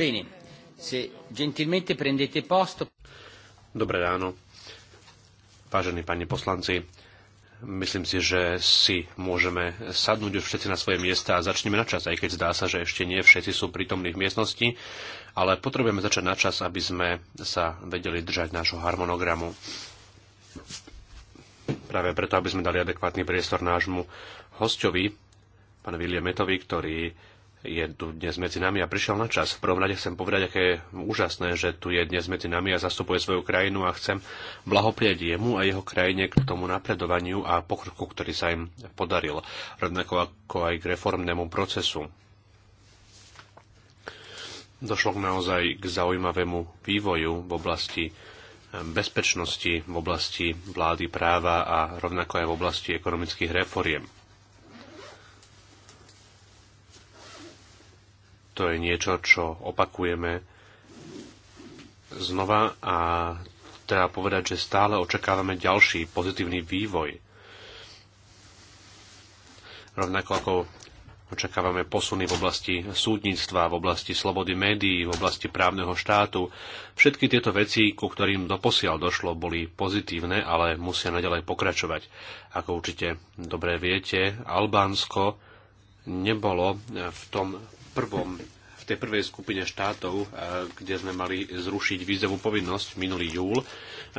Bene, se gentilmente prendete posto. Dobré ráno, vážení pani poslanci. Myslím si, že si môžeme sadnúť už všetci na svoje miesta a začneme na čas, aj keď zdá sa, že ešte nie všetci sú prítomní v miestnosti, ale potrebujeme začať na čas, aby sme sa vedeli držať nášho harmonogramu. Práve preto, aby sme dali adekvátny priestor nášmu hostovi, pánovi Williametovi, ktorý je tu dnes medzi nami a prišiel na čas. V prvom rade chcem povedať, aké je úžasné, že tu je dnes medzi nami a zastupuje svoju krajinu a chcem blahoprieť jemu a jeho krajine k tomu napredovaniu a pokroku, ktorý sa im podaril, rovnako ako aj k reformnému procesu. Došlo naozaj k zaujímavému vývoju v oblasti bezpečnosti, v oblasti vlády práva a rovnako aj v oblasti ekonomických reforiem To je niečo, čo opakujeme znova a treba povedať, že stále očakávame ďalší pozitívny vývoj. Rovnako ako očakávame posuny v oblasti súdnictva, v oblasti slobody médií, v oblasti právneho štátu. Všetky tieto veci, ku ktorým doposiaľ došlo, boli pozitívne, ale musia naďalej pokračovať. Ako určite dobre viete, Albánsko nebolo v tom prvom v tej prvej skupine štátov, e, kde sme mali zrušiť vízovú povinnosť minulý júl. E,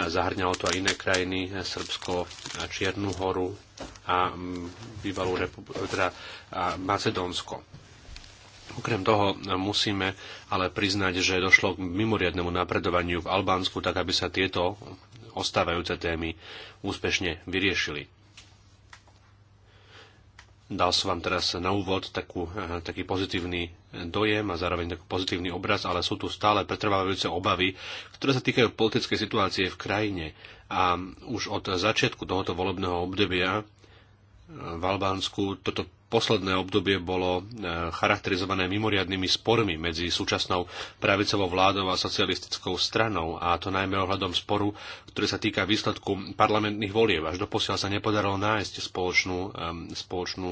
zahrňalo to aj iné krajiny, e, Srbsko, Čiernu horu a bývalú repu- teda Macedónsko. Okrem toho musíme ale priznať, že došlo k mimoriadnemu napredovaniu v Albánsku, tak aby sa tieto ostávajúce témy úspešne vyriešili. Dal som vám teraz na úvod takú, eh, taký pozitívny dojem a zároveň taký pozitívny obraz, ale sú tu stále pretrvávajúce obavy, ktoré sa týkajú politickej situácie v krajine. A už od začiatku tohoto volebného obdobia v Albánsku toto posledné obdobie bolo e, charakterizované mimoriadnými spormi medzi súčasnou pravicovou vládou a socialistickou stranou, a to najmä ohľadom sporu, ktorý sa týka výsledku parlamentných volieb. Až doposiaľ sa nepodarilo nájsť spoločnú, spoločnú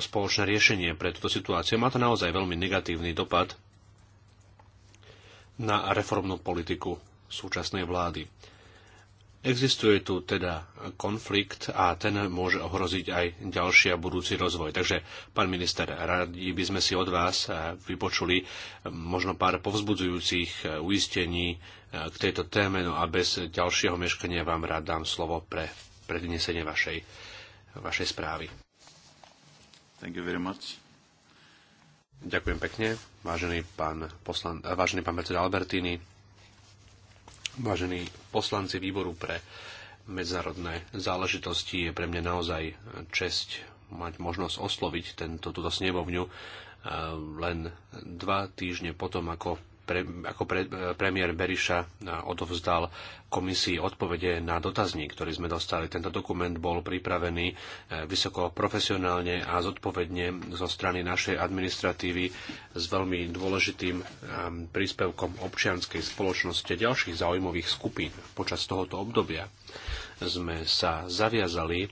spoločné riešenie pre túto situáciu. Má to naozaj veľmi negatívny dopad na reformnú politiku súčasnej vlády. Existuje tu teda konflikt a ten môže ohroziť aj ďalší a budúci rozvoj. Takže, pán minister, radi by sme si od vás vypočuli možno pár povzbudzujúcich uistení k tejto téme, no a bez ďalšieho meškania vám rád dám slovo pre prednesenie vašej, vašej správy. Thank you very much. Ďakujem pekne, vážený pán, poslan, vážený pán Albertini, Vážení poslanci výboru pre medzinárodné záležitosti, je pre mňa naozaj česť mať možnosť osloviť tento, túto snebovňu eh, len dva týždne potom, ako pre, ako pre, premiér Beriša eh, odovzdal komisii odpovede na dotazník, ktorý sme dostali. Tento dokument bol pripravený eh, vysoko profesionálne a zodpovedne zo strany našej administratívy s veľmi dôležitým eh, príspevkom občianskej spoločnosti a ďalších zaujímavých skupín. Počas tohoto obdobia sme sa zaviazali,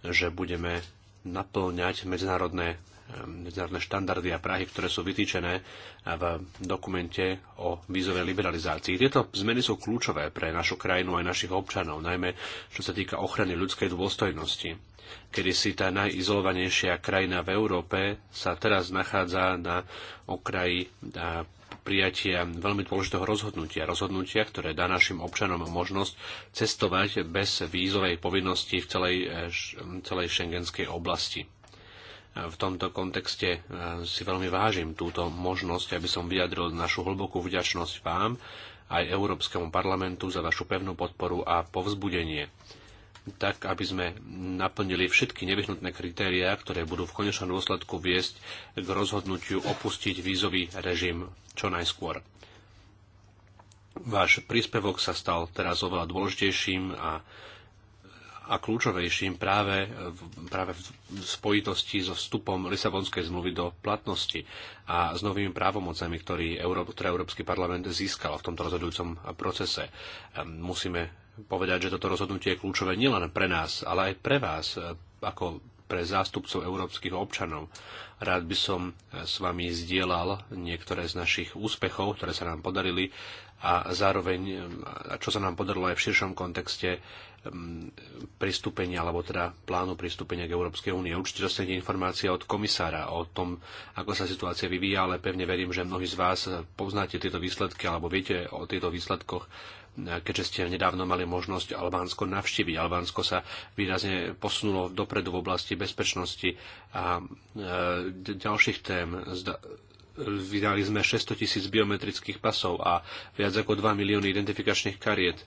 že budeme naplňať medzinárodné Ehm, medzinárodné štandardy a Prahy, ktoré sú vytýčené v dokumente o vízovej liberalizácii. Tieto zmeny sú kľúčové pre našu krajinu aj našich občanov, najmä čo sa týka ochrany ľudskej dôstojnosti. Kedy si tá najizolovanejšia krajina v Európe sa teraz nachádza na okraji prijatia veľmi dôležitého rozhodnutia. Rozhodnutia, ktoré dá našim občanom možnosť cestovať bez vízovej povinnosti v celej, e, celej šengenskej oblasti v tomto kontexte e, si veľmi vážim túto možnosť, aby som vyjadril našu hlbokú vďačnosť vám aj Európskemu parlamentu za vašu pevnú podporu a povzbudenie tak, aby sme naplnili všetky nevyhnutné kritériá, ktoré budú v konečnom dôsledku viesť k rozhodnutiu opustiť vízový režim čo najskôr. Váš príspevok sa stal teraz oveľa dôležitejším a a kľúčovejším práve, práve v spojitosti so vstupom Lisabonskej zmluvy do platnosti a s novými právomocami, ktorý Euró- ktoré Európsky parlament získal v tomto rozhodujúcom procese. Ehm, musíme povedať, že toto rozhodnutie je kľúčové nielen pre nás, ale aj pre vás eh, ako pre zástupcov európskych občanov. Rád by som eh, s vami zdieľal niektoré z našich úspechov, ktoré sa nám podarili a zároveň, eh, čo sa nám podarilo aj v širšom kontexte Um, pristúpenia, alebo teda plánu pristúpenia k Európskej únie. Určite dostanete informácie od komisára o tom, ako sa situácia vyvíja, ale pevne verím, že mnohí z vás poznáte tieto výsledky alebo viete o týchto výsledkoch keďže ste nedávno mali možnosť Albánsko navštíviť. Albánsko sa výrazne posunulo dopredu v oblasti bezpečnosti a e, ďalších tém. Vydali sme 600 tisíc biometrických pasov a viac ako 2 milióny identifikačných kariet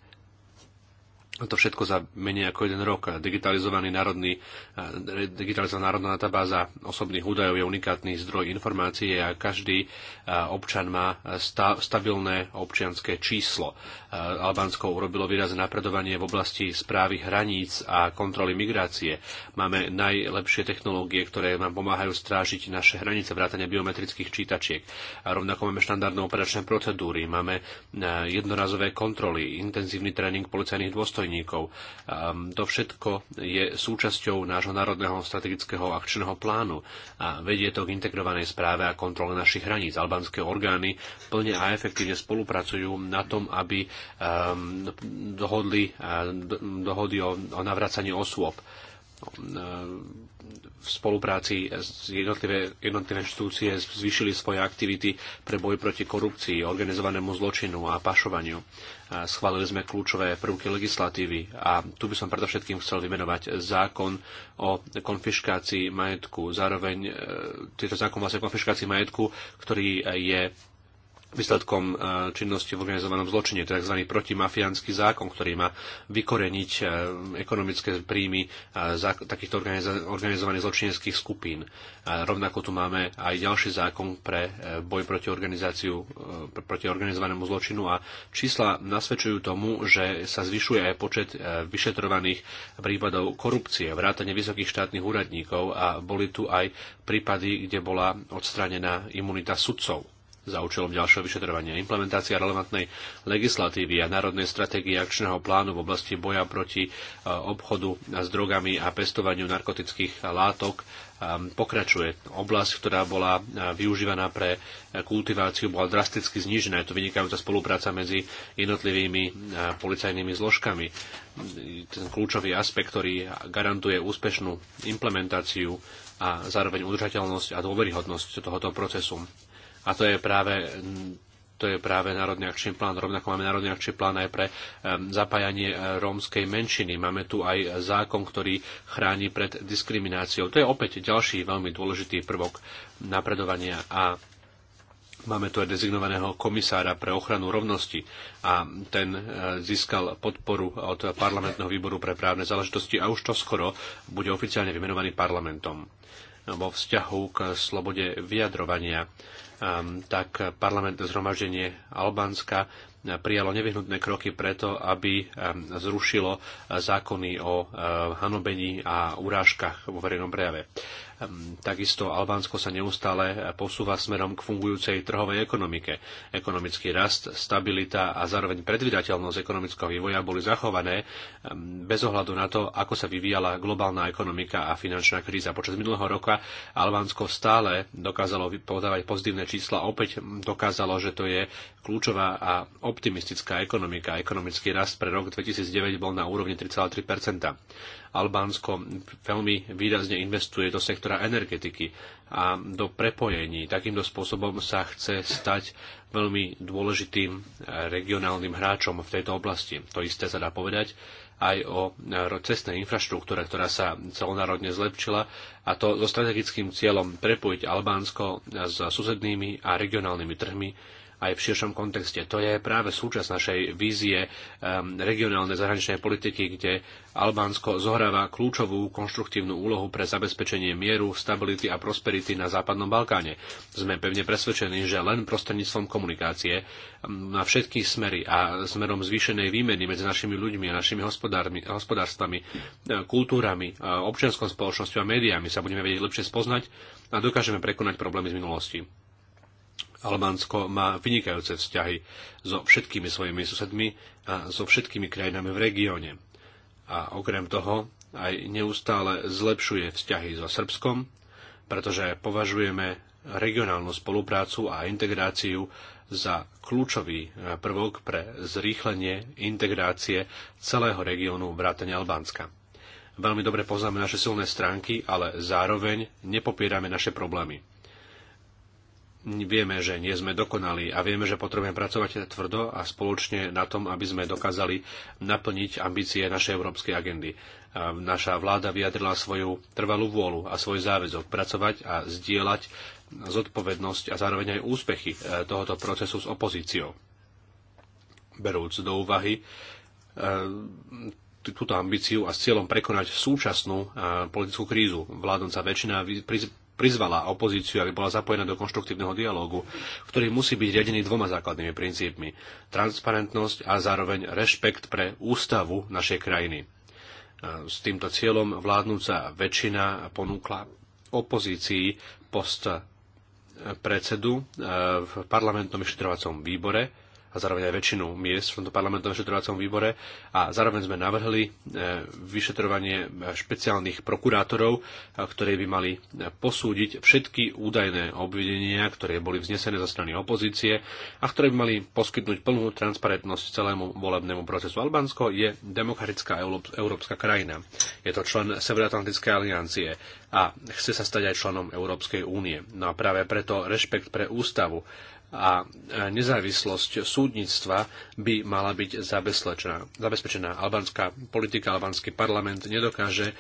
No to všetko za menej ako jeden rok. Digitalizovaný národný, digitalizovaná národná databáza osobných údajov je unikátny zdroj informácie a každý občan má stabilné občianské číslo. Albánsko urobilo výrazné napredovanie v oblasti správy hraníc a kontroly migrácie. Máme najlepšie technológie, ktoré nám pomáhajú strážiť naše hranice, vrátane biometrických čítačiek. A rovnako máme štandardné operačné procedúry, máme jednorazové kontroly, intenzívny tréning policajných dôstojníkov, dôstojníkov. Ehm, to všetko je súčasťou nášho národného strategického akčného plánu a vedie to k integrovanej správe a kontrole našich hraníc. Albánske orgány plne a efektívne spolupracujú na tom, aby ehm, dohodli, dohody o, o navracaní osôb ehm, v spolupráci s jednotlivé, jednotlivé štúcie zvýšili svoje aktivity pre boj proti korupcii, organizovanému zločinu a pašovaniu. Schválili sme kľúčové prvky legislatívy a tu by som predovšetkým chcel vymenovať zákon o konfiškácii majetku. Zároveň e, tieto zákon vlastne o konfiškácii majetku, ktorý je výsledkom e, činnosti v organizovanom zločine, tzv. protimafiánsky zákon, ktorý má vykoreniť e, ekonomické príjmy e, takýchto organizovaných zločineckých skupín. Rovnako tu máme aj ďalší zákon pre boj proti, organizáciu, proti organizovanému zločinu a čísla nasvedčujú tomu, že sa zvyšuje aj počet vyšetrovaných prípadov korupcie, vrátane vysokých štátnych úradníkov a boli tu aj prípady, kde bola odstranená imunita sudcov za účelom ďalšieho vyšetrovania. Implementácia relevantnej legislatívy a národnej stratégie akčného plánu v oblasti boja proti e, obchodu s drogami a pestovaniu narkotických látok e, pokračuje. Oblasť, ktorá bola e, využívaná pre kultiváciu, bola drasticky znížená. Je to vynikajúca spolupráca medzi jednotlivými policajnými zložkami. Ten kľúčový aspekt, ktorý garantuje úspešnú implementáciu a zároveň udržateľnosť a dôveryhodnosť tohoto procesu. A to je práve to je práve Národný akčný plán. Rovnako máme Národný akčný plán aj pre zapájanie eh, rómskej menšiny. Máme tu aj zákon, ktorý chráni pred diskrimináciou. To je opäť ďalší veľmi dôležitý prvok napredovania a Máme tu aj dezignovaného komisára pre ochranu rovnosti a ten eh, získal podporu od parlamentného výboru pre právne záležitosti a už to skoro bude oficiálne vymenovaný parlamentom vo vzťahu k slobode vyjadrovania Ehm, tak parlamentné zhromaždenie Albánska prijalo nevyhnutné kroky preto, aby ehm, zrušilo zákony o ehm, hanobení a urážkach vo verejnom prejave. Ehm, takisto Albánsko sa neustále posúva smerom k fungujúcej trhovej ekonomike. Ekonomický rast, stabilita a zároveň predvydateľnosť ekonomického vývoja boli zachované ehm, bez ohľadu na to, ako sa vyvíjala globálna ekonomika a finančná kríza. Počas minulého roka Albánsko stále dokázalo podávať pozitívne čísla, opäť dokázalo, že to je kľúčová a optimistická ekonomika. Ekonomický rast pre rok 2009 bol na úrovni 3,3 Albánsko veľmi výrazne investuje do sektora energetiky a do prepojení. Takýmto spôsobom sa chce stať veľmi dôležitým eh, regionálnym hráčom v tejto oblasti. To isté sa dá povedať aj o eh, cestnej infraštruktúre, ktorá sa celonárodne zlepšila a to so strategickým cieľom prepojiť Albánsko eh, s susednými a regionálnymi trhmi aj v širšom kontexte. To je práve súčasť našej vízie um, regionálnej zahraničnej politiky, kde Albánsko zohráva kľúčovú konštruktívnu úlohu pre zabezpečenie mieru, stability a prosperity na Západnom Balkáne. Sme pevne presvedčení, že len prostredníctvom komunikácie um, na všetky smery a smerom zvýšenej výmeny medzi našimi ľuďmi a našimi hospodárstvami, uh, kultúrami, uh, občianskou spoločnosťou a médiami sa budeme vedieť lepšie spoznať a dokážeme prekonať problémy z minulosti. Albánsko má vynikajúce vzťahy so všetkými svojimi susedmi a so všetkými krajinami v regióne. A okrem toho aj neustále zlepšuje vzťahy so Srbskom, pretože považujeme regionálnu spoluprácu a integráciu za kľúčový e, prvok pre zrýchlenie integrácie celého regiónu vrátane Albánska. Veľmi dobre poznáme naše silné stránky, ale zároveň nepopierame naše problémy. Vieme, že nie sme dokonali a vieme, že potrebujeme pracovať tvrdo a spoločne na tom, aby sme dokázali naplniť ambície našej európskej agendy. A naša vláda vyjadrila svoju trvalú vôľu a svoj záväzok pracovať a zdieľať zodpovednosť a zároveň aj úspechy e, tohoto procesu s opozíciou. Berúc do úvahy e, túto ambíciu a s cieľom prekonať súčasnú e, politickú krízu. Vládnúca väčšina prizvala opozíciu, aby bola zapojená do konštruktívneho dialógu, ktorý musí byť riadený dvoma základnými princípmi. Transparentnosť a zároveň rešpekt pre ústavu našej krajiny. E, s týmto cieľom vládnúca väčšina ponúkla opozícii post predsedu e, v parlamentnom vyšetrovacom výbore, a zároveň aj väčšinu miest v tomto parlamentnom vyšetrovacom výbore a zároveň sme navrhli e, vyšetrovanie e, špeciálnych prokurátorov, e, ktorí by mali posúdiť všetky údajné obvinenia, ktoré boli vznesené zo strany opozície a ktoré by mali poskytnúť plnú transparentnosť celému volebnému procesu. Albánsko je demokratická európska krajina. Je to člen Severoatlantickej aliancie a chce sa stať aj členom Európskej únie. No a práve preto rešpekt pre ústavu a e, nezávislosť súdnictva by mala byť zabezpečená. zabezpečená. Albánska politika, albánsky parlament nedokáže e,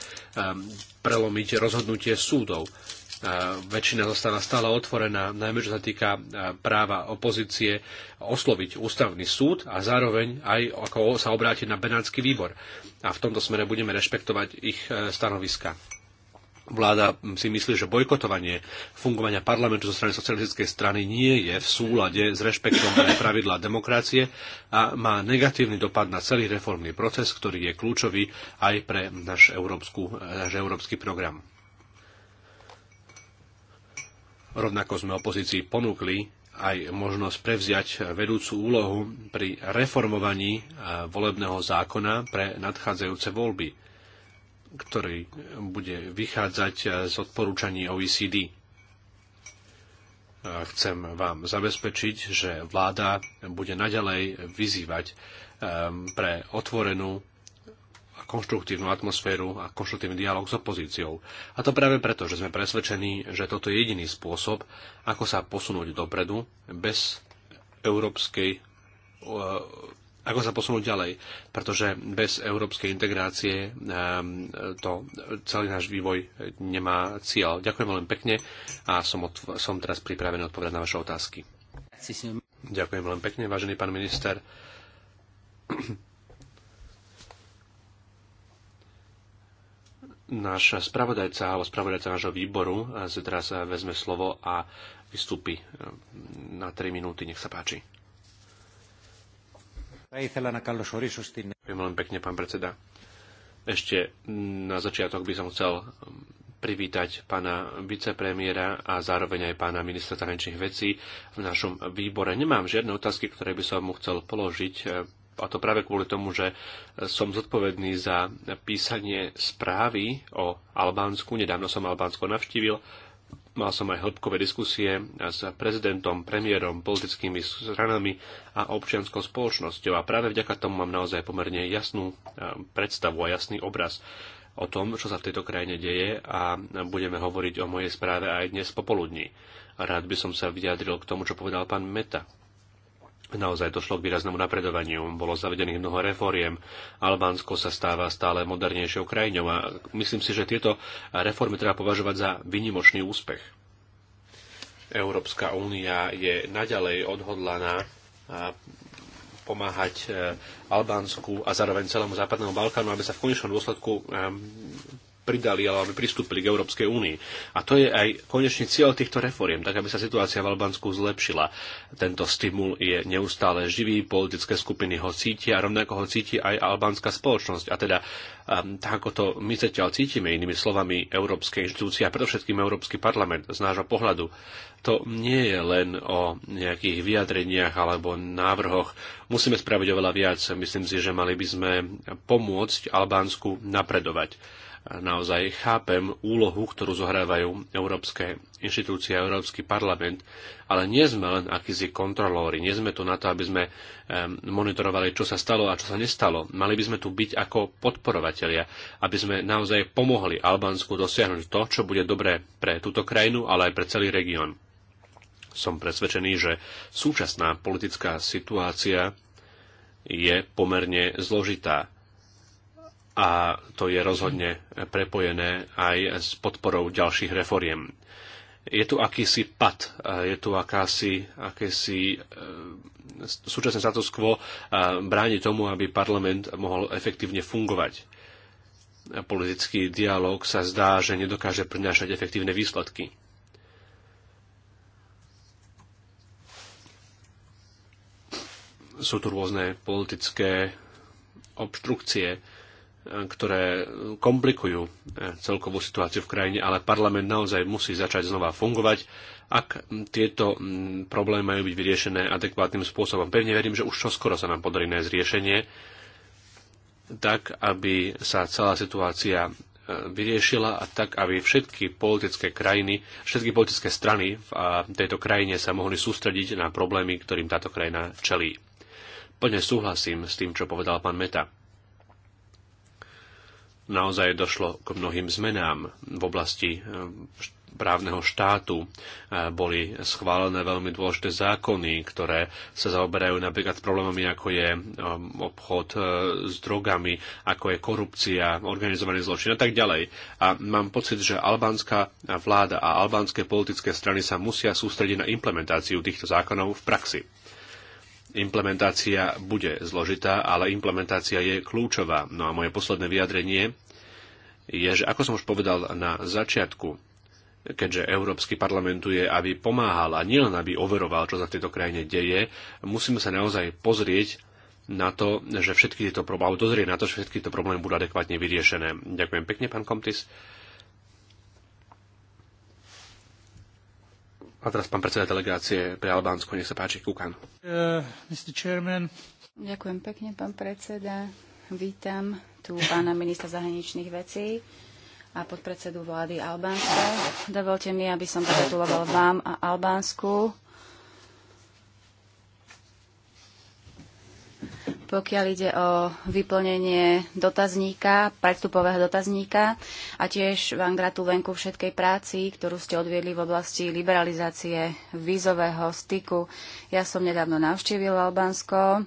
prelomiť rozhodnutie súdov. E, väčšina zostáva stále otvorená, najmä čo sa týka práva opozície osloviť ústavný súd a zároveň aj ako sa obrátiť na Benátsky výbor. A v tomto smere budeme rešpektovať ich stanoviska. Vláda si myslí, že bojkotovanie fungovania parlamentu zo strany socialistickej strany nie je v súlade s rešpektom pre pravidlá demokracie a má negatívny dopad na celý reformný proces, ktorý je kľúčový aj pre náš, európsku, náš európsky program. Rovnako sme opozícii ponúkli aj možnosť prevziať vedúcu úlohu pri reformovaní volebného zákona pre nadchádzajúce voľby ktorý bude vychádzať eh, z odporúčaní OECD. Eh, chcem vám zabezpečiť, že vláda bude naďalej vyzývať ehm, pre otvorenú a konštruktívnu atmosféru a konštruktívny dialog s opozíciou. A to práve preto, že sme presvedčení, že toto je jediný spôsob, ako sa posunúť dopredu bez európskej eh, ako sa posunúť ďalej, pretože bez európskej integrácie ehm, to celý náš vývoj nemá cieľ. Ďakujem veľmi pekne a som, od, som teraz pripravený odpovedať na vaše otázky. Ďakujem veľmi pekne, vážený pán minister. Náš spravodajca alebo spravodajca nášho výboru eh, si teraz eh, vezme slovo a vystúpi eh, na 3 minúty. Nech sa páči. Ďakujem veľmi pekne, pán predseda. Ešte na začiatok by som chcel um, privítať pána vicepremiera a zároveň aj pána ministra zahraničných vecí v našom výbore. Nemám žiadne otázky, ktoré by som mu chcel položiť, eh, a to práve kvôli tomu, že eh, som zodpovedný za písanie správy o Albánsku. Nedávno som Albánsko navštívil Mal som aj hĺbkové diskusie s prezidentom, premiérom, politickými stranami a občianskou spoločnosťou a práve vďaka tomu mám naozaj pomerne jasnú e, predstavu a jasný obraz o tom, čo sa v tejto krajine deje a budeme hovoriť o mojej správe aj dnes popoludní. Rád by som sa vyjadril k tomu, čo povedal pán Meta, Naozaj došlo k výraznému napredovaniu, bolo zavedených mnoho reforiem, Albánsko sa stáva stále modernejšou krajinou a myslím si, že tieto reformy treba považovať za vynimočný úspech. Európska únia je naďalej odhodlaná pomáhať e, Albánsku a zároveň celému západnému Balkánu, aby sa v konečnom dôsledku e, pridali alebo aby pristúpili k Európskej únii. A to je aj konečný cieľ týchto reforiem, tak aby sa situácia v Albánsku zlepšila. Tento stimul je neustále živý, politické skupiny ho cítia a rovnako ho cíti aj albánska spoločnosť. A teda um, tak ako to my zatiaľ cítime, inými slovami, európske inštitúcie a predovšetkým Európsky parlament z nášho pohľadu, to nie je len o nejakých vyjadreniach alebo návrhoch. Musíme spraviť oveľa viac. Myslím si, že mali by sme pomôcť Albánsku napredovať naozaj chápem úlohu, ktorú zohrávajú európske inštitúcie a Európsky parlament, ale nie sme len akísi kontrolóri, nie sme tu na to, aby sme monitorovali, čo sa stalo a čo sa nestalo. Mali by sme tu byť ako podporovatelia, aby sme naozaj pomohli Albánsku dosiahnuť to, čo bude dobré pre túto krajinu, ale aj pre celý región. Som presvedčený, že súčasná politická situácia je pomerne zložitá a to je rozhodne prepojené aj s podporou ďalších reforiem. Je tu akýsi pad, je tu akási, akési e, súčasné status quo bráni tomu, aby parlament mohol efektívne fungovať. Politický dialog sa zdá, že nedokáže prinášať efektívne výsledky. Sú tu rôzne politické obštrukcie, ktoré komplikujú e, celkovú situáciu v krajine, ale parlament naozaj musí začať znova fungovať, ak tieto problémy majú byť vyriešené adekvátnym spôsobom. Pevne verím, že už čoskoro sa nám podarí nájsť riešenie, tak aby sa celá situácia e, vyriešila a tak, aby všetky politické krajiny, všetky politické strany v tejto krajine sa mohli sústrediť na problémy, ktorým táto krajina čelí. Plne súhlasím s tým, čo povedal pán Meta naozaj došlo k mnohým zmenám v oblasti eh, právneho štátu. Eh, boli schválené veľmi dôležité zákony, ktoré sa zaoberajú napríklad problémami, ako je eh, obchod s drogami, ako je korupcia, organizovaný zločin a tak ďalej. A mám pocit, že albánska vláda a albánske politické strany sa musia sústrediť na implementáciu týchto zákonov v praxi. Implementácia bude zložitá, ale implementácia je kľúčová. No a moje posledné vyjadrenie je, že ako som už povedal na začiatku, keďže Európsky parlament je, aby pomáhal a nielen aby overoval, čo sa v tejto krajine deje, musíme sa naozaj pozrieť na to, že všetky tieto problémy, na to, že všetky tieto problémy budú adekvátne vyriešené. Ďakujem pekne, pán Komtis. A teraz pán predseda delegácie pre Albánsko, nech sa páči, Kukan. Uh, eh, Mr. Chairman. Ďakujem pekne, pán predseda. Vítam tu pána ministra zahraničných vecí a podpredsedu vlády Albánska. Dovolte mi, aby som gratuloval vám a Albánsku pokiaľ ide o vyplnenie dotazníka, predstupového dotazníka a tiež vám gratulujem ku všetkej práci, ktorú ste odviedli v oblasti liberalizácie vízového styku. Ja som nedávno navštívila Albánsko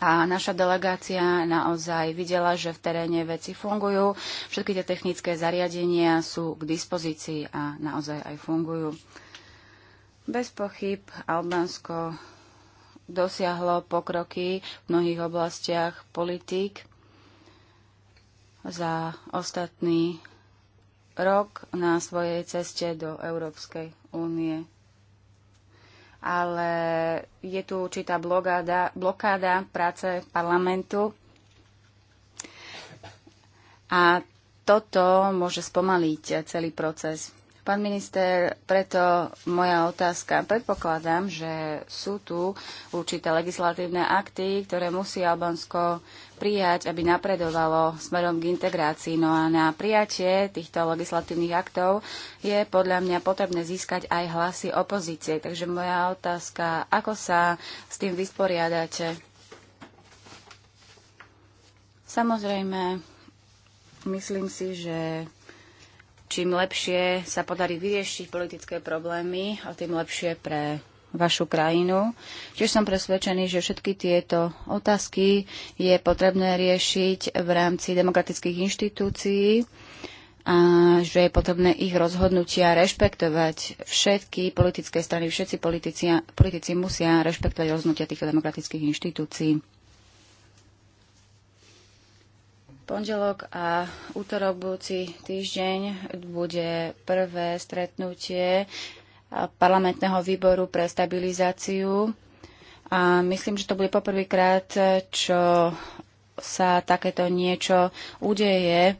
a naša delegácia naozaj videla, že v teréne veci fungujú. Všetky tie technické zariadenia sú k dispozícii a naozaj aj fungujú. Bez pochyb Albánsko dosiahlo pokroky v mnohých oblastiach politík. Za ostatný rok na svojej ceste do Európskej únie. Ale je tu určitá blokáda, blokáda práce parlamentu a toto môže spomaliť celý proces. Pán minister, preto moja otázka. Predpokladám, že sú tu určité legislatívne akty, ktoré musí Albánsko prijať, aby napredovalo smerom k integrácii. No a na prijatie týchto legislatívnych aktov je podľa mňa potrebné získať aj hlasy opozície. Takže moja otázka, ako sa s tým vysporiadate? Samozrejme, myslím si, že Čím lepšie sa podarí vyriešiť politické problémy, a tým lepšie pre vašu krajinu. Tiež som presvedčený, že všetky tieto otázky je potrebné riešiť v rámci demokratických inštitúcií a že je potrebné ich rozhodnutia rešpektovať. Všetky politické strany, všetci politici, politici musia rešpektovať rozhodnutia týchto demokratických inštitúcií. pondelok a útorok budúci týždeň bude prvé stretnutie parlamentného výboru pre stabilizáciu. A myslím, že to bude poprvýkrát, čo sa takéto niečo udeje.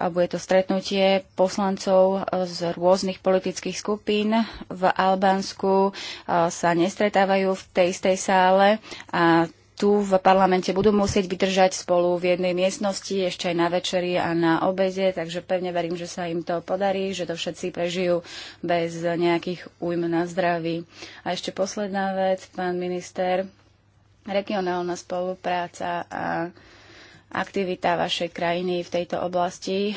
A bude to stretnutie poslancov z rôznych politických skupín v Albánsku. Sa nestretávajú v tej istej sále a tu v parlamente budú musieť vydržať spolu v jednej miestnosti, ešte aj na večeri a na obede, takže pevne verím, že sa im to podarí, že to všetci prežijú bez nejakých újm na zdraví. A ešte posledná vec, pán minister, regionálna spolupráca a aktivita vašej krajiny v tejto oblasti.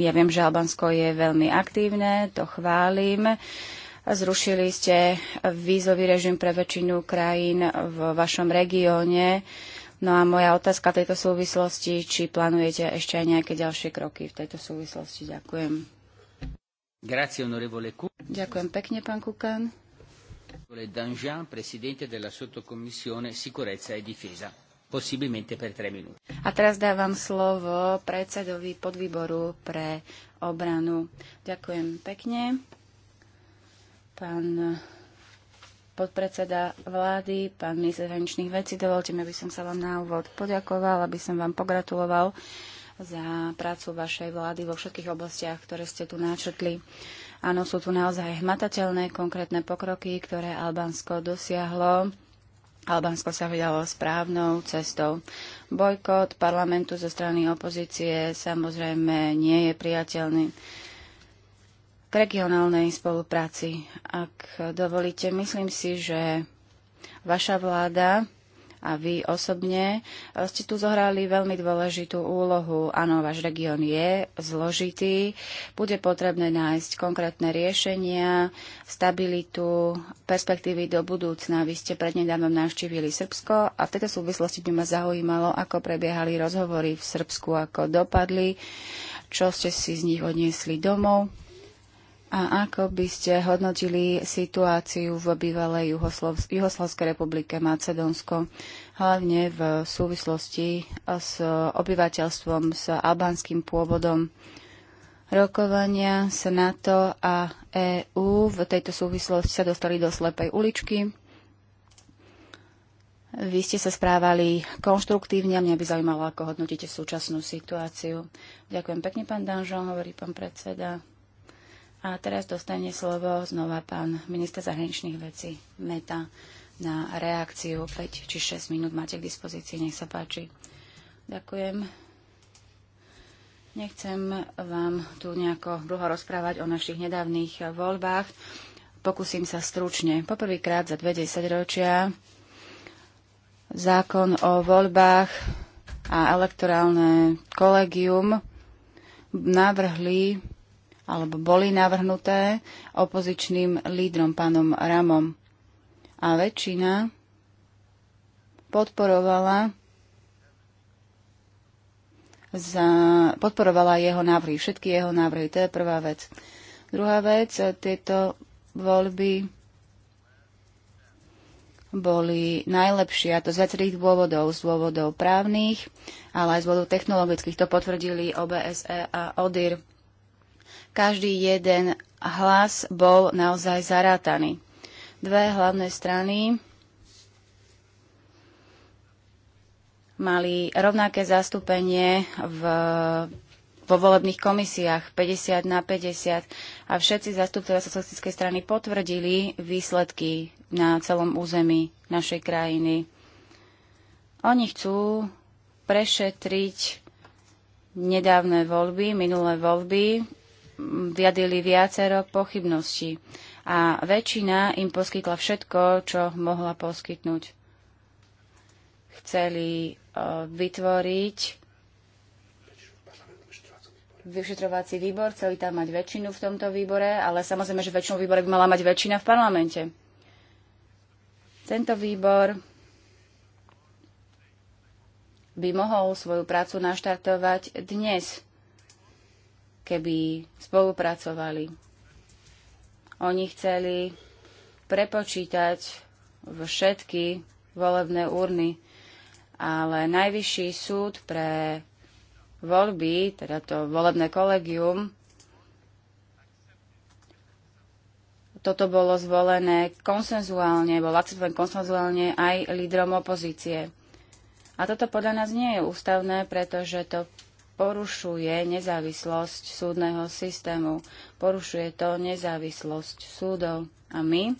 Ja viem, že Albansko je veľmi aktívne, to chválim. Zrušili ste vízový režim pre väčšinu krajín v vašom regióne. No a moja otázka v tejto súvislosti, či plánujete ešte aj nejaké ďalšie kroky v tejto súvislosti. Ďakujem. Ďakujem pekne, pán Kukan. presidente della sottocommissione sicurezza e difesa, possibilmente per tre minuti. A teraz dávam slovo predsedovi podvýboru pre obranu. Ďakujem pekne pán podpredseda vlády, pán minister zahraničných vecí. Dovolte mi, aby som sa vám na úvod poďakoval, aby som vám pogratuloval za prácu vašej vlády vo všetkých oblastiach, ktoré ste tu náčrtli. Áno, sú tu naozaj hmatateľné konkrétne pokroky, ktoré Albánsko dosiahlo. Albánsko sa vydalo správnou cestou. Bojkot parlamentu zo strany opozície samozrejme nie je priateľný k regionálnej spolupráci. Ak dovolíte, myslím si, že vaša vláda a vy osobne e, ste tu zohrali veľmi dôležitú úlohu. Áno, váš región je zložitý, bude potrebné nájsť konkrétne riešenia, stabilitu, perspektívy do budúcna. Vy ste prednedávnom navštívili Srbsko a v tejto súvislosti by ma zaujímalo, ako prebiehali rozhovory v Srbsku, ako dopadli, čo ste si z nich odniesli domov a ako by ste hodnotili situáciu v bývalej Juhoslov- Juhoslovskej republike Macedónsko, hlavne v súvislosti s obyvateľstvom s albánskym pôvodom? Rokovania s NATO a EÚ v tejto súvislosti sa dostali do slepej uličky. Vy ste sa správali konštruktívne a mňa by zaujímalo, ako hodnotíte súčasnú situáciu. Ďakujem pekne, pán Danžo, hovorí pán predseda. A teraz dostane slovo znova pán minister zahraničných vecí Meta na reakciu 5 či 6 minút máte k dispozícii. Nech sa páči. Ďakujem. Nechcem vám tu nejako dlho rozprávať o našich nedávnych voľbách. Pokúsim sa stručne. Poprvýkrát za 20 ročia zákon o voľbách a elektorálne kolegium navrhli alebo boli navrhnuté opozičným lídrom pánom Ramom. A väčšina podporovala za, podporovala jeho návrhy, všetky jeho návrhy. To je prvá vec. Druhá vec, tieto voľby boli najlepšie, a to z viacerých dôvodov, z dôvodov právnych, ale aj z dôvodov technologických. To potvrdili OBSE a ODIR. Každý jeden hlas bol naozaj zarátaný. Dve hlavné strany mali rovnaké zastúpenie v, vo volebných komisiách 50 na 50 a všetci zastupcovia socialistickej strany potvrdili výsledky na celom území našej krajiny. Oni chcú prešetriť nedávne voľby, minulé voľby, vyjadili viacero pochybností a väčšina im poskytla všetko, čo mohla poskytnúť. Chceli e, vytvoriť vyšetrovací výbor, chceli tam mať väčšinu v tomto výbore, ale samozrejme, že väčšinu výbore by mala mať väčšina v parlamente. Tento výbor by mohol svoju prácu naštartovať dnes keby spolupracovali. Oni chceli prepočítať všetky volebné urny, ale Najvyšší súd pre voľby, teda to volebné kolegium, toto bolo zvolené konsenzuálne, bol akceptovaný konsenzuálne aj lídrom opozície. A toto podľa nás nie je ústavné, pretože to porušuje nezávislosť súdneho systému, porušuje to nezávislosť súdov. A my,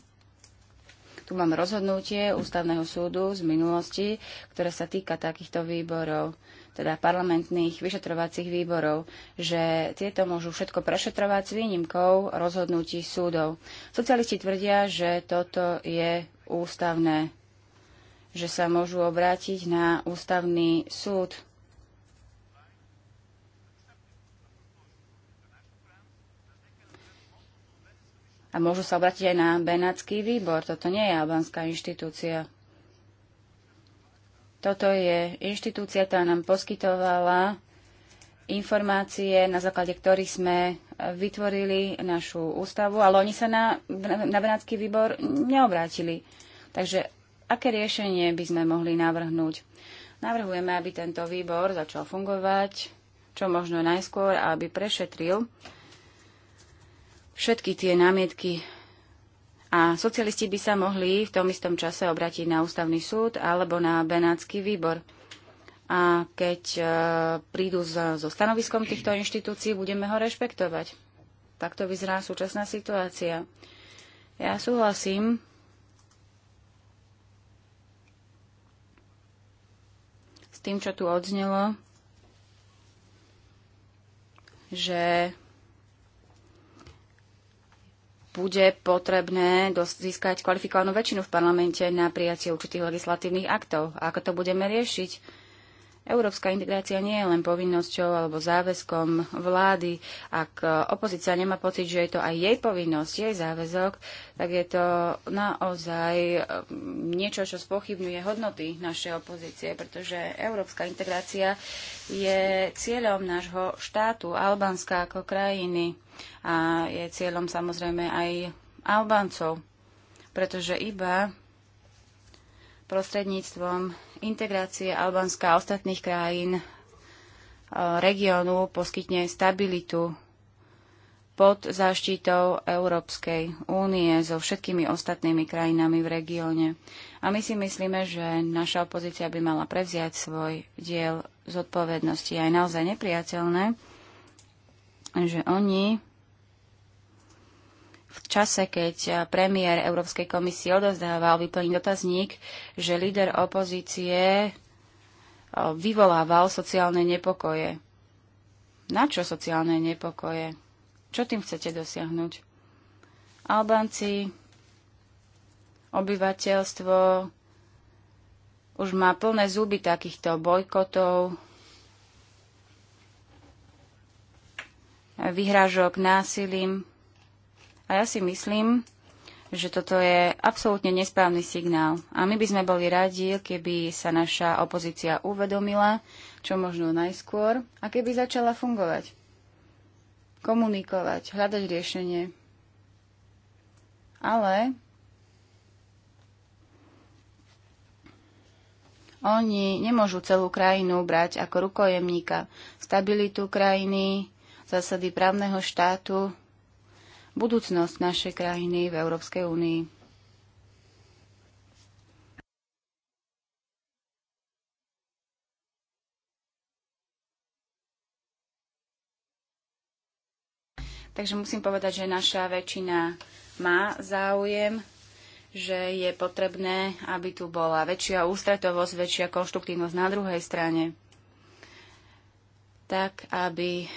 tu mám rozhodnutie Ústavného súdu z minulosti, ktoré sa týka takýchto výborov, teda parlamentných vyšetrovacích výborov, že tieto môžu všetko prešetrovať s výnimkou rozhodnutí súdov. Socialisti tvrdia, že toto je ústavné, že sa môžu obrátiť na ústavný súd a môžu sa obrátiť aj na Benátsky výbor. Toto nie je albánska inštitúcia. Toto je inštitúcia, ktorá nám poskytovala informácie, na základe ktorých sme vytvorili našu ústavu, ale oni sa na, na Benátsky výbor neobrátili. Takže aké riešenie by sme mohli navrhnúť? Navrhujeme, aby tento výbor začal fungovať čo možno najskôr, aby prešetril všetky tie námietky a socialisti by sa mohli v tom istom čase obratiť na ústavný súd alebo na Benátsky výbor. A keď e, prídu so, stanoviskom týchto inštitúcií, budeme ho rešpektovať. Takto vyzerá súčasná situácia. Ja súhlasím. S tým, čo tu odznelo, že bude potrebné získať kvalifikovanú väčšinu v parlamente na prijatie určitých legislatívnych aktov. A ako to budeme riešiť? Európska integrácia nie je len povinnosťou alebo záväzkom vlády. Ak e, opozícia nemá pocit, že je to aj jej povinnosť, jej záväzok, tak je to naozaj e, niečo, čo spochybňuje hodnoty našej opozície, pretože európska integrácia je cieľom nášho štátu, Albánska ako krajiny a je cieľom samozrejme aj Albáncov, pretože iba prostredníctvom integrácie Albánska a ostatných krajín e, regiónu poskytne stabilitu pod záštitou Európskej únie so všetkými ostatnými krajinami v regióne. A my si myslíme, že naša opozícia by mala prevziať svoj diel zodpovednosti. Je je naozaj nepriateľné, že oni v čase, keď eh, premiér Európskej komisie odozdával vyplniť dotazník, že líder opozície eh, vyvolával sociálne nepokoje. Na čo sociálne nepokoje? Čo tým chcete dosiahnuť? Albánci, obyvateľstvo už má plné zuby takýchto bojkotov, vyhrážok násilím a ja si myslím, že toto je absolútne nesprávny signál. A my by sme boli radi, keby sa naša opozícia uvedomila, čo možno najskôr, a keby začala fungovať. Komunikovať, hľadať riešenie. Ale oni nemôžu celú krajinu brať ako rukojemníka. Stabilitu krajiny, zásady právneho štátu budúcnosť našej krajiny v Európskej únii. Takže musím povedať, že naša väčšina má záujem, že je potrebné, aby tu bola väčšia ústretovosť, väčšia konštruktívnosť na druhej strane, tak aby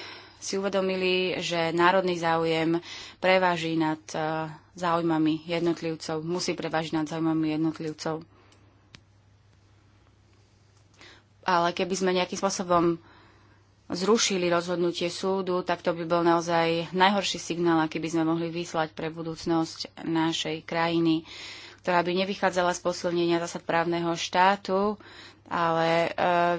si uvedomili, že národný záujem preváži nad eh, záujmami jednotlivcov, musí prevážiť nad záujmami jednotlivcov. Ale keby sme nejakým spôsobom zrušili rozhodnutie súdu, tak to by bol naozaj najhorší signál, aký by sme mohli vyslať pre budúcnosť našej krajiny, ktorá by nevychádzala z posilnenia zásad právneho štátu, ale e,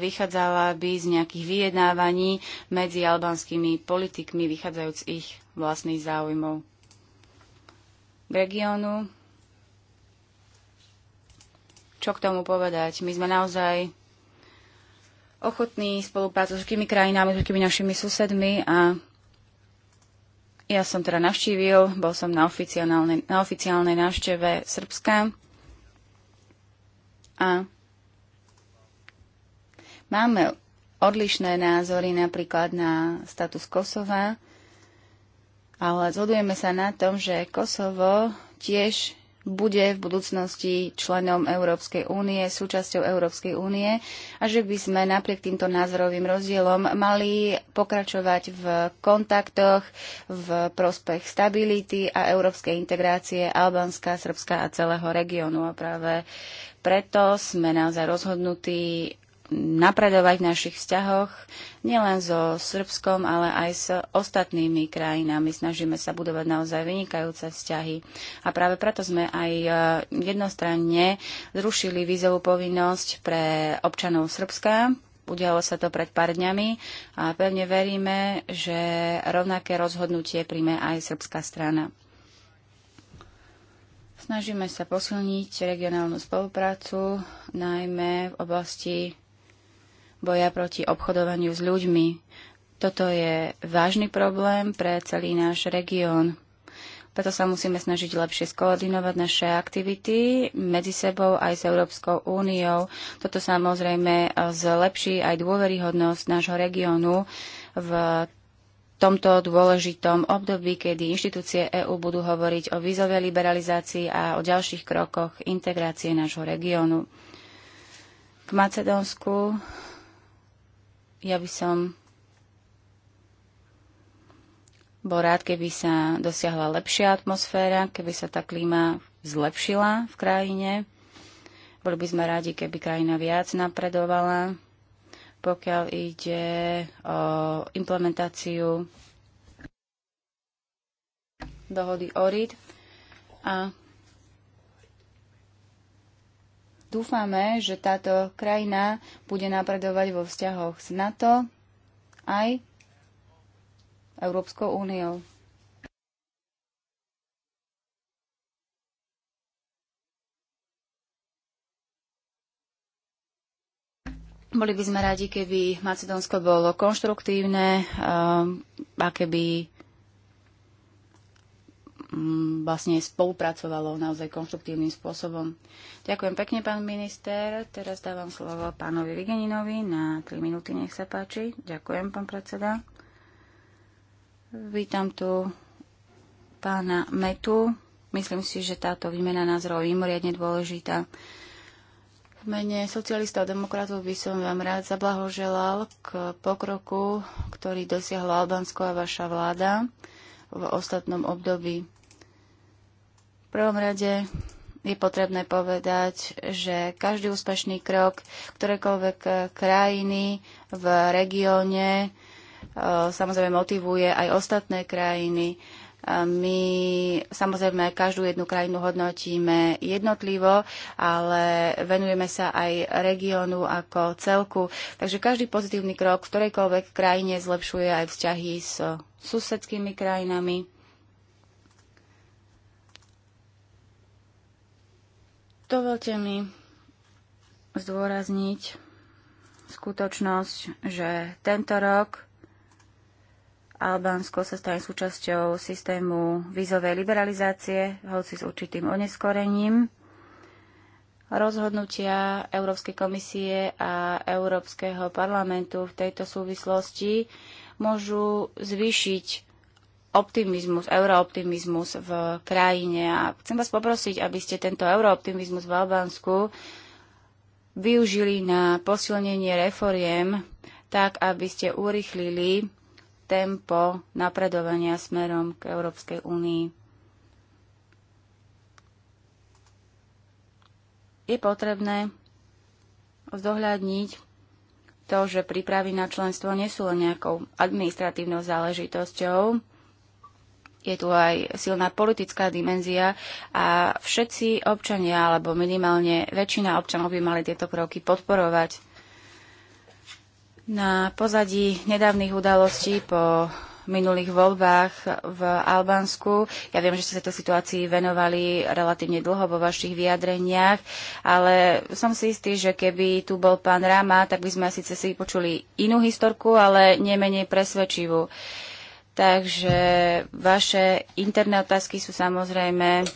vychádzala by z nejakých vyjednávaní medzi albanskými politikmi, vychádzajúc z ich vlastných záujmov. K regiónu. Čo k tomu povedať? My sme naozaj ochotní spolupracovať s všetkými krajinami, s všetkými našimi susedmi a ja som teda navštívil, bol som na oficiálnej, na oficiálnej návšteve Srbska a Máme odlišné názory napríklad na status Kosova, ale zhodujeme sa na tom, že Kosovo tiež bude v budúcnosti členom Európskej únie, súčasťou Európskej únie a že by sme napriek týmto názorovým rozdielom mali pokračovať v kontaktoch v prospech stability a európskej integrácie Albánska, Srbska a celého regiónu. A práve preto sme naozaj rozhodnutí napredovať v našich vzťahoch nielen so Srbskom, ale aj s ostatnými krajinami. Snažíme sa budovať naozaj vynikajúce vzťahy. A práve preto sme aj e, jednostranne zrušili vízovú povinnosť pre občanov Srbska. Udialo sa to pred pár dňami a pevne veríme, že rovnaké rozhodnutie príjme aj srbská strana. Snažíme sa posilniť regionálnu spoluprácu, najmä v oblasti boja proti obchodovaniu s ľuďmi. Toto je vážny problém pre celý náš región. Preto sa musíme snažiť lepšie skoordinovať naše aktivity medzi sebou aj s Európskou úniou. Toto samozrejme e, zlepší aj dôveryhodnosť nášho regiónu v tomto dôležitom období, kedy inštitúcie EÚ budú hovoriť o vízovej liberalizácii a o ďalších krokoch integrácie nášho regiónu. K Macedónsku ja by som bol rád, keby sa dosiahla lepšia atmosféra, keby sa tá klíma zlepšila v krajine. Boli by sme rádi, keby krajina viac napredovala, pokiaľ ide o implementáciu dohody ORID. A Dúfame, že táto krajina bude napredovať vo vzťahoch s NATO aj Európskou úniou. Boli by sme radi, keby Macedónsko bolo konštruktívne a keby Mm, vlastne spolupracovalo naozaj konštruktívnym spôsobom. Ďakujem pekne, pán minister. Teraz dávam slovo pánovi Vigeninovi na 3 minúty, nech sa páči. Ďakujem, pán predseda. Vítam tu pána Metu. Myslím si, že táto výmena názorov je mimoriadne dôležitá. V mene socialistov a demokratov by som vám rád zablahoželal k pokroku, ktorý dosiahlo Albánsko a vaša vláda v ostatnom období prvom rade je potrebné povedať, že každý úspešný krok ktorékoľvek krajiny v regióne e, samozrejme motivuje aj ostatné krajiny. E, my samozrejme každú jednu krajinu hodnotíme jednotlivo, ale venujeme sa aj regiónu ako celku. Takže každý pozitívny krok v ktorejkoľvek krajine zlepšuje aj vzťahy s susedskými krajinami Dovolte mi zdôrazniť skutočnosť, že tento rok Albánsko sa stane súčasťou systému vízovej liberalizácie, hoci s určitým oneskorením. Rozhodnutia Európskej komisie a Európskeho parlamentu v tejto súvislosti môžu zvýšiť optimizmus, eurooptimizmus v krajine. A chcem vás poprosiť, aby ste tento eurooptimizmus v Albánsku využili na posilnenie reforiem, tak aby ste urychlili tempo napredovania smerom k Európskej únii. Je potrebné zohľadniť to, že prípravy na členstvo nie sú len nejakou administratívnou záležitosťou, je tu aj silná politická dimenzia a všetci občania, alebo minimálne väčšina občanov by mali tieto kroky podporovať. Na pozadí nedávnych udalostí po minulých voľbách v Albánsku. Ja viem, že ste sa to situácii venovali relatívne dlho vo vašich vyjadreniach, ale som si istý, že keby tu bol pán Rama, tak by sme síce si počuli inú historku, ale nemenej presvedčivú. Uh, Takže vaše interné otázky sú samozrejme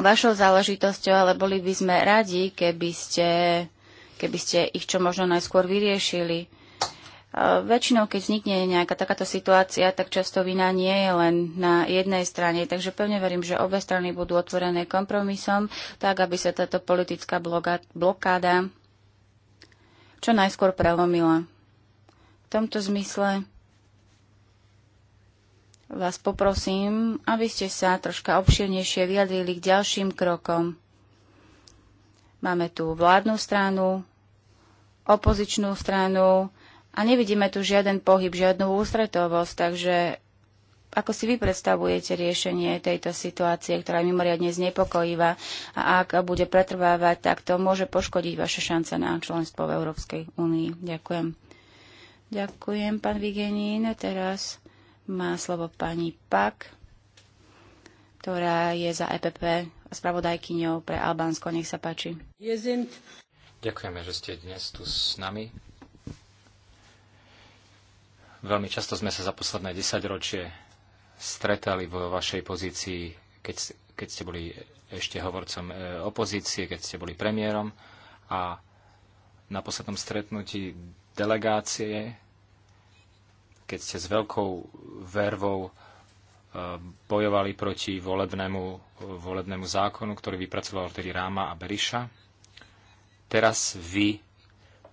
vašou záležitosťou, ale boli by sme radi, keby ste, keby ste ich čo možno najskôr vyriešili. E, väčšinou, keď vznikne nejaká takáto situácia, tak často vina nie je len na jednej strane. Takže pevne verím, že obe strany budú otvorené kompromisom, tak aby sa táto politická blokáda čo najskôr prelomila. V tomto zmysle vás poprosím, aby ste sa troška obširnejšie vyjadrili k ďalším krokom. Máme tu vládnu stranu, opozičnú stranu a nevidíme tu žiaden pohyb, žiadnu ústretovosť, takže ako si vy predstavujete riešenie tejto situácie, ktorá je mimoriadne znepokojivá a ak bude pretrvávať, tak to môže poškodiť vaše šance na členstvo v Európskej únii. Ďakujem. Ďakujem, pán Vigenín. Teraz má slovo pani Pak, ktorá je za EPP spravodajkyňou pre Albánsko. Nech sa páči. Ďakujeme, že ste dnes tu s nami. Veľmi často sme sa za posledné desaťročie stretali vo vašej pozícii, keď, keď ste boli ešte hovorcom e, opozície, keď ste boli premiérom a na poslednom stretnutí delegácie keď ste s veľkou vervou e, bojovali proti volebnému, volebnému zákonu, ktorý vypracoval vtedy Ráma a Beriša. Teraz vy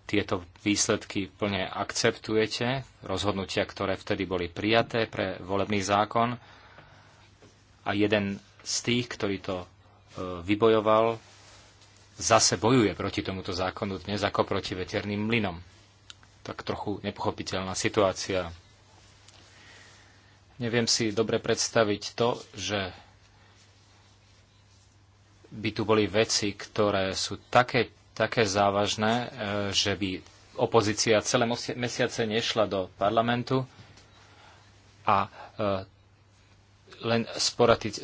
tieto výsledky plne akceptujete, rozhodnutia, ktoré vtedy boli prijaté pre volebný zákon. A jeden z tých, ktorý to e, vybojoval, zase bojuje proti tomuto zákonu dnes ako proti veterným mlynom. Tak trochu nepochopiteľná situácia. Neviem si dobre predstaviť to, že by tu boli veci, ktoré sú také, také závažné, e, že by opozícia celé mesiace nešla do parlamentu a e, len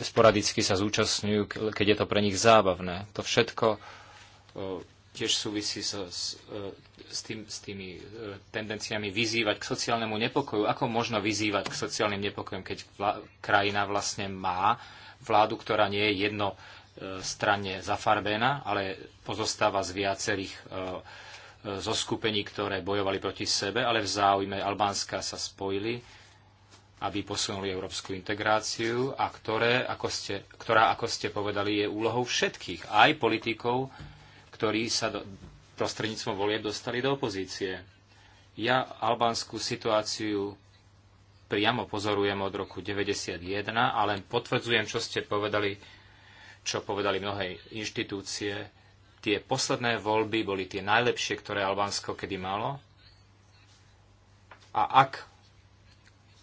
sporadicky sa zúčastňujú, keď je to pre nich zábavné. To všetko e, tiež súvisí so, s s, tým, s tými e, tendenciami vyzývať k sociálnemu nepokoju. Ako možno vyzývať k sociálnym nepokojom, keď vla, krajina vlastne má vládu, ktorá nie je jedno e, strane zafarbená, ale pozostáva z viacerých e, zoskupení, ktoré bojovali proti sebe, ale v záujme Albánska sa spojili, aby posunuli európsku integráciu a ktoré, ako ste, ktorá, ako ste povedali, je úlohou všetkých, aj politikov, ktorí sa do, prostredníctvom volieb dostali do opozície. Ja albánsku situáciu priamo pozorujem od roku 1991 a len potvrdzujem, čo ste povedali, čo povedali mnohé inštitúcie. Tie posledné voľby boli tie najlepšie, ktoré Albánsko kedy malo. A ak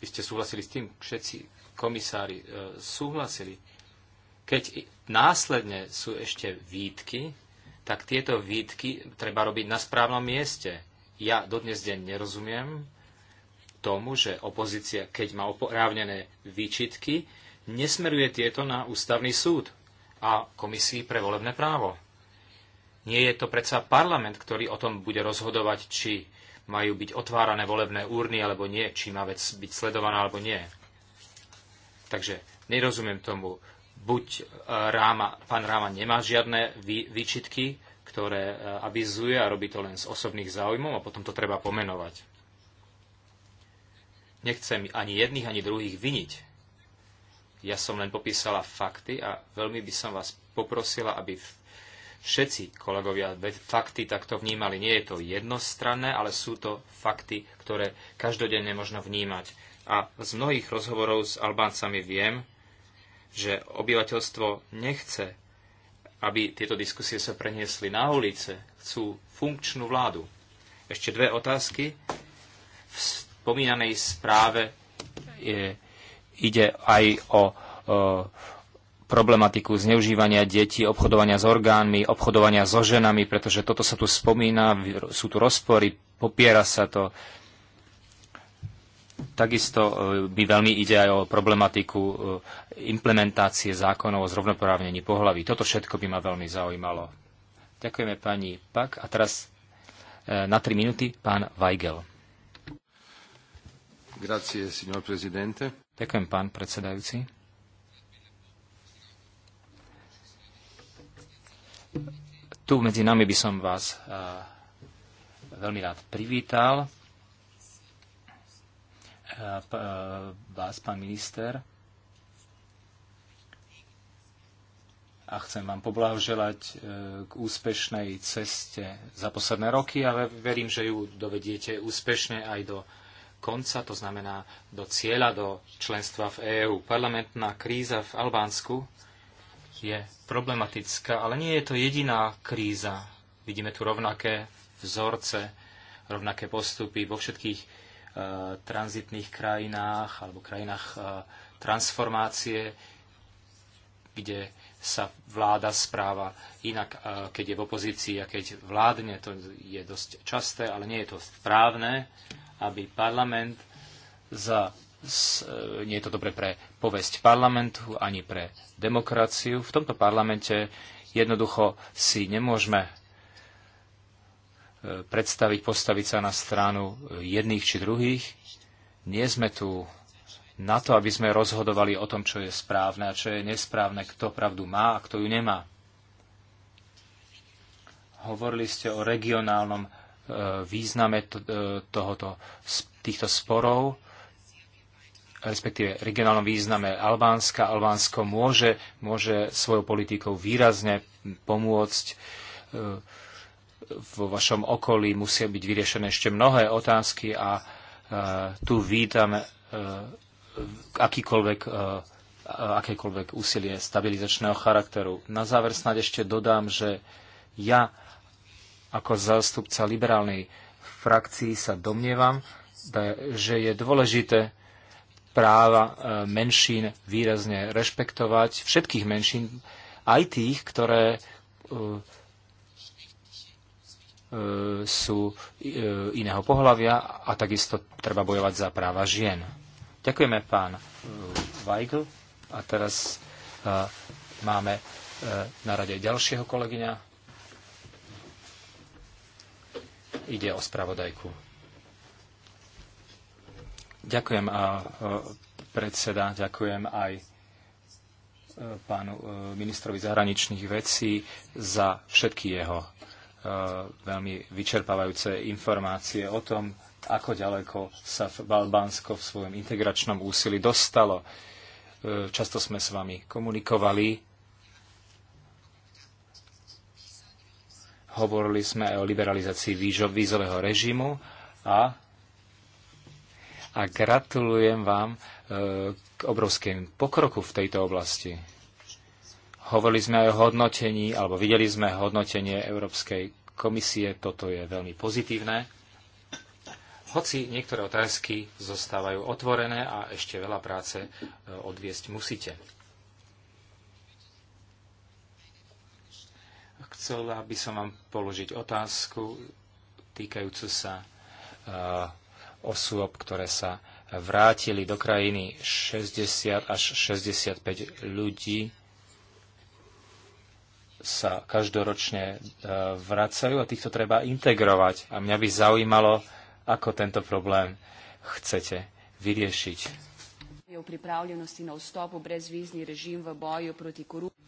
by ste súhlasili s tým, všetci komisári e, súhlasili, keď následne sú ešte výtky, tak tieto výtky treba robiť na správnom mieste. Ja dodnes deň nerozumiem tomu, že opozícia, keď má oprávnené výčitky, nesmeruje tieto na ústavný súd a komisii pre volebné právo. Nie je to predsa parlament, ktorý o tom bude rozhodovať, či majú byť otvárané volebné úrny alebo nie, či má vec byť sledovaná alebo nie. Takže nerozumiem tomu buď e, Ráma, pán Ráma nemá žiadne vý, výčitky, ktoré e, avizuje a robí to len z osobných záujmov a potom to treba pomenovať. Nechcem ani jedných, ani druhých viniť. Ja som len popísala fakty a veľmi by som vás poprosila, aby všetci kolegovia fakty takto vnímali. Nie je to jednostranné, ale sú to fakty, ktoré každodenne možno vnímať. A z mnohých rozhovorov s Albáncami viem, že obyvateľstvo nechce, aby tieto diskusie sa preniesli na ulice, chcú funkčnú vládu. Ešte dve otázky. V spomínanej správe je, ide aj o, o problematiku zneužívania detí, obchodovania s orgánmi, obchodovania so ženami, pretože toto sa tu spomína, sú tu rozpory, popiera sa to, Takisto e, mi veľmi ide aj o problematiku e, implementácie zákonov o zrovnoprávnení pohlaví. Toto všetko by ma veľmi zaujímalo. Ďakujeme pani Pak a teraz e, na tri minúty pán Weigel. Grazie, signor presidente. Ďakujem, pán predsedajúci. Tu medzi nami by som vás veľmi rád privítal E, vás, pán minister. A chcem vám poblahoželať e, k úspešnej ceste za posledné roky a verím, že ju dovediete úspešne aj do konca, to znamená do cieľa, do členstva v EÚ. Parlamentná kríza v Albánsku je problematická, ale nie je to jediná kríza. Vidíme tu rovnaké vzorce, rovnaké postupy vo všetkých Eh, tranzitných krajinách alebo krajinách eh, transformácie, kde sa vláda správa inak, eh, keď je v opozícii a keď vládne. To je dosť časté, ale nie je to správne, aby parlament za nie je to dobre pre povesť parlamentu ani pre demokraciu. V tomto parlamente jednoducho si nemôžeme predstaviť, postaviť sa na stranu jedných či druhých. Nie sme tu na to, aby sme rozhodovali o tom, čo je správne a čo je nesprávne, kto pravdu má a kto ju nemá. Hovorili ste o regionálnom e, význame e, tohoto, týchto sporov, respektíve regionálnom význame Albánska. Albánsko môže, môže svojou politikou výrazne pomôcť e, vo vašom okolí musia byť vyriešené ešte mnohé otázky a e, tu vítam e, akýkoľvek e, akékoľvek úsilie stabilizačného charakteru. Na záver snad ešte dodám, že ja ako zástupca liberálnej frakcii sa domnievam, že je dôležité práva menšín výrazne rešpektovať, všetkých menšín, aj tých, ktoré E, sú e, iného pohľavia a takisto treba bojovať za práva žien. Ďakujeme pán e, Weigl a teraz máme na rade ďalšieho kolegyňa. Ide o spravodajku. Ďakujem a predseda, ďakujem aj pánu ministrovi zahraničných vecí za všetky jeho Eh, veľmi vyčerpávajúce informácie o tom, ako ďaleko sa v Balbánsko v svojom integračnom úsilí dostalo. Eh, často sme s vami komunikovali, hovorili sme aj o liberalizácii vízového režimu a, a gratulujem vám eh, k obrovskému pokroku v tejto oblasti. Hovorili sme aj o hodnotení, alebo videli sme hodnotenie Európskej komisie, toto je veľmi pozitívne. Hoci niektoré otázky zostávajú otvorené a ešte veľa práce e, odviesť musíte. Chcela by som vám položiť otázku týkajúcu sa e, osôb, ktoré sa vrátili do krajiny 60 až 65 ľudí sa každoročne e, vracajú a týchto treba integrovať. A mňa by zaujímalo, ako tento problém chcete vyriešiť.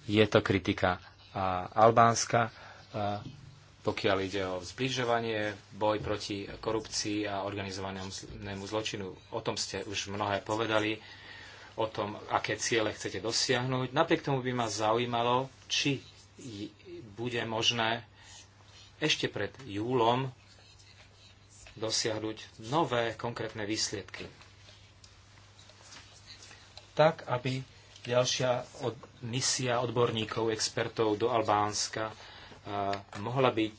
Je to kritika Albánska, pokiaľ ide o zbližovanie, boj proti korupcii a organizovanému zločinu. O tom ste už mnohé povedali, o tom, aké ciele chcete dosiahnuť. Napriek tomu by ma zaujímalo, či bude možné ešte pred júlom dosiahnuť nové konkrétne výsledky. Tak, aby ďalšia od, misia odborníkov, expertov do Albánska mohla byť e,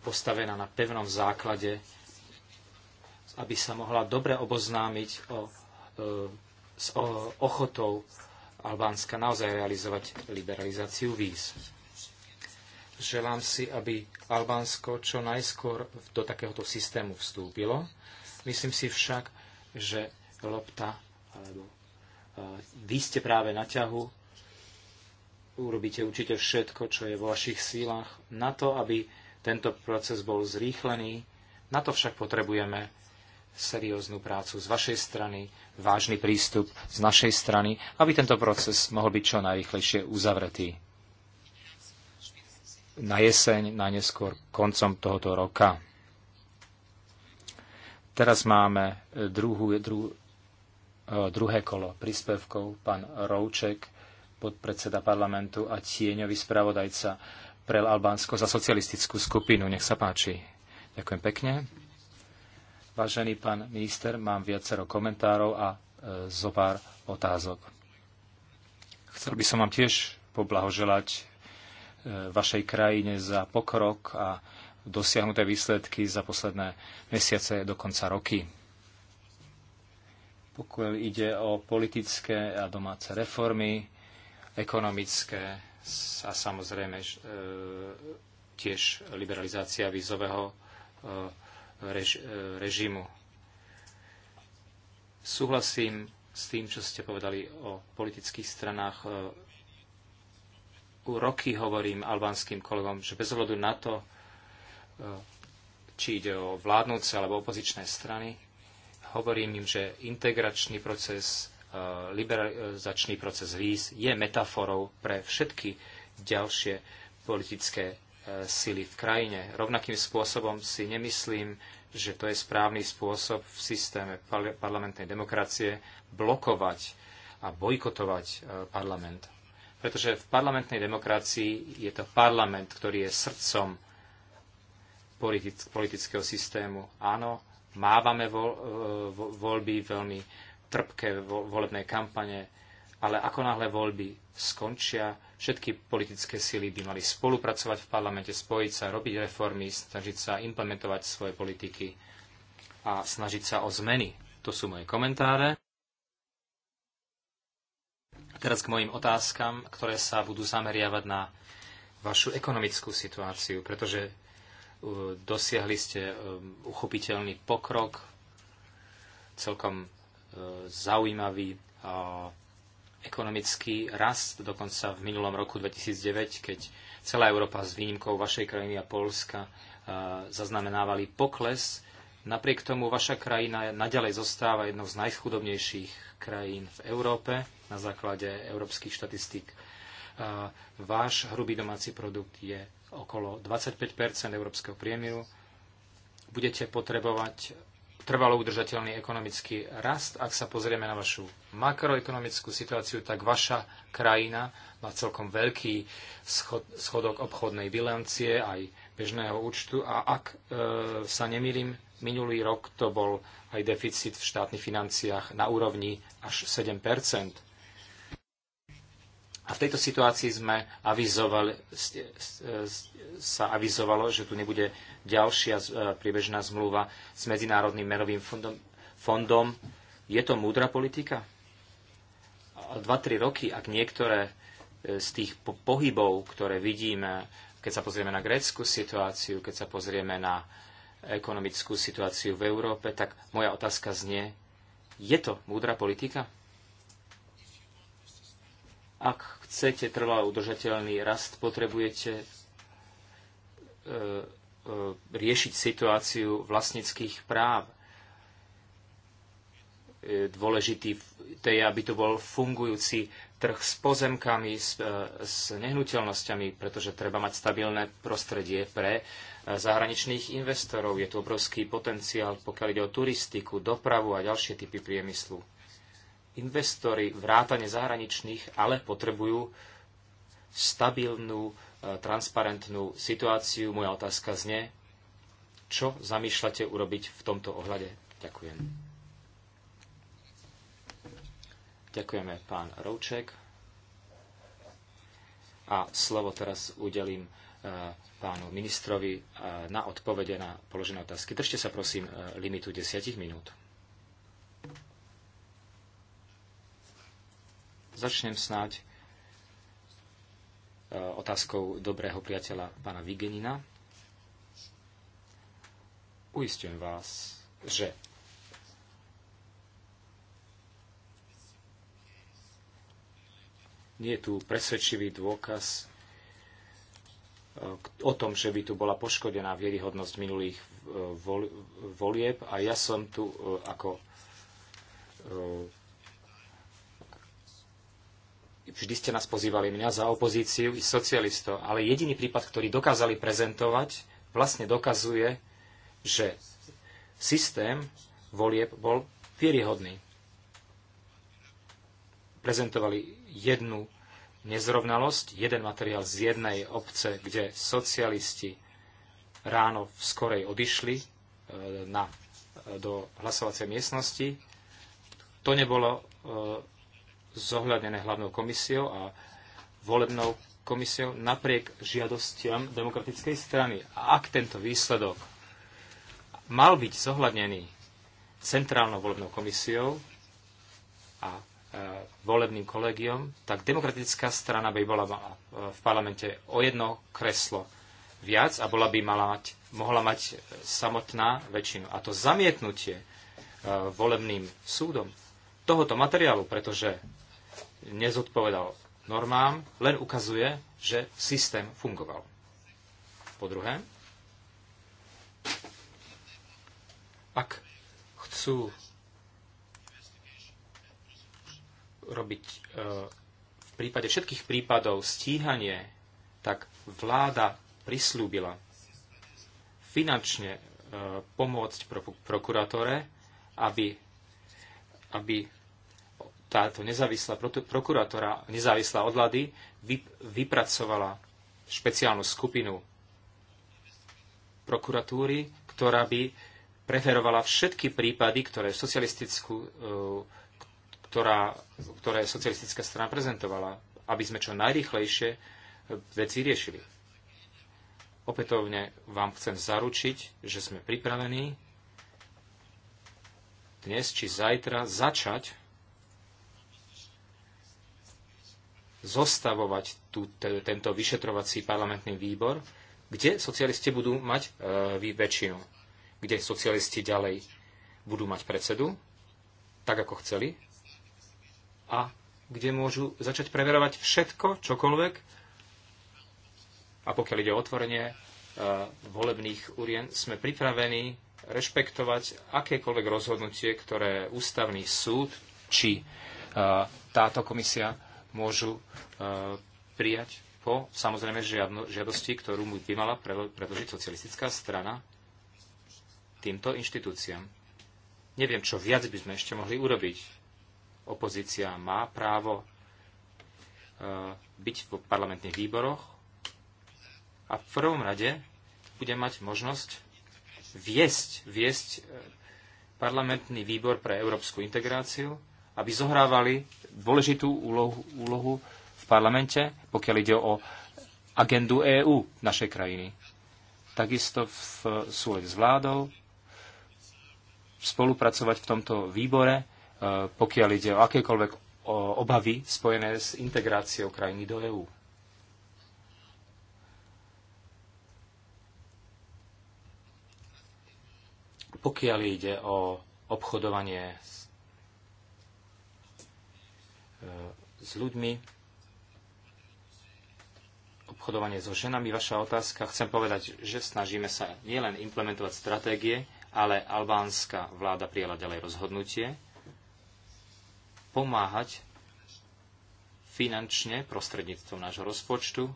postavená na pevnom základe, aby sa mohla dobre oboznámiť o, e, s o, ochotou Albánska naozaj realizovať liberalizáciu víz. Želám si, aby Albánsko čo najskôr do takéhoto systému vstúpilo. Myslím si však, že lopta, alebo e, vy ste práve na ťahu, urobíte určite všetko, čo je vo vašich sílach, na to, aby tento proces bol zrýchlený. Na to však potrebujeme serióznu prácu z vašej strany, vážny prístup z našej strany, aby tento proces mohol byť čo najrychlejšie uzavretý. Na jeseň, najneskôr koncom tohoto roka. Teraz máme eh, druhú, dru, eh, druhé kolo príspevkov. Pán Rouček, podpredseda parlamentu a tieňový spravodajca pre Albánsko za socialistickú skupinu. Nech sa páči. Ďakujem pekne. Vážený pán minister, mám viacero komentárov a e, zo pár otázok. Chcel by som vám tiež poblahoželať e, vašej krajine za pokrok a dosiahnuté výsledky za posledné mesiace, dokonca roky. Pokiaľ ide o politické a domáce reformy, ekonomické a samozrejme e, tiež liberalizácia vízového e, rež, e, režimu. Súhlasím s tým, čo ste povedali o politických stranách. E, u roky hovorím albánským kolegom, že bez ohľadu na to, e, či ide o vládnúce alebo opozičné strany, hovorím im, že integračný proces, liberalizačný proces víz je metaforou pre všetky ďalšie politické sily v krajine. Rovnakým spôsobom si nemyslím, že to je správny spôsob v systéme parlamentnej demokracie blokovať a bojkotovať e, parlament. Pretože v parlamentnej demokracii je to parlament, ktorý je srdcom politického systému. Áno, mávame e, voľby veľmi trpké volebné kampane, ale ako náhle voľby skončia, Všetky politické sily by mali spolupracovať v parlamente, spojiť sa, robiť reformy, snažiť sa implementovať svoje politiky a snažiť sa o zmeny. To sú moje komentáre. A teraz k mojim otázkam, ktoré sa budú zameriavať na vašu ekonomickú situáciu, pretože e, dosiahli ste e, uchopiteľný pokrok, celkom e, zaujímavý ekonomický rast dokonca v minulom roku 2009, keď celá Európa s výnimkou vašej krajiny a Polska zaznamenávali pokles. Napriek tomu vaša krajina naďalej zostáva jednou z najchudobnejších krajín v Európe na základe európskych štatistík. Váš hrubý domáci produkt je okolo 25 európskeho priemeru. Budete potrebovať trvalo udržateľný ekonomický rast. Ak sa pozrieme na vašu makroekonomickú situáciu, tak vaša krajina má celkom veľký schod, schodok obchodnej bilancie aj bežného účtu a ak e, sa nemýlim, minulý rok to bol aj deficit v štátnych financiách na úrovni až 7 a v tejto situácii sme avizovali, e, sa avizovalo, že tu nebude ďalšia e, priebežná zmluva s Medzinárodným menovým fondom. fondom. Je to múdra politika? 2-3 roky, ak niektoré e, z tých pohybov, ktoré vidíme, keď sa pozrieme na grécku situáciu, keď sa pozrieme na ekonomickú situáciu v Európe, tak moja otázka znie, je to múdra politika? Ak chcete trvalo udržateľný rast, potrebujete e, E, riešiť situáciu vlastnických práv. E, dôležitý je, aby to bol fungujúci trh s pozemkami, s, e, s nehnuteľnosťami, pretože treba mať stabilné prostredie pre zahraničných investorov. Je tu obrovský potenciál, pokiaľ ide o turistiku, dopravu a ďalšie typy priemyslu. Investori vrátane zahraničných ale potrebujú stabilnú transparentnú situáciu. Moja otázka znie, čo zamýšľate urobiť v tomto ohľade? Ďakujem. Ďakujeme pán Rouček. A slovo teraz udelím e, pánu ministrovi e, na odpovede na položené otázky. Držte sa prosím e, limitu 10 minút. Začnem snáď Eh, otázkou dobrého priateľa pána Vigenina. Uistujem vás, že nie je tu presvedčivý dôkaz eh, o tom, že by tu bola poškodená vieryhodnosť minulých eh, volieb a ja som tu ako vždy ste nás pozývali mňa za opozíciu i socialistov, ale jediný prípad, ktorý dokázali prezentovať, vlastne dokazuje, že systém volieb bol vieryhodný. Prezentovali jednu nezrovnalosť, jeden materiál z jednej obce, kde socialisti ráno v skorej odišli e, na, do hlasovacej miestnosti. To nebolo e, zohľadené hlavnou komisiou a volebnou komisiou napriek žiadostiam demokratickej strany. A ak tento výsledok mal byť zohľadnený centrálnou volebnou komisiou a e, volebným kolegiom, tak demokratická strana by bola mala e, v parlamente o jedno kreslo viac a bola by mala mať, mohla mať samotná väčšinu. A to zamietnutie e, volebným súdom tohoto materiálu, pretože nezodpovedal normám, len ukazuje, že systém fungoval. Po druhé, ak chcú robiť eh, v prípade všetkých prípadov stíhanie, tak vláda prislúbila finančne eh, pomôcť prokuratore, aby, aby táto nezávislá prokurátora, nezávislá od vlády, vypracovala špeciálnu skupinu prokuratúry, ktorá by preferovala všetky prípady, ktoré, e, ktorá, ktoré socialistická strana prezentovala, aby sme čo najrychlejšie e, veci riešili. Opätovne vám chcem zaručiť, že sme pripravení dnes či zajtra začať zostavovať tú, tento vyšetrovací parlamentný výbor, kde socialisti budú mať e, väčšinu, kde socialisti ďalej budú mať predsedu, tak ako chceli, a kde môžu začať preverovať všetko, čokoľvek, a pokiaľ ide o otvorenie e, volebných urien, sme pripravení rešpektovať akékoľvek rozhodnutie, ktoré ústavný súd či e, táto komisia môžu e, prijať po samozrejme žiadno, žiadosti, ktorú mu by mala predložiť socialistická strana týmto inštitúciám. Neviem, čo viac by sme ešte mohli urobiť. Opozícia má právo e, byť v parlamentných výboroch a v prvom rade bude mať možnosť viesť, viesť e, parlamentný výbor pre európsku integráciu aby zohrávali dôležitú úlohu, úlohu v parlamente, pokiaľ ide o agendu EÚ našej krajiny. Takisto v súlede s vládou spolupracovať v tomto výbore, e, pokiaľ ide o akékoľvek obavy spojené s integráciou krajiny do EÚ. Pokiaľ ide o obchodovanie s s ľuďmi, obchodovanie so ženami. Vaša otázka, chcem povedať, že snažíme sa nielen implementovať stratégie, ale albánska vláda prijala ďalej rozhodnutie pomáhať finančne prostredníctvom nášho rozpočtu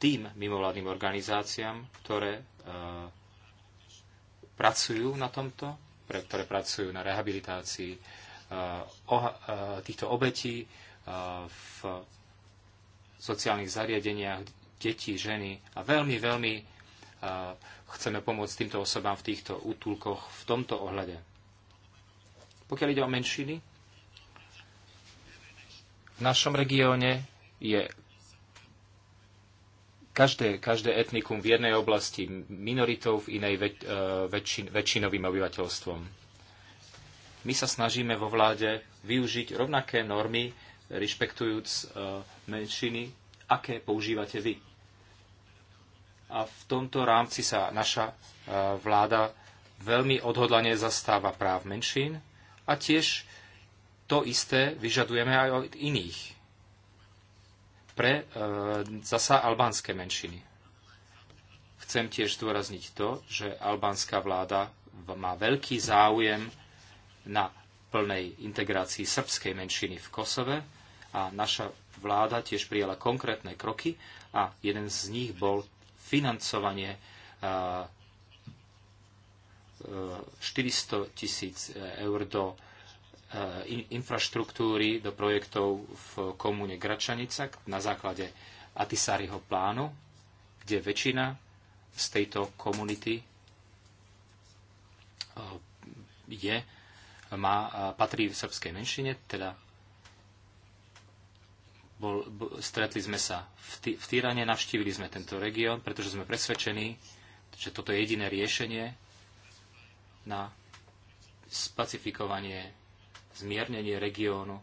tým mimovládnym organizáciám, ktoré e, pracujú na tomto, pre, ktoré pracujú na rehabilitácii Eh, eh, týchto obetí eh, v sociálnych zariadeniach detí, ženy a veľmi, veľmi chceme pomôcť týmto osobám v týchto útulkoch v tomto ohľade. Pokiaľ ide o menšiny, v našom regióne je každé, každé etnikum v jednej oblasti minoritou, v inej väč, väčšin, väčšinovým obyvateľstvom. My sa snažíme vo vláde využiť rovnaké normy, rešpektujúc e, menšiny, aké používate vy. A v tomto rámci sa naša e, vláda veľmi odhodlane zastáva práv menšín a tiež to isté vyžadujeme aj od iných pre e, zasa albánske menšiny. Chcem tiež zdôrazniť to, že albánska vláda má veľký záujem na plnej integrácii srbskej menšiny v Kosove a naša vláda tiež prijala konkrétne kroky a jeden z nich bol financovanie 400 eh, eh, tisíc eh, eur do infraštruktúry, do projektov v komúne Gračanica na základe Atisáriho plánu, kde väčšina z tejto komunity je má, patrí v srbskej menšine, teda bol, bol, stretli sme sa v, tý, v Týrane, navštívili sme tento región, pretože sme presvedčení, že toto je jediné riešenie na spacifikovanie, zmiernenie regiónu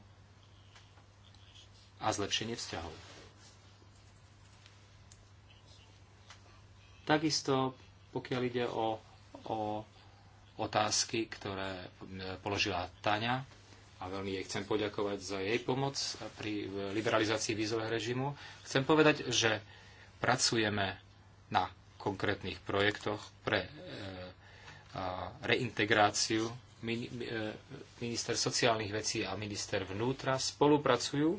a zlepšenie vzťahov. Takisto, pokiaľ ide o, o otázky, ktoré e, položila Tania a veľmi jej chcem poďakovať za jej pomoc pri e, liberalizácii vízového režimu. Chcem povedať, že pracujeme na konkrétnych projektoch pre e, reintegráciu. Minister sociálnych vecí a minister vnútra spolupracujú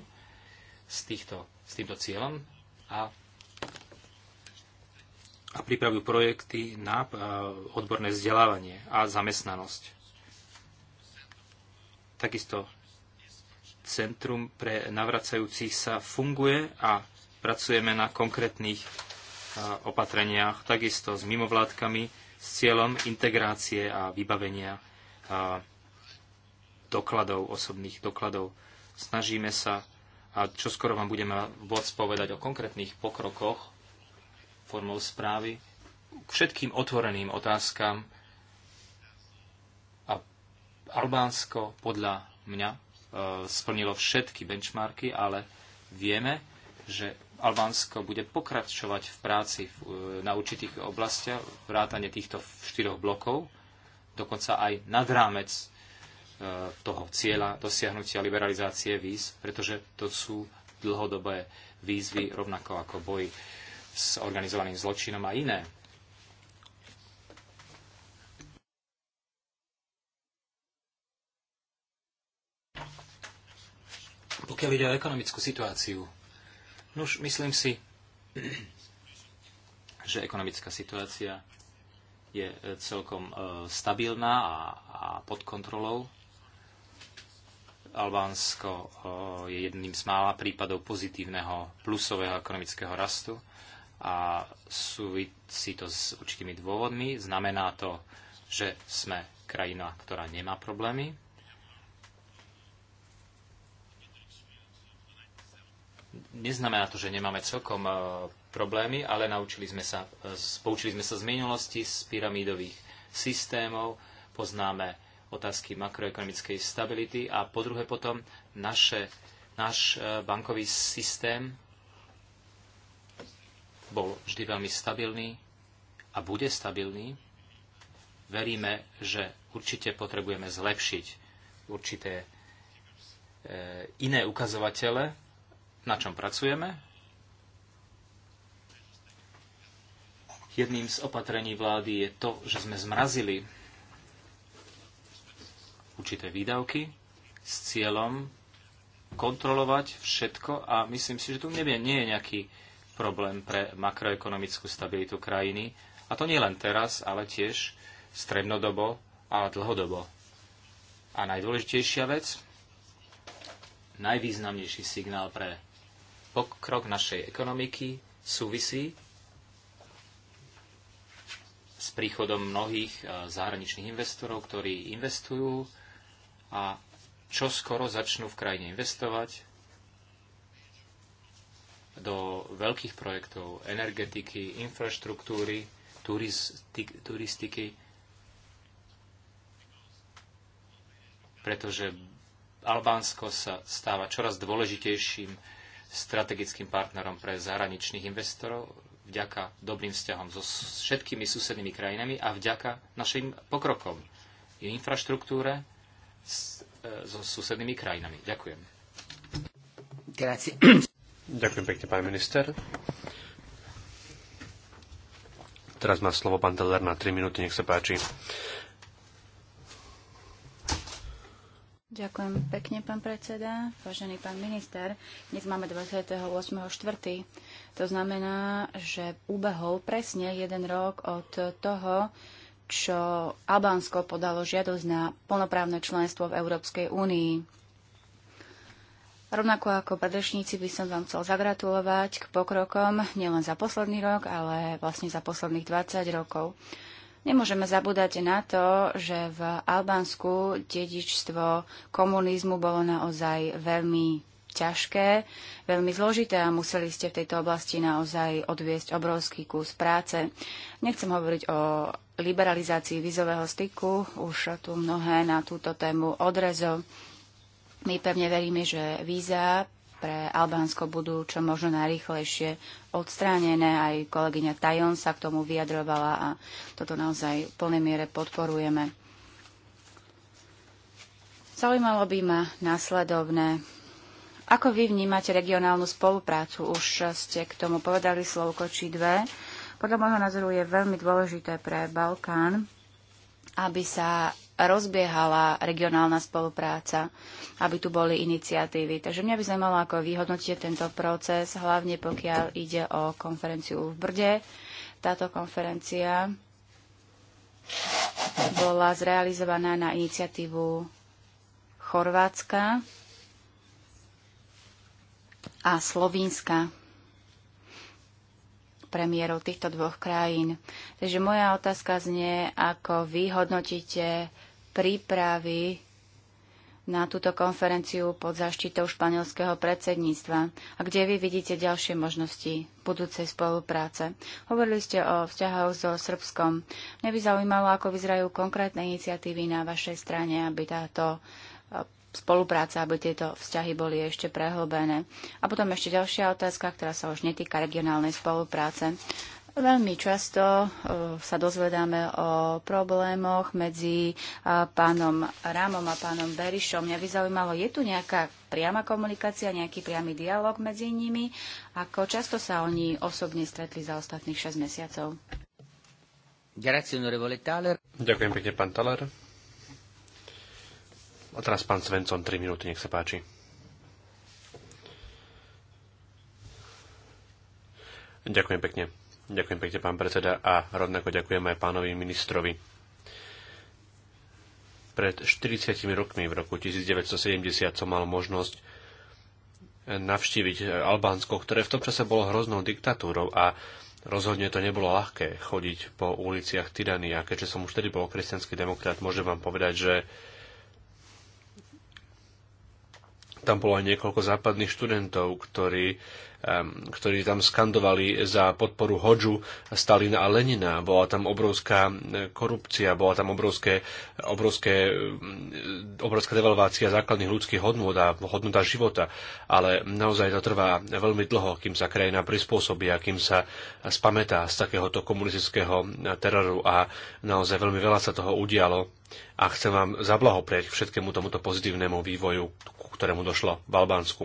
s, týchto, s týmto cieľom a a pripravujú projekty na e, odborné vzdelávanie a zamestnanosť. Takisto Centrum pre navracajúcich sa funguje a pracujeme na konkrétnych e, opatreniach, takisto s mimovládkami, s cieľom integrácie a vybavenia e, dokladov, osobných dokladov. Snažíme sa, a čo skoro vám budeme vôcť povedať o konkrétnych pokrokoch, formou správy k všetkým otvoreným otázkam a Albánsko podľa mňa e, splnilo všetky benchmarky, ale vieme, že Albánsko bude pokračovať v práci e, na určitých oblastiach, vrátane týchto štyroch blokov, dokonca aj nad rámec e, toho cieľa dosiahnutia liberalizácie víz, pretože to sú dlhodobé výzvy, rovnako ako boj s organizovaným zločinom a iné. Pokiaľ ide o ekonomickú situáciu, nuž myslím si, že ekonomická situácia je e, celkom e, stabilná a, a pod kontrolou. Albánsko e, je jedným z mála prípadov pozitívneho plusového ekonomického rastu a súvisí to s určitými dôvodmi. Znamená to, že sme krajina, ktorá nemá problémy. Neznamená to, že nemáme celkom e, problémy, ale naučili sme sa, e, poučili sme sa z minulosti, z pyramídových systémov, poznáme otázky makroekonomickej stability a po druhé potom naše, náš e, bankový systém bol vždy veľmi stabilný a bude stabilný. Veríme, že určite potrebujeme zlepšiť určité e, iné ukazovatele, na čom pracujeme. Jedným z opatrení vlády je to, že sme zmrazili určité výdavky s cieľom kontrolovať všetko a myslím si, že tu nevie, nie je nejaký problém pre makroekonomickú stabilitu krajiny, a to nie len teraz, ale tiež strednodobo a dlhodobo. A najdôležitejšia vec, najvýznamnejší signál pre pokrok našej ekonomiky súvisí s príchodom mnohých e, zahraničných investorov, ktorí investujú a čo skoro začnú v krajine investovať, do veľkých projektov energetiky, infraštruktúry, turistiky, pretože Albánsko sa stáva čoraz dôležitejším strategickým partnerom pre zahraničných investorov vďaka dobrým vzťahom so všetkými susednými krajinami a vďaka našim pokrokom v infraštruktúre e, so susednými krajinami. Ďakujem. Grazie. Ďakujem pekne, pán minister. Teraz má slovo pán Teller na 3 minúty, nech sa páči. Ďakujem pekne, pán predseda. Vážený pán minister, dnes máme 28.4. To znamená, že ubehol presne jeden rok od toho, čo Albánsko podalo žiadosť na plnoprávne členstvo v Európskej únii. Rovnako ako predrečníci by som vám chcel zagratulovať k pokrokom nielen za posledný rok, ale vlastne za posledných 20 rokov. Nemôžeme zabúdať na to, že v Albánsku dedičstvo komunizmu bolo naozaj veľmi ťažké, veľmi zložité a museli ste v tejto oblasti naozaj odviesť obrovský kus práce. Nechcem hovoriť o liberalizácii vizového styku, už tu mnohé na túto tému odrezo my pevne veríme, že víza pre Albánsko budú čo možno najrýchlejšie odstránené. Aj kolegyňa Tajon sa k tomu vyjadrovala a toto naozaj v plnej miere podporujeme. Zaujímalo by ma následovné. Ako vy vnímate regionálnu spoluprácu? Už ste k tomu povedali slovko či dve. Podľa môjho názoru je veľmi dôležité pre Balkán, aby sa rozbiehala regionálna spolupráca, aby tu boli iniciatívy. Takže mňa by zaujímalo, ako vyhodnotíte tento proces, hlavne pokiaľ ide o konferenciu v Brde. Táto konferencia bola zrealizovaná na iniciatívu Chorvátska a Slovínska premiérov týchto dvoch krajín. Takže moja otázka znie, ako vy hodnotíte prípravy na túto konferenciu pod zaštitou španielského predsedníctva a kde vy vidíte ďalšie možnosti budúcej spolupráce. Hovorili ste o vzťahoch so Srbskom. Mne by zaujímalo, ako vyzerajú konkrétne iniciatívy na vašej strane, aby táto e, spolupráca, aby tieto vzťahy boli ešte prehlbené. A potom ešte ďalšia otázka, ktorá sa už netýka regionálnej spolupráce. Veľmi často e, sa dozvedáme o problémoch medzi e, pánom Rámom a pánom Berišom. Mňa by zaujímalo, je tu nejaká priama komunikácia, nejaký priamy dialog medzi nimi? Ako často sa oni osobne stretli za ostatných 6 mesiacov? Ďakujem pekne, pán Taler. A teraz pán Svencon, 3 minúty, nech sa páči. Ďakujem pekne. Ďakujem pekne, pán predseda, a rovnako ďakujem aj pánovi ministrovi. Pred 40 rokmi, v roku 1970, som mal možnosť navštíviť Albánsko, ktoré v tom čase bolo hroznou diktatúrou a rozhodne to nebolo ľahké chodiť po uliciach tyrany. A keďže som už tedy bol kresťanský demokrat, môžem vám povedať, že tam bolo aj niekoľko západných študentov, ktorí Ehm, ktorí tam skandovali za podporu Hodžu, Stalina a Lenina. Bola tam obrovská e, korupcia, bola tam obrovské, obrovské, e, obrovská devalvácia základných ľudských hodnot a hodnota života. Ale naozaj to trvá veľmi dlho, kým sa krajina prispôsobí a kým sa spametá z takéhoto komunistického teroru a naozaj veľmi veľa sa toho udialo a chcem vám zablahoprieť všetkému tomuto pozitívnemu vývoju, ku ktorému došlo v Albánsku.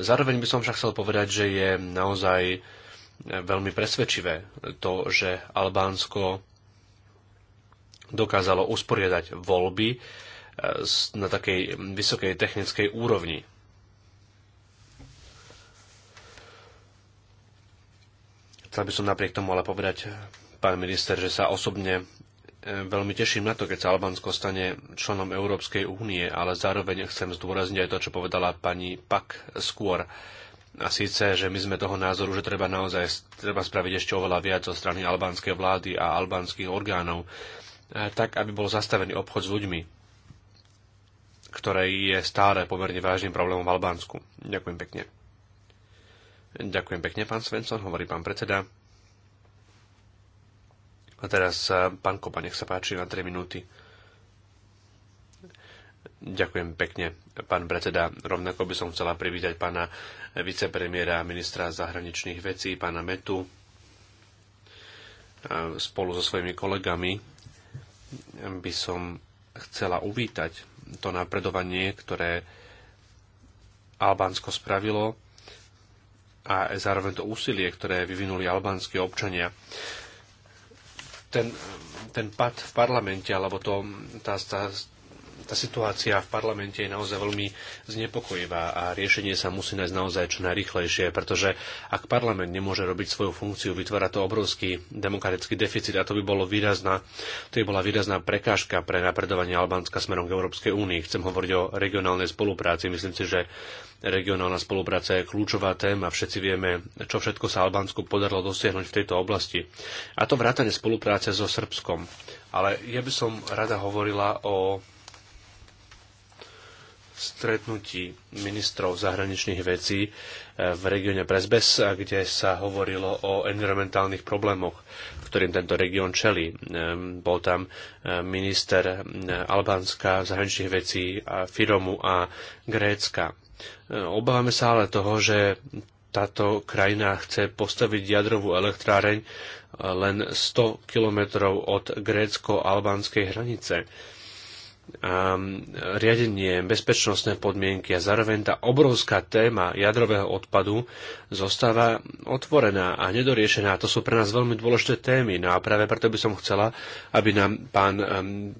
Zároveň by som však chcel povedať, že je naozaj veľmi presvedčivé to, že Albánsko dokázalo usporiadať voľby eh, na takej vysokej technickej úrovni. Chcel by som napriek tomu ale povedať, pán minister, že sa osobne veľmi teším na to, keď sa Albánsko stane členom Európskej únie, ale zároveň chcem zdôrazniť aj to, čo povedala pani Pak skôr. A síce, že my sme toho názoru, že treba naozaj treba spraviť ešte oveľa viac zo strany albánskej vlády a albánskych orgánov, e, tak aby bol zastavený obchod s ľuďmi, ktoré je stále pomerne vážnym problémom v Albánsku. Ďakujem pekne. Ďakujem pekne, pán Svensson, hovorí pán predseda. A teraz eh, pán Kopa, nech sa páči na 3 minúty. Ďakujem pekne, pán predseda. Rovnako by som chcela privítať pána vicepremiera a ministra zahraničných vecí, pána Metu, eh, spolu so svojimi kolegami by som chcela uvítať to napredovanie, ktoré Albánsko spravilo a zároveň to úsilie, ktoré vyvinuli albánsky občania ten, ten pad v parlamente alebo to, tá, tá, tá situácia v parlamente je naozaj veľmi znepokojivá a riešenie sa musí nájsť naozaj čo najrychlejšie, pretože ak parlament nemôže robiť svoju funkciu, vytvára to obrovský demokratický deficit a to by, bolo výrazná, to by bola výrazná prekážka pre napredovanie Albánska smerom k Európskej únii. Chcem hovoriť o regionálnej spolupráci. Myslím si, že regionálna spolupráca je kľúčová téma. Všetci vieme, čo všetko sa Albánsku podarilo dosiahnuť v tejto oblasti. A to vrátane spolupráce so Srbskom. Ale ja by som rada hovorila o stretnutí ministrov zahraničných vecí eh, v regióne Brezbes, eh, kde sa hovorilo o environmentálnych problémoch, ktorým tento región čelí. Ehm, bol tam eh, minister Albánska zahraničných vecí Firomu a Grécka. Obávame sa ale toho, že táto krajina chce postaviť jadrovú elektráreň len 100 kilometrov od grécko-albánskej hranice Ehm, riadenie, bezpečnostné podmienky a zároveň tá obrovská téma jadrového odpadu zostáva otvorená a nedoriešená. To sú pre nás veľmi dôležité témy. No a práve preto by som chcela, aby nám pán ehm,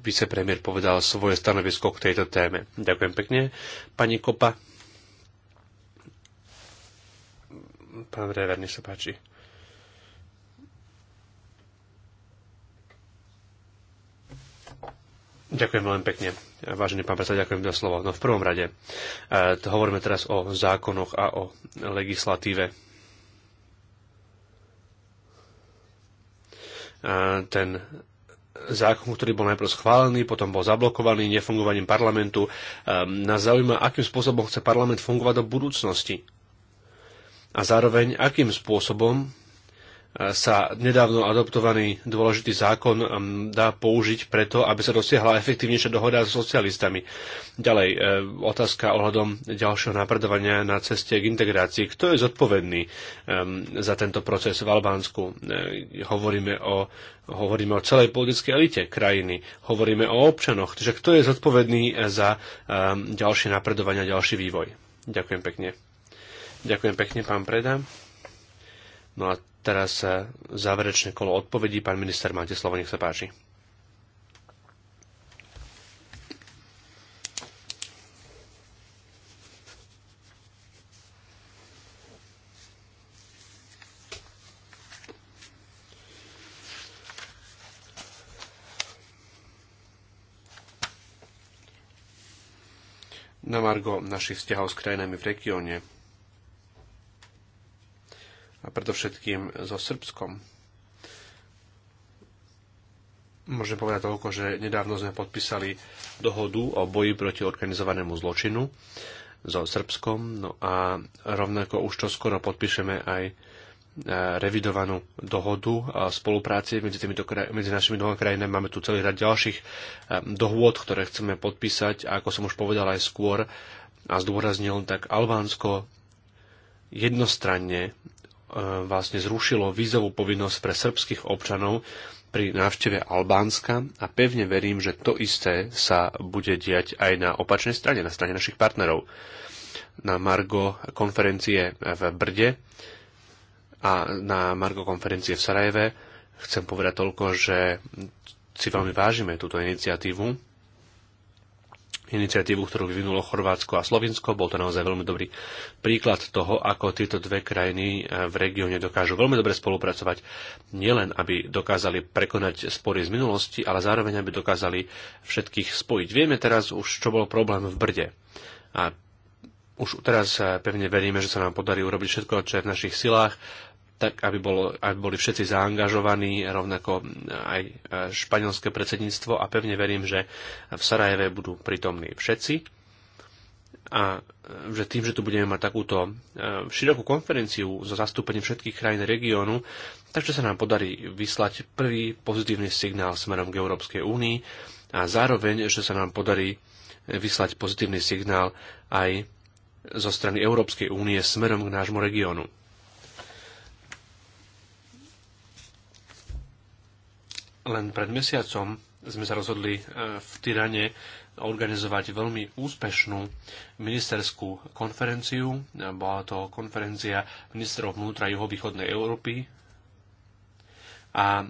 vicepremier povedal svoje stanovisko k tejto téme. Ďakujem pekne. Pani Kopa. Pán Rever, nech sa páči. Ďakujem veľmi pekne. Vážený pán predseda, ďakujem za slovo. No v prvom rade, e, to hovoríme teraz o zákonoch a o legislatíve. E, ten zákon, ktorý bol najprv schválený, potom bol zablokovaný nefungovaním parlamentu. E, nás zaujíma, akým spôsobom chce parlament fungovať do budúcnosti. A zároveň, akým spôsobom sa nedávno adoptovaný dôležitý zákon um, dá použiť preto, aby sa dosiahla efektívnejšia dohoda so socialistami. Ďalej, e, otázka ohľadom ďalšieho napredovania na ceste k integrácii. Kto je zodpovedný um, za tento proces v Albánsku? E, hovoríme o, hovoríme o celej politickej elite krajiny, hovoríme o občanoch. Takže kto je zodpovedný za um, ďalšie napredovania, ďalší vývoj? Ďakujem pekne. Ďakujem pekne, pán Preda. No a teraz záverečné kolo odpovedí. Pán minister, máte slovo, nech sa páči. na margo našich vzťahov s krajinami v regióne a predovšetkým so Srbskom. Môžem povedať toľko, že nedávno sme podpísali dohodu o boji proti organizovanému zločinu so Srbskom, no a rovnako už to skoro podpíšeme aj e, revidovanú dohodu a spolupráci medzi, týmito, medzi našimi dvoma krajinami. Máme tu celý rad ďalších e, dohôd, ktoré chceme podpísať a ako som už povedal aj skôr a zdôraznil, tak Albánsko jednostranne E, vlastne zrušilo vízovú povinnosť pre srbských občanov pri návšteve Albánska a pevne verím, že to isté sa bude diať aj na opačnej strane, na strane našich partnerov. Na Margo konferencie v Brde a na Margo konferencie v Sarajeve chcem povedať toľko, že si veľmi vážime túto iniciatívu iniciatívu, ktorú vyvinulo Chorvátsko a Slovinsko. Bol to naozaj veľmi dobrý príklad toho, ako tieto dve krajiny e, v regióne dokážu veľmi dobre spolupracovať. Nielen, aby dokázali prekonať spory z minulosti, ale zároveň, aby dokázali všetkých spojiť. Vieme teraz už, čo bol problém v Brde. A už teraz e, pevne veríme, že sa nám podarí urobiť všetko, čo je v našich silách, tak aby, bolo, aby boli všetci zaangažovaní, rovnako aj e, španielské predsedníctvo a pevne verím, že v Sarajeve budú prítomní všetci a e, že tým, že tu budeme mať takúto e, širokú konferenciu so zastúpením všetkých krajín regiónu, takže sa nám podarí vyslať prvý pozitívny signál smerom k Európskej únii a zároveň, že sa nám podarí vyslať pozitívny signál aj zo strany Európskej únie smerom k nášmu regiónu. Len pred mesiacom sme sa rozhodli e, v Tyrane organizovať veľmi úspešnú ministerskú konferenciu. Bola to konferencia ministrov vnútra juhovýchodnej Európy. A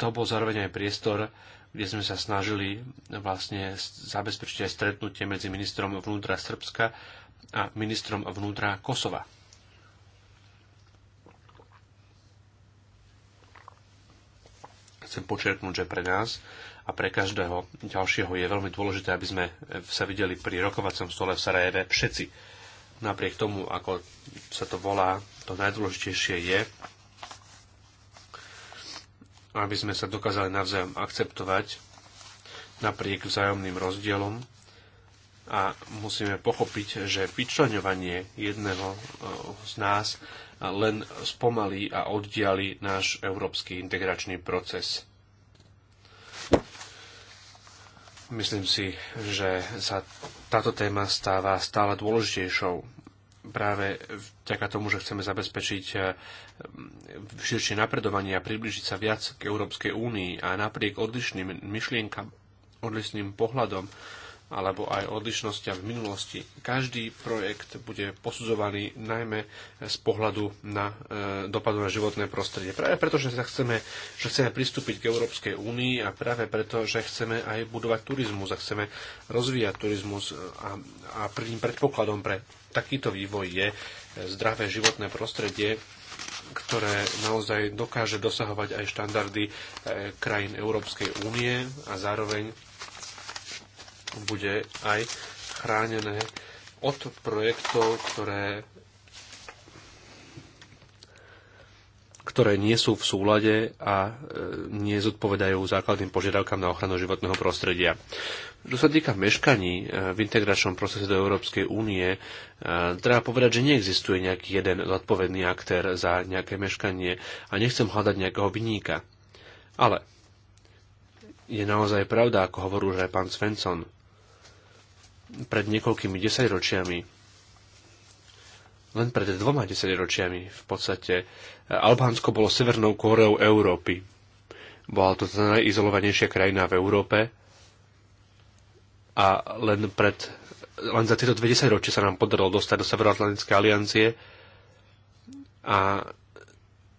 to bol zároveň aj priestor, kde sme sa snažili vlastne zabezpečiť aj stretnutie medzi ministrom vnútra Srbska a ministrom vnútra Kosova. chcem počerknúť, že pre nás a pre každého ďalšieho je veľmi dôležité, aby sme sa videli pri rokovacom stole v Sarajeve všetci. Napriek tomu, ako sa to volá, to najdôležitejšie je, aby sme sa dokázali navzájom akceptovať napriek vzájomným rozdielom a musíme pochopiť, že vyčlenovanie jedného eh, z nás len spomalí a oddiali náš európsky integračný proces. Myslím si, že sa táto téma stáva stále dôležitejšou práve vďaka tomu, že chceme zabezpečiť eh, širšie napredovanie a približiť sa viac k Európskej únii a napriek odlišným myšlienkam, odlišným pohľadom, alebo aj odlišnosti v minulosti. Každý projekt bude posudzovaný najmä z pohľadu na e, dopadu na životné prostredie. Práve preto, že, sa chceme, že chceme pristúpiť k Európskej únii a práve preto, že chceme aj budovať turizmus a chceme rozvíjať turizmus a, a prvým predpokladom pre takýto vývoj je e, zdravé životné prostredie, ktoré naozaj dokáže dosahovať aj štandardy e, krajín Európskej únie a zároveň bude aj chránené od projektov, ktoré ktoré nie sú v súlade a e, nezodpovedajú základným požiadavkám na ochranu životného prostredia. Čo sa týka meškaní e, v integračnom procese do Európskej únie, e, treba povedať, že neexistuje nejaký jeden zodpovedný aktér za nejaké meškanie a nechcem hľadať nejakého vyníka. Ale je naozaj pravda, ako hovorú, že aj pán Svensson, pred niekoľkými desaťročiami, len pred dvoma desaťročiami v podstate, Albánsko bolo Severnou Kóreou Európy. Bola to tá najizolovanejšia krajina v Európe a len pred len za tieto 20 ročia sa nám podarilo dostať do severoatlantické aliancie a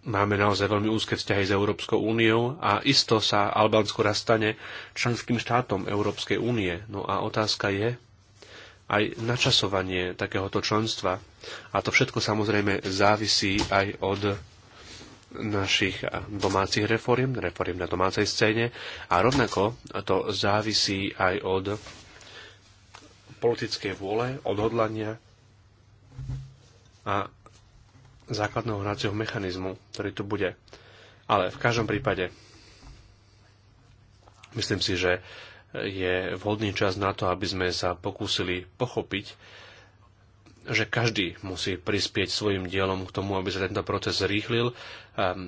máme naozaj veľmi úzke vzťahy s Európskou úniou a isto sa Albánsko rastane členským štátom Európskej únie. No a otázka je, aj načasovanie takéhoto členstva. A to všetko samozrejme závisí aj od našich domácich reforiem, reforiem na domácej scéne a rovnako to závisí aj od politickej vôle, odhodlania a základného hracieho mechanizmu, ktorý tu bude. Ale v každom prípade myslím si, že je vhodný čas na to, aby sme sa pokúsili pochopiť, že každý musí prispieť svojim dielom k tomu, aby sa tento proces zrýchlil.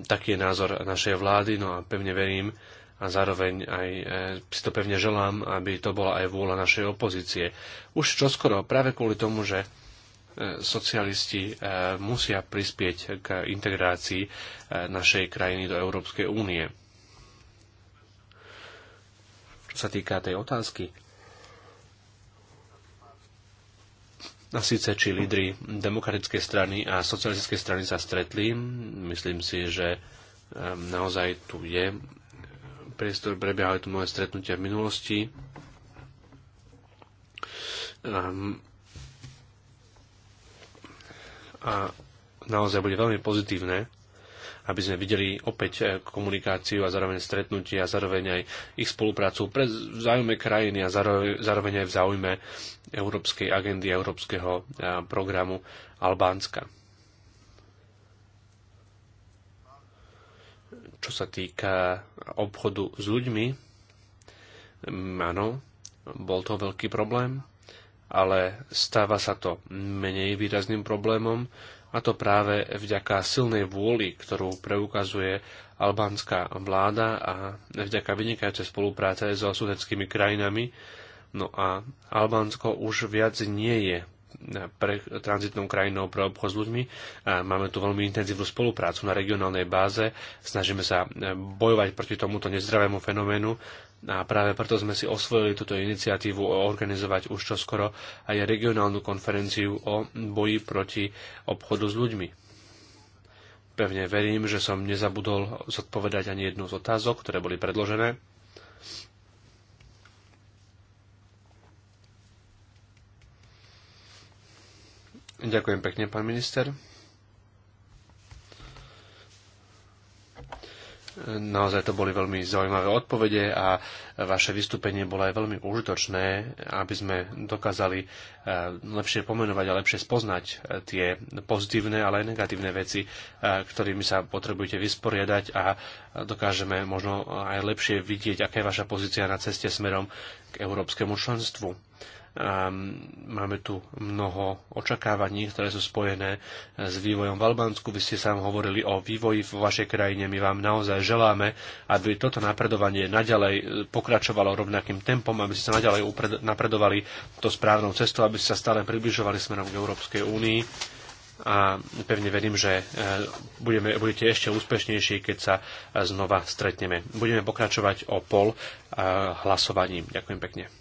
Taký je názor našej vlády, no a pevne verím a zároveň aj e, si to pevne želám, aby to bola aj vôľa našej opozície. Už čoskoro, práve kvôli tomu, že e, socialisti e, musia prispieť k integrácii našej krajiny do Európskej únie sa týka tej otázky, A síce, či lídry demokratickej strany a socialistickej strany sa stretli, myslím si, že ehm, naozaj tu je priestor, prebiehali tu mnohé stretnutia v minulosti. Ehm, a naozaj bude veľmi pozitívne, aby sme videli opäť e, komunikáciu a zároveň stretnutie a zároveň aj ich spoluprácu pre záujme krajiny a zároveň aj v záujme európskej agendy, európskeho e, programu Albánska. Čo sa týka obchodu s ľuďmi, mm, áno, bol to veľký problém, ale stáva sa to menej výrazným problémom, a to práve vďaka silnej vôli, ktorú preukazuje albánska vláda a vďaka vynikajúcej spolupráce so susedskými krajinami. No a Albánsko už viac nie je eh, pre tranzitnou krajinou pre obchod s ľuďmi. Máme tu veľmi intenzívnu spoluprácu na regionálnej báze. Snažíme sa eh, bojovať proti tomuto nezdravému fenoménu a práve preto sme si osvojili túto iniciatívu organizovať už čoskoro aj regionálnu konferenciu o boji proti obchodu s ľuďmi. Pevne verím, že som nezabudol zodpovedať ani jednu z otázok, ktoré boli predložené. Ďakujem pekne, pán minister. Naozaj to boli veľmi zaujímavé odpovede a vaše vystúpenie bolo aj veľmi užitočné, aby sme dokázali e, lepšie pomenovať a lepšie spoznať e, tie pozitívne, ale aj negatívne veci, e, ktorými sa potrebujete vysporiadať a dokážeme možno aj lepšie vidieť, aká je vaša pozícia na ceste smerom k európskemu členstvu. Ehm, máme tu mnoho očakávaní, ktoré sú spojené s vývojom v Albánsku. Vy ste sám hovorili o vývoji v vašej krajine. My vám naozaj želáme, aby toto napredovanie naďalej e, pokračovalo rovnakým tempom, aby ste sa naďalej napredovali to správnou cestou, aby ste sa stále približovali smerom k Európskej únii a pevne verím, že e, budeme, budete ešte úspešnejší, keď sa e, znova stretneme. Budeme pokračovať o pol hlasovaním. Ďakujem pekne.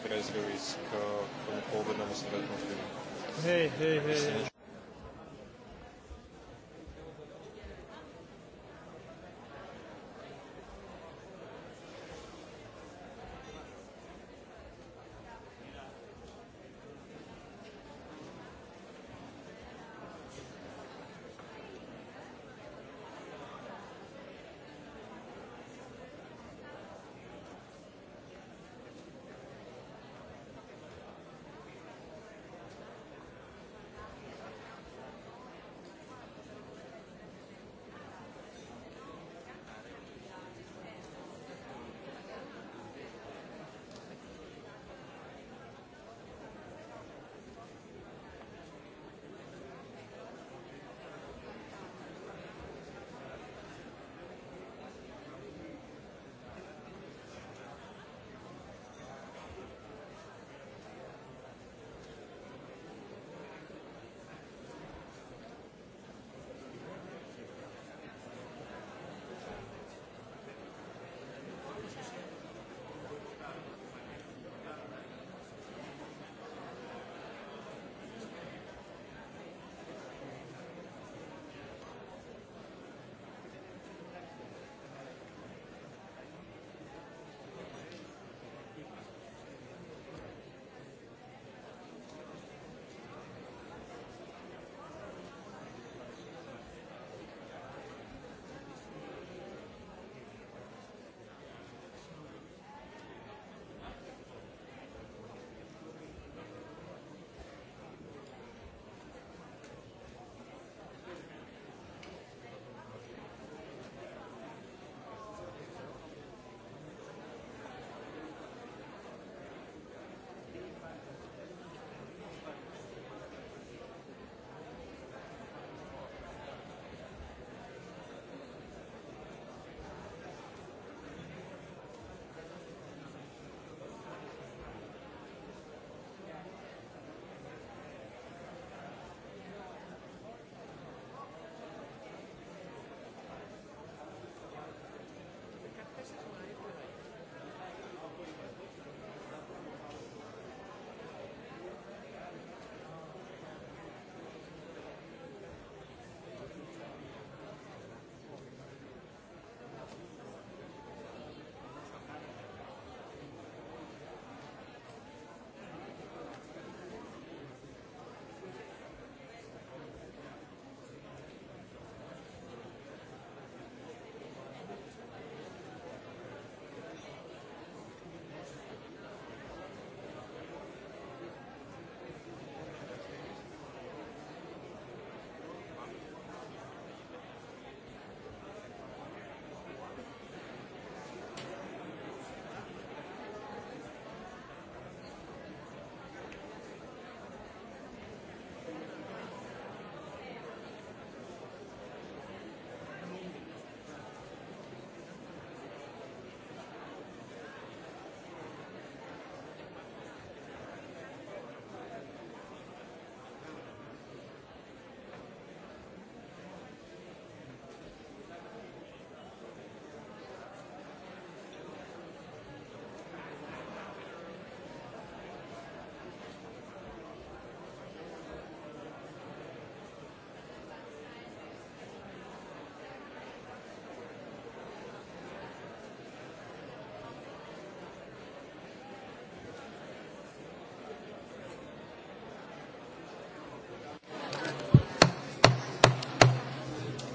prejsť k tomu pôvodnému stretnutiu. Hej, hej, hej.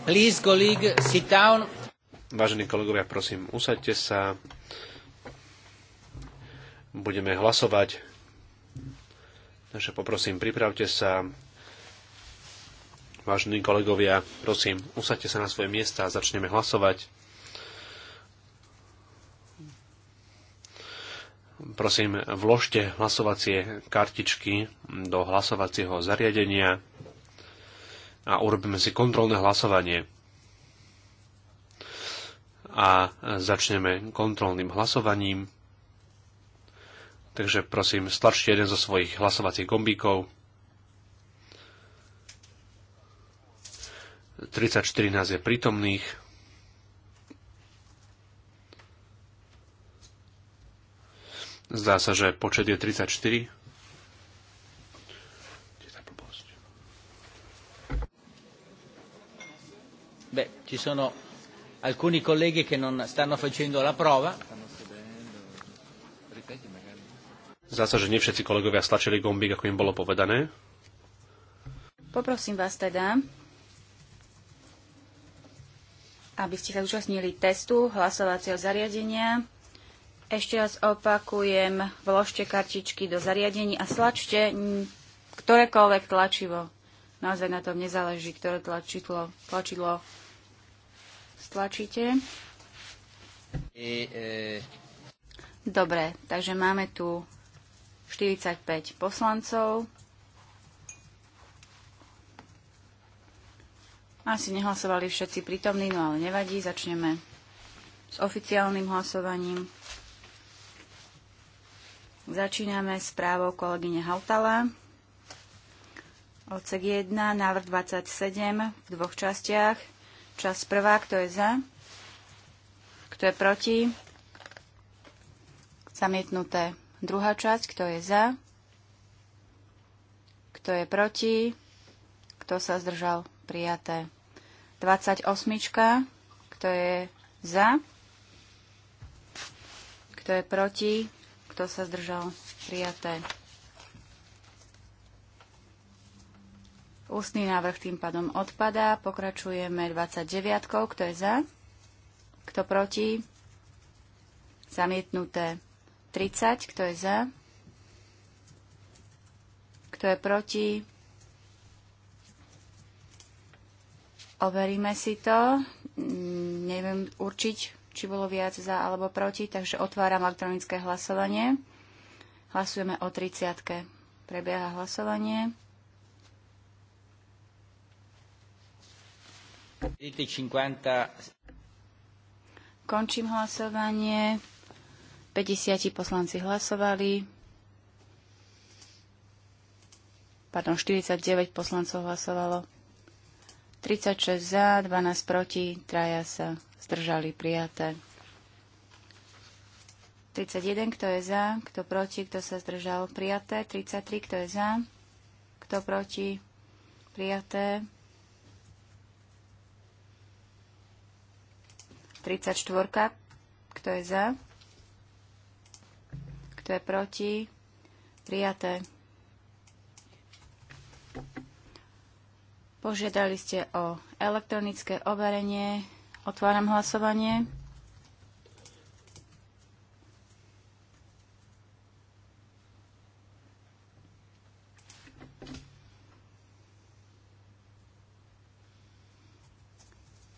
Please, colleague, sit down. Vážení kolegovia, prosím, usaďte sa. Budeme hlasovať. Takže poprosím, pripravte sa. Vážení kolegovia, prosím, usaďte sa na svoje miesta a začneme hlasovať. Prosím, vložte hlasovacie kartičky do hlasovacieho zariadenia a urobíme si kontrolné hlasovanie. A začneme kontrolným hlasovaním. Takže prosím, stlačte jeden zo svojich hlasovacích gombíkov. 34 nás je prítomných. Zdá sa, že počet je 34. Ci sono alcuni colleghi che non stanno facendo la prova. Zdá že nie všetci kolegovia stlačili gombík, ako im bolo povedané. Poprosím vás teda, aby ste sa zúčastnili testu hlasovacieho zariadenia. Ešte raz opakujem, vložte kartičky do zariadení a slačte ktorékoľvek tlačivo. Naozaj na tom nezáleží, ktoré tlačidlo, tlačidlo stlačíte. E, Dobre, takže máme tu 45 poslancov. Asi nehlasovali všetci prítomní, no ale nevadí, začneme s oficiálnym hlasovaním. Začíname správou kolegyne Hautala. Odsek 1, návrh 27 v dvoch častiach. Čas prvá, kto je za? Kto je proti? Zamietnuté. Druhá časť, kto je za? Kto je proti? Kto sa zdržal? Prijaté. 28. Kto je za? Kto je proti? Kto sa zdržal? Prijaté. Ústný návrh tým pádom odpadá. Pokračujeme 29. Kto je za? Kto proti? Zamietnuté 30. Kto je za? Kto je proti? Overíme si to. Neviem určiť, či bolo viac za alebo proti, takže otváram elektronické hlasovanie. Hlasujeme o 30. Prebieha hlasovanie. Končím hlasovanie. 50 poslanci hlasovali. Pardon, 49 poslancov hlasovalo. 36 za, 12 proti, traja sa zdržali prijaté. 31, kto je za, kto proti, kto sa zdržal, prijaté. 33, kto je za, kto proti, prijaté. 34. Kto je za? Kto je proti? Prijaté. Požiadali ste o elektronické overenie. Otváram hlasovanie.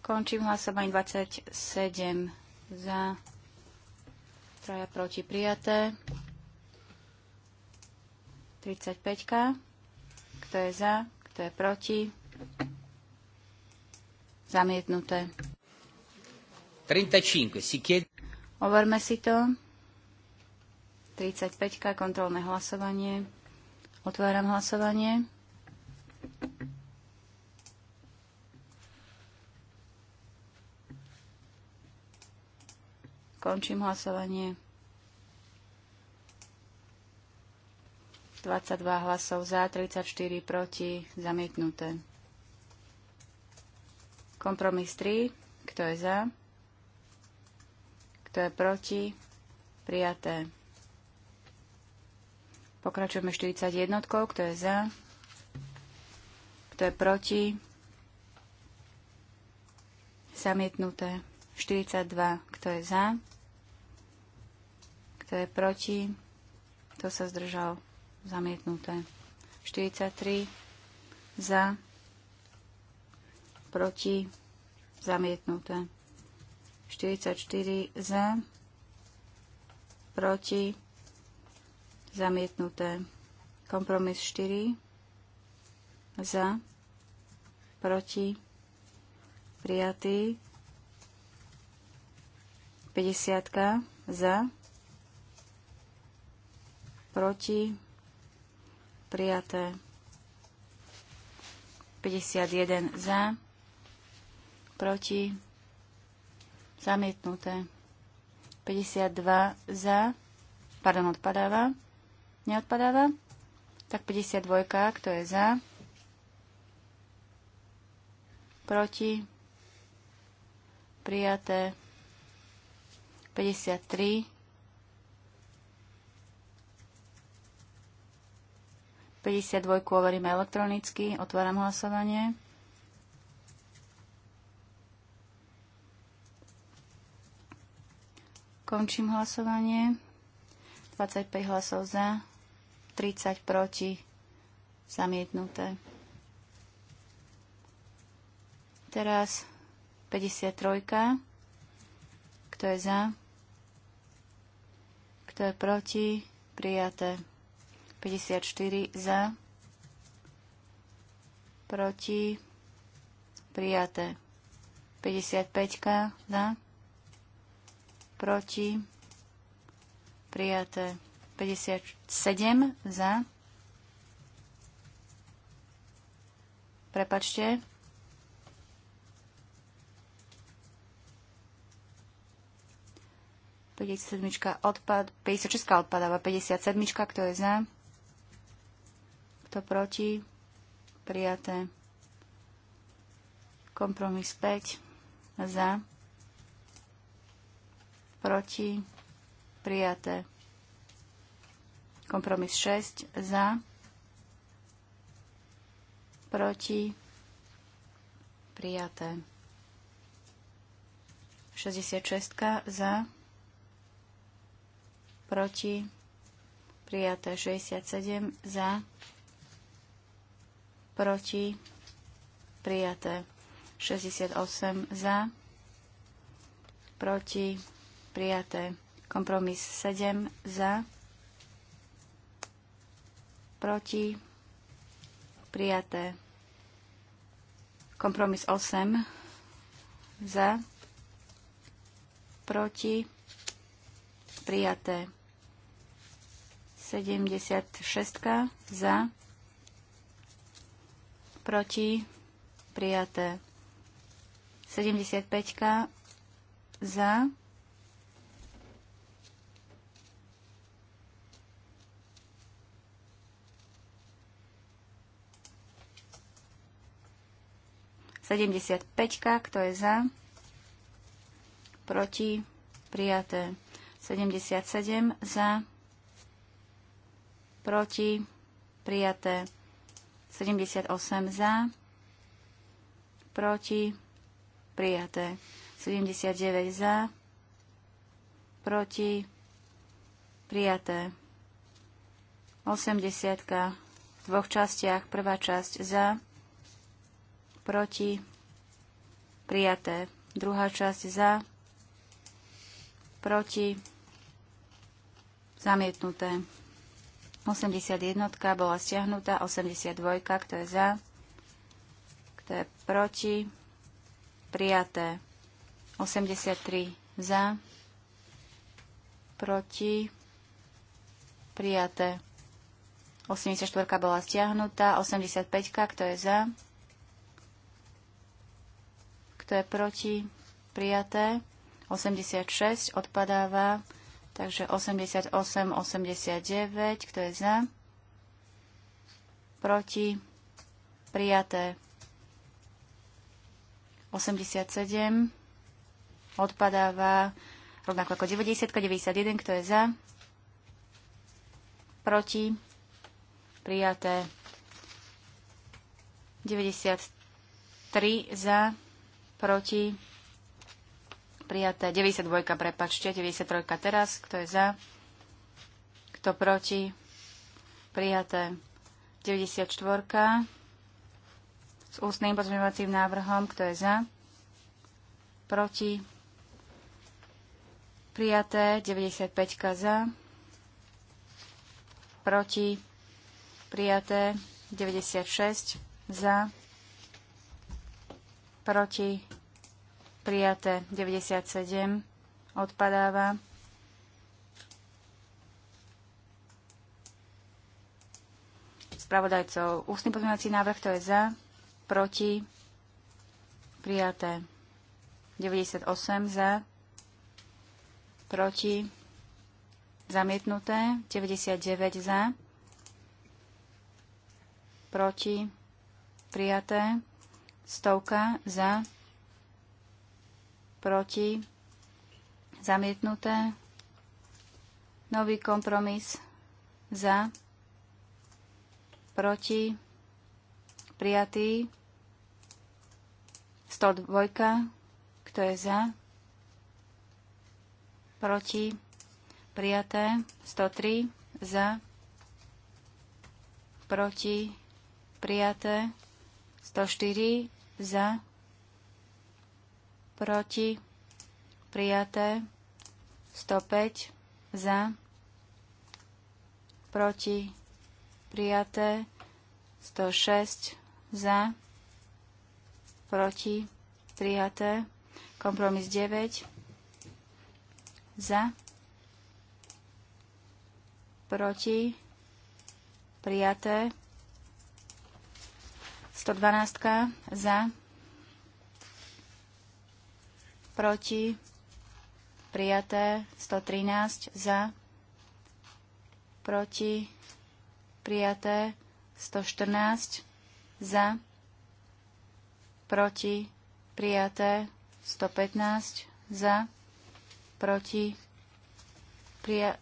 Končím hlasovanie 27 za, traja proti prijaté. 35. Kto je za? Kto je proti? Zamietnuté. 35. Overme si to. 35. Kontrolné hlasovanie. Otváram hlasovanie. Končím hlasovanie. 22 hlasov za, 34 proti, zamietnuté. Kompromis 3. Kto je za? Kto je proti? Prijaté. Pokračujeme 41. Kto je za? Kto je proti? Zamietnuté. 42. Kto je za? Kto je proti? Kto sa zdržal? Zamietnuté. 43 za, proti, zamietnuté. 44 za, proti, zamietnuté. Kompromis 4 za, proti, prijatý. 50 za, proti, prijaté 51 za, proti, zamietnuté 52 za, pardon, odpadáva, neodpadáva, tak 52, kto je za, proti, prijaté 53 52 overíme elektronicky. Otváram hlasovanie. Končím hlasovanie. 25 hlasov za, 30 proti, zamietnuté. Teraz 53. Kto je za? Kto je proti? Prijaté. 54 za, proti, prijaté. 55 za, proti, prijaté. 57 za, prepačte, odpad, 56 odpadáva, 57, kto je za? Kto proti? Prijaté. Kompromis 5. Za. Proti. Prijaté. Kompromis 6. Za. Proti. Prijaté. 66. Za. Proti. Prijaté. 67. Za proti, prijaté. 68 za, proti, prijaté. Kompromis 7 za, proti, prijaté. Kompromis 8 za, proti, prijaté. 76 za, proti, proti, prijaté. 75 za, Sedemdesiat peťka, kto je za? Proti? Prijaté. sedemdesiat sedem za? Proti? Prijaté. 78 za, proti, prijaté. 79 za, proti, prijaté. 80 v dvoch častiach, prvá časť za, proti, prijaté. Druhá časť za, proti, zamietnuté. 81 bola stiahnutá, 82, kto je za, kto je proti, prijaté. 83 za, proti, prijaté. 84 bola stiahnutá, 85, kto je za, kto je proti, prijaté. 86 odpadáva, Takže 88, 89, kto je za? Proti? Prijaté. 87 odpadáva rovnako ako 90, 91, kto je za? Proti? Prijaté. 93 za, proti, prijaté. 92, prepačte, 93 teraz. Kto je za? Kto proti? Prijaté. 94 s ústnym pozmeňovacím návrhom. Kto je za? Proti? Prijaté. 95 za. Proti? Prijaté. 96 za. Proti? prijaté 97 odpadáva. Spravodajcov ústny pozmeňovací návrh, to je za, proti, prijaté 98 za, proti, zamietnuté 99 za, proti, prijaté stovka za, proti, zamietnuté. Nový kompromis za, proti, prijatý. 102, kto je za, proti, prijaté. 103, za, proti, prijaté. 104, za, proti, prijaté, 105 za, proti, prijaté, 106 za, proti, prijaté, kompromis 9 za, proti, prijaté, 112 za, proti, prijaté 113 za, proti, prijaté 114 za, proti, prijaté 115 za, proti, prija,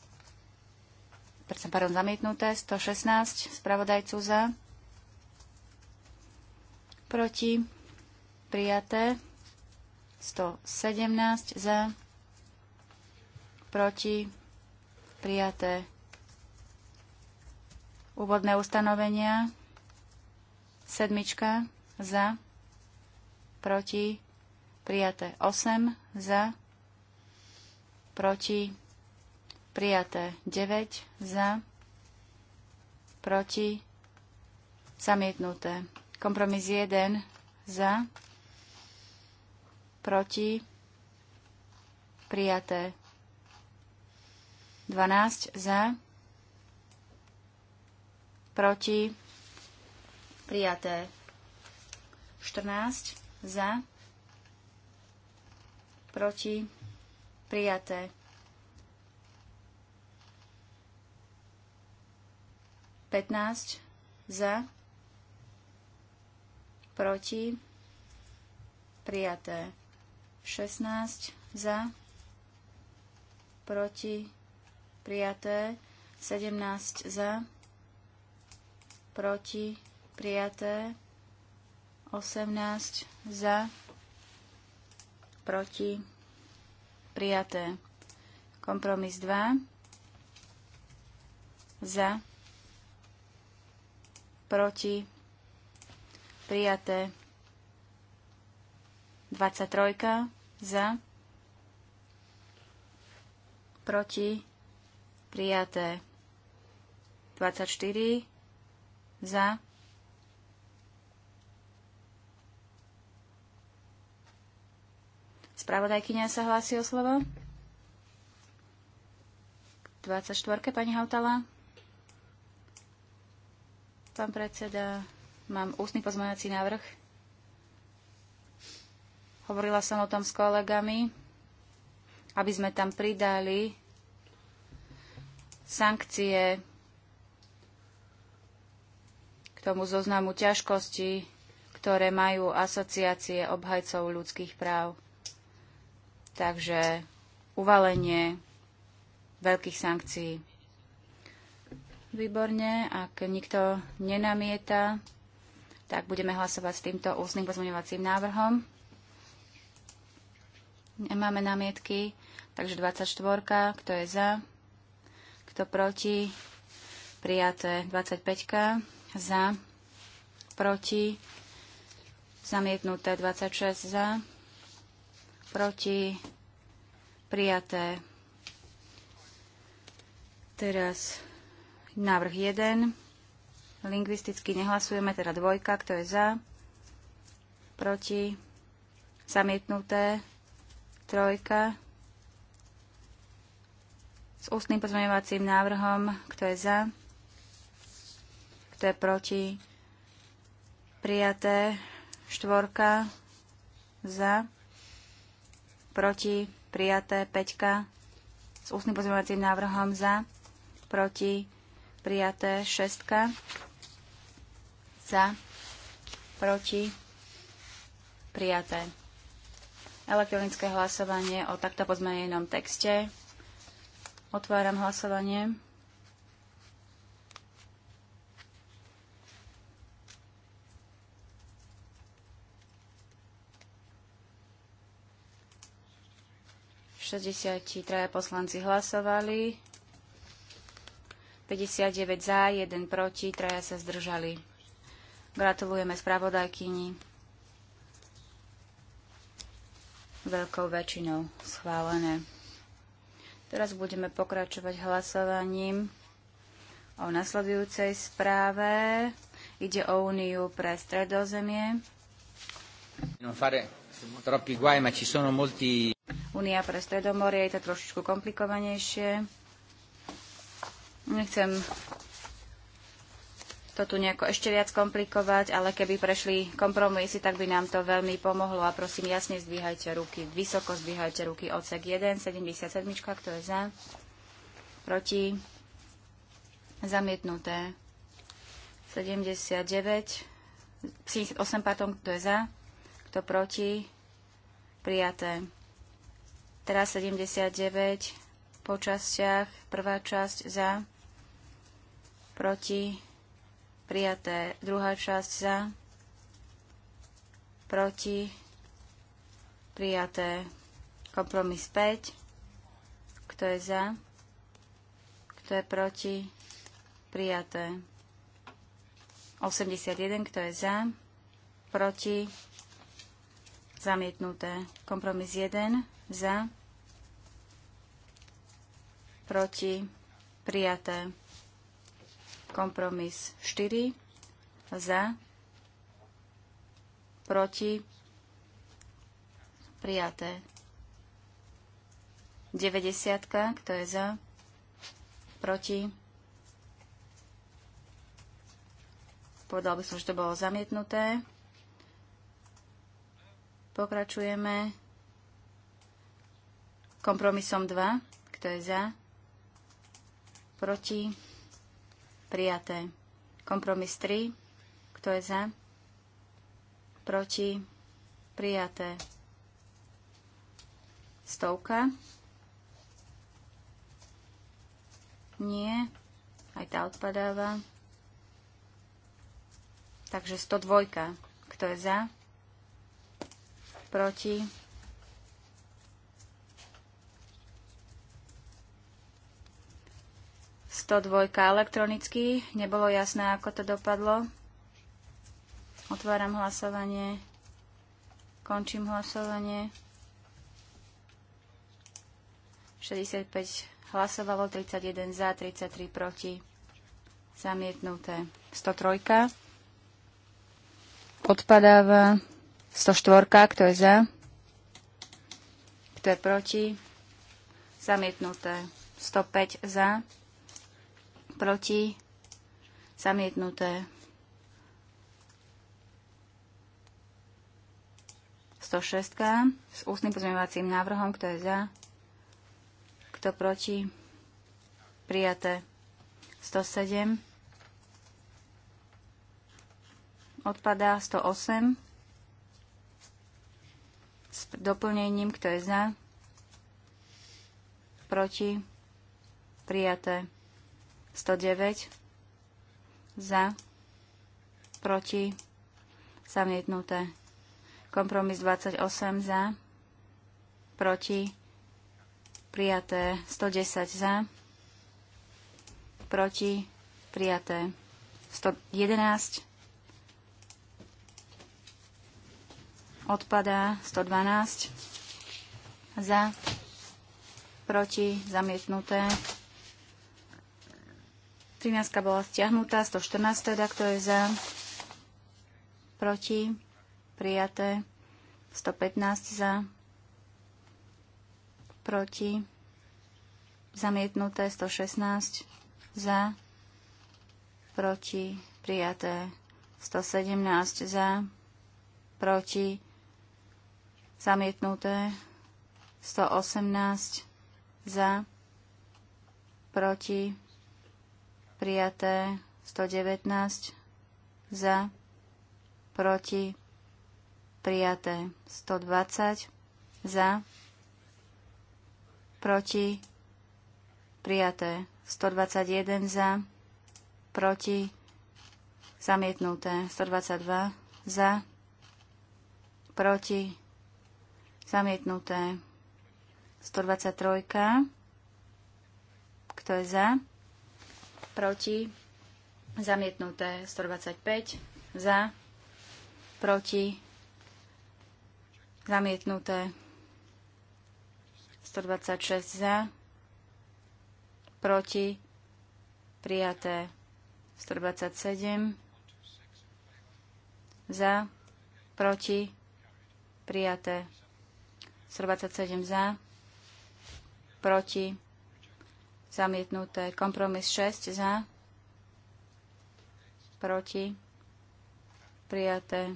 pardon, zamietnuté 116 spravodajcu za, proti, prijaté 117 za, proti, prijaté. Úvodné ustanovenia, sedmička za, proti, prijaté. 8 za, proti, prijaté. 9 za, proti, zamietnuté. Kompromis 1 za, proti, prijaté 12 za, proti, prijaté 14 za, proti, prijaté 15 za, proti, prijaté 16 za, proti, prijaté, 17 za, proti, prijaté, 18 za, proti, prijaté. Kompromis 2 za, proti, prijaté, 23 za, proti, prijaté 24 za, Spravodajkyňa sa hlási o slovo. 24. pani Hautala. Pán predseda, mám ústny pozmeňovací návrh. Hovorila som o tom s kolegami, aby sme tam pridali sankcie k tomu zoznamu ťažkostí, ktoré majú asociácie obhajcov ľudských práv. Takže uvalenie veľkých sankcií. Výborne, ak nikto nenamieta, tak budeme hlasovať s týmto ústnym pozmeňovacím návrhom. Nemáme námietky. Takže 24. Kto je za? Kto proti? Prijaté 25. Za. Proti. Zamietnuté 26. Za. Proti. Prijaté. Teraz návrh 1. Lingvisticky nehlasujeme, teda dvojka. Kto je za? Proti. Zamietnuté trojka s ústnym pozmeňovacím návrhom, kto je za, kto je proti, prijaté, štvorka, za, proti, prijaté, peťka s ústnym pozmeňovacím návrhom za, proti, prijaté, šestka, za, proti, prijaté. Elektronické hlasovanie o takto pozmenenom texte. Otváram hlasovanie. traja poslanci hlasovali, 59 za, 1 proti, traja sa zdržali. Gratulujeme spravodajkyni. veľkou väčšinou schválené. Teraz budeme pokračovať hlasovaním o nasledujúcej správe. Ide o úniu pre stredozemie. Únia pre stredomorie je to trošičku komplikovanejšie. Nechcem to tu nejako ešte viac komplikovať, ale keby prešli kompromisy, tak by nám to veľmi pomohlo a prosím jasne zdvíhajte ruky, vysoko zdvíhajte ruky, odsek 1, 77, kto je za, proti, zamietnuté, 79, 78 pardon, kto je za, kto proti, prijaté. Teraz 79 po častiach, prvá časť za, proti, prijaté. Druhá časť za, proti, prijaté. Kompromis 5. Kto je za? Kto je proti? Prijaté. 81. Kto je za? Proti? Zamietnuté. Kompromis 1. Za? Proti? Prijaté. Kompromis 4 za, proti, prijaté. 90, kto je za, proti. Povedal by som, že to bolo zamietnuté. Pokračujeme kompromisom 2, kto je za, proti prijaté. Kompromis 3, kto je za, proti, prijaté. Stovka. Nie, aj tá odpadáva. Takže 102, kto je za, proti, 102 elektronicky. Nebolo jasné, ako to dopadlo. Otváram hlasovanie. Končím hlasovanie. 65 hlasovalo, 31 za, 33 proti. Zamietnuté. 103. Odpadáva. 104. Kto je za? Kto je proti? Zamietnuté. 105 za proti, zamietnuté. 106 s ústnym pozmeňovacím návrhom, kto je za, kto proti, prijaté. 107 odpadá 108 s doplnením, kto je za, proti, prijaté. 109 za, proti, zamietnuté. Kompromis 28 za, proti, prijaté 110 za, proti, prijaté 111, odpadá 112, za, proti, zamietnuté 13 bola stiahnutá, 114 teda, kto je za, proti, prijaté, 115 za, proti, zamietnuté, 116 za, proti, prijaté, 117 za, proti, zamietnuté, 118 za, proti, prijaté 119 za, proti, prijaté 120 za, proti, prijaté 121 za, proti, zamietnuté 122 za, proti, zamietnuté 123, kto je za, proti, zamietnuté 125, za, proti, zamietnuté 126 za, proti, prijaté 127 za, proti, prijaté 127 za, proti, Zamietnuté. Kompromis 6 za. Proti. Prijaté.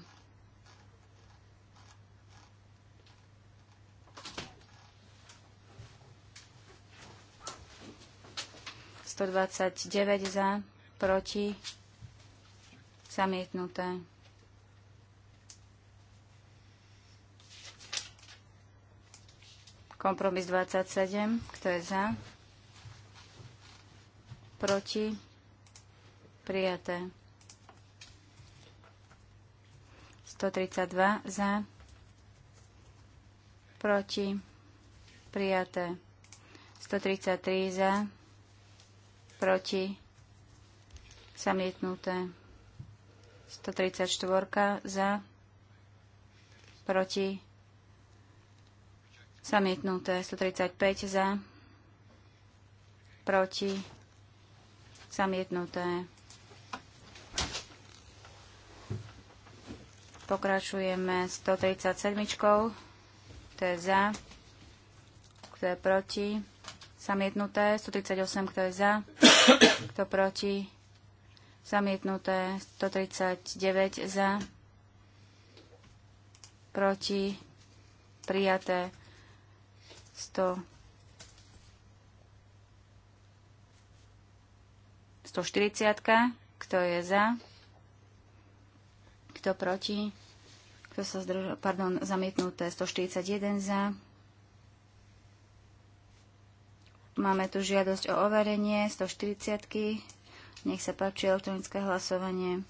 Sto dvadsať deväť za. Proti. Zamietnuté. 27. Kompromis 27. Kto je za? proti, prijaté. 132 za, proti, prijaté. 133 za, proti, zamietnuté. 134 za, proti, zamietnuté. 135 za, proti, zamietnuté. Pokračujeme 137. Kto je za? Kto je proti? Zamietnuté. 138. Kto je za? Kto proti? Zamietnuté. 139 za. Proti. Prijaté. 140 140. Kto je za? Kto proti? Kto sa zdržal? Pardon, zamietnuté 141 za. Máme tu žiadosť o overenie 140. Nech sa páči elektronické hlasovanie.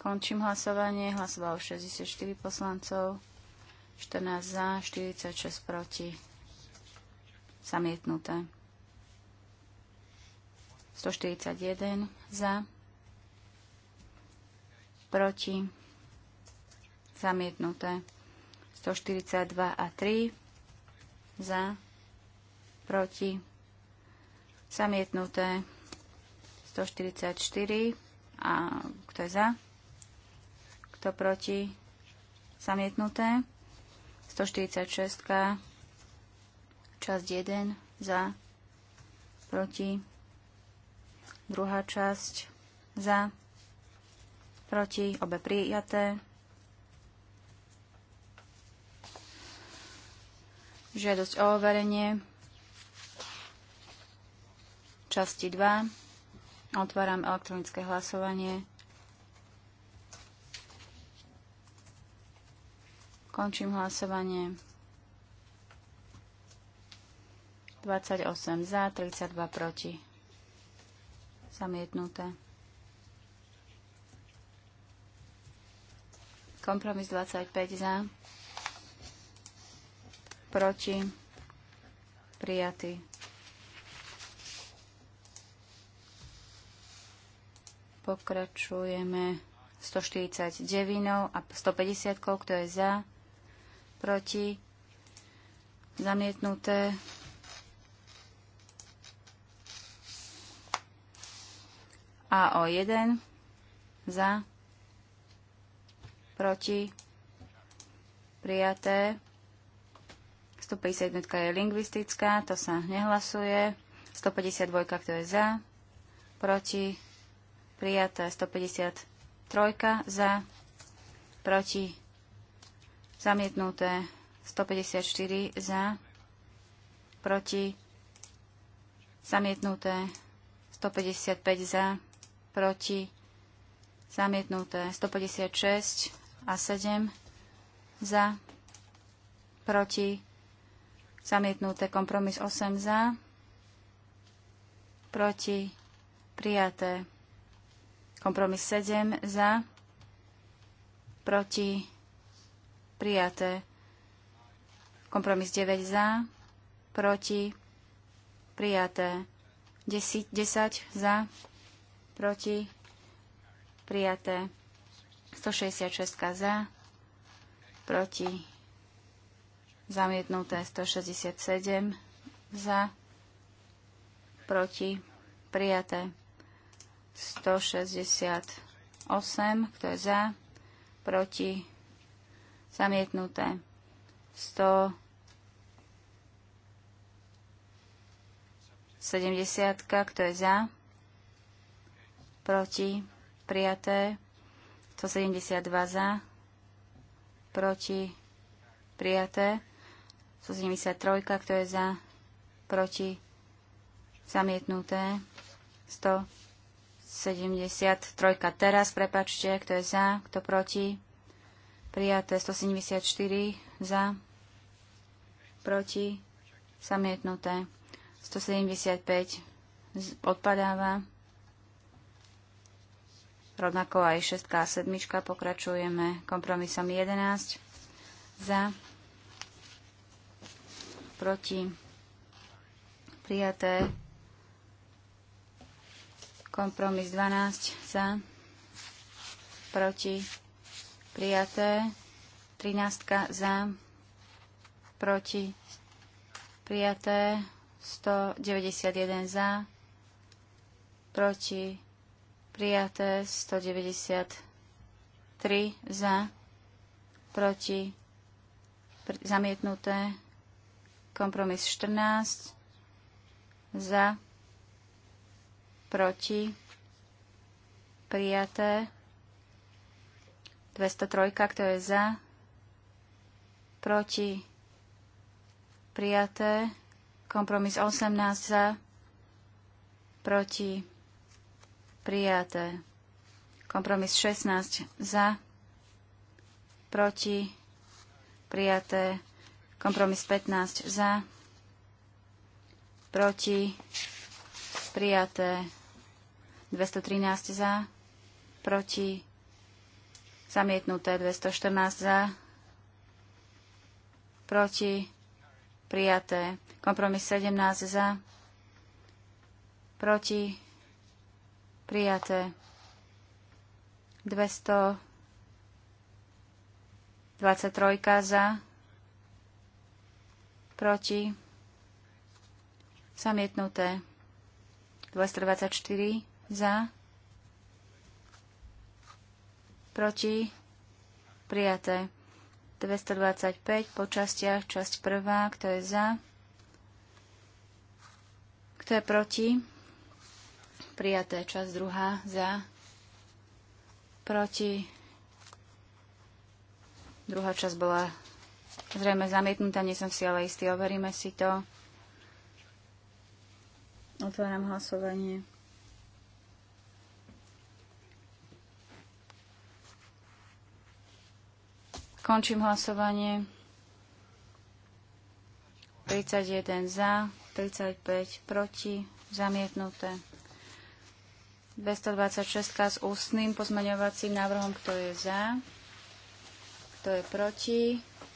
Končím hlasovanie. Hlasovalo 64 poslancov. 14 za, 46 proti. Zamietnuté. 141 za, proti. Zamietnuté. 142 a 3 za, proti. Zamietnuté. 144 a kto je za? Kto proti? Zamietnuté. 146, časť 1 za, proti, druhá časť za, proti, obe prijaté. Žiadosť o overenie časti 2. Otváram elektronické hlasovanie. Končím hlasovanie. 28 za, 32 proti. Zamietnuté. Kompromis 25 za. Proti. Prijatý. Pokračujeme 149 a 150, kto je za proti, zamietnuté. AO1 za, proti, prijaté. 151 je lingvistická, to sa nehlasuje. 152, kto je za, proti, prijaté. 153 za, proti, Zamietnuté 154 za, proti. Zamietnuté 155 za, proti. Zamietnuté 156 a 7 za, proti. Zamietnuté kompromis 8 za, proti. Prijaté kompromis 7 za, proti prijaté. Kompromis 9 za, proti, prijaté. 10, 10 za, proti, prijaté. 166 za, proti, zamietnuté 167 za, proti, prijaté 168, kto je za, proti, Zamietnuté. 70, Kto je za? Proti. Prijaté. 172 za. Proti. Prijaté. 173. Kto je za? Proti. Zamietnuté. 173. Teraz, prepačte, kto je za, kto proti Prijaté 174 za, proti, zamietnuté. 175 odpadáva. Rovnako aj 6 a 7 pokračujeme kompromisom 11 za, proti, prijaté. Kompromis 12 za, proti, prijaté. 13 za, proti, prijaté. 191 za, proti, prijaté. 193 za, proti, pr- zamietnuté. Kompromis 14 za, proti, prijaté. 203, kto je za, proti, prijaté. Kompromis 18 za, proti, prijaté. Kompromis 16 za, proti, prijaté. Kompromis 15 za, proti, prijaté. 213 za, proti, prijaté Zamietnuté 214 za. Proti. Prijaté. Kompromis 17 za. Proti. Prijaté. 223 za. Proti. Zamietnuté. 224 za proti, prijaté. 225 po častiach, časť prvá, kto je za, kto je proti, prijaté, časť druhá, za, proti, druhá časť bola zrejme zamietnutá, nie som si ale istý, overíme si to. Otváram hlasovanie. Končím hlasovanie. 31 za, 35 proti, zamietnuté. 226 s ústnym pozmeňovacím návrhom, kto je za, kto je proti,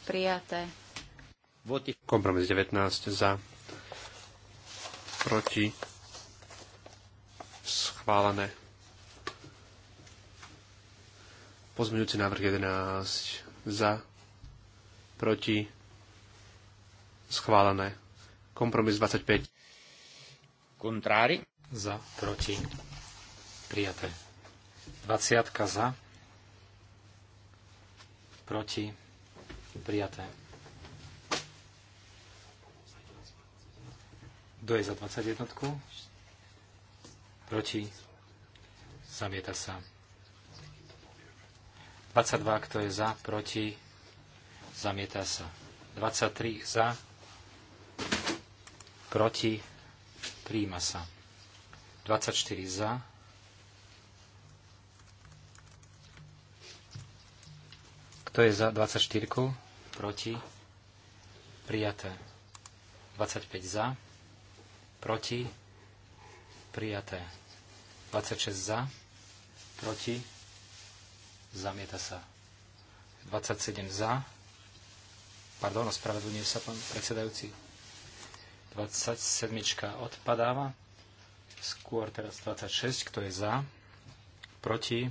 prijaté. Kompromis 19 za, proti, schválené. Pozmeňujúci návrh 11 za, proti, schválené. Kompromis 25. Kontrári. Za, proti, prijaté. 20 za, proti, prijaté. Kto je za 21? Proti, zamieta sa. 22, kto je za, proti, zamieta sa. 23 za, proti, príjma sa. 24 za, Kto je za 24? Proti? Prijaté. 25 za. Proti? Prijaté. 26 za. Proti? Zamieta sa. 27 za. Pardon, ospravedlňuje sa pán predsedajúci. 27 odpadáva. Skôr teraz 26, kto je za. Proti.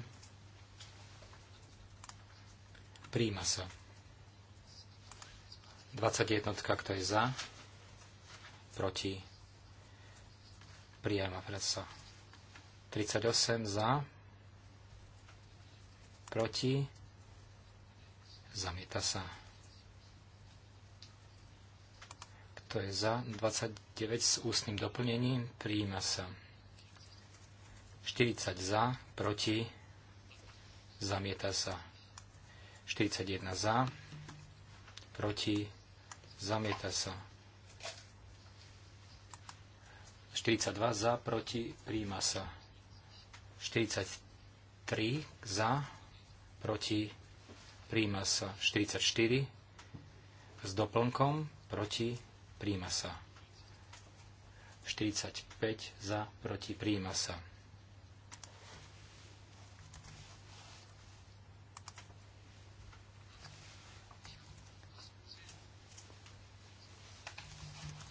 Príjma sa. 21, kto je za. Proti. Prijama sa. 38 za proti, zamieta sa. Kto je za 29 s ústnym doplnením, prijíma sa. 40 za, proti, zamieta sa. 41 za, proti, zamieta sa. 42 za, proti, príjma sa. 43 za, proti, príjma sa 44 s doplnkom, proti, príjma sa 45 za, proti, príjma sa.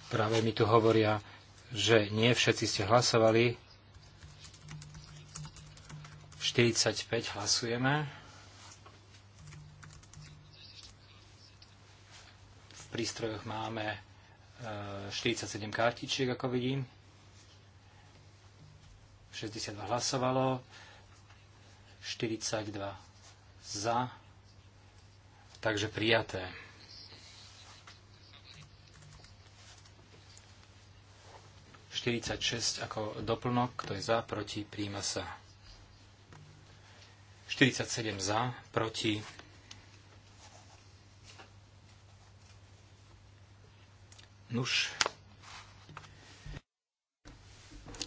Práve mi tu hovoria, že nie všetci ste hlasovali. 45 hlasujeme. prístrojoch máme 47 e, kartičiek, ako vidím. 62 hlasovalo, 42 za, takže prijaté. ...46 ako doplnok, kto je za, proti, príjma sa. 47 za, proti, Nuž.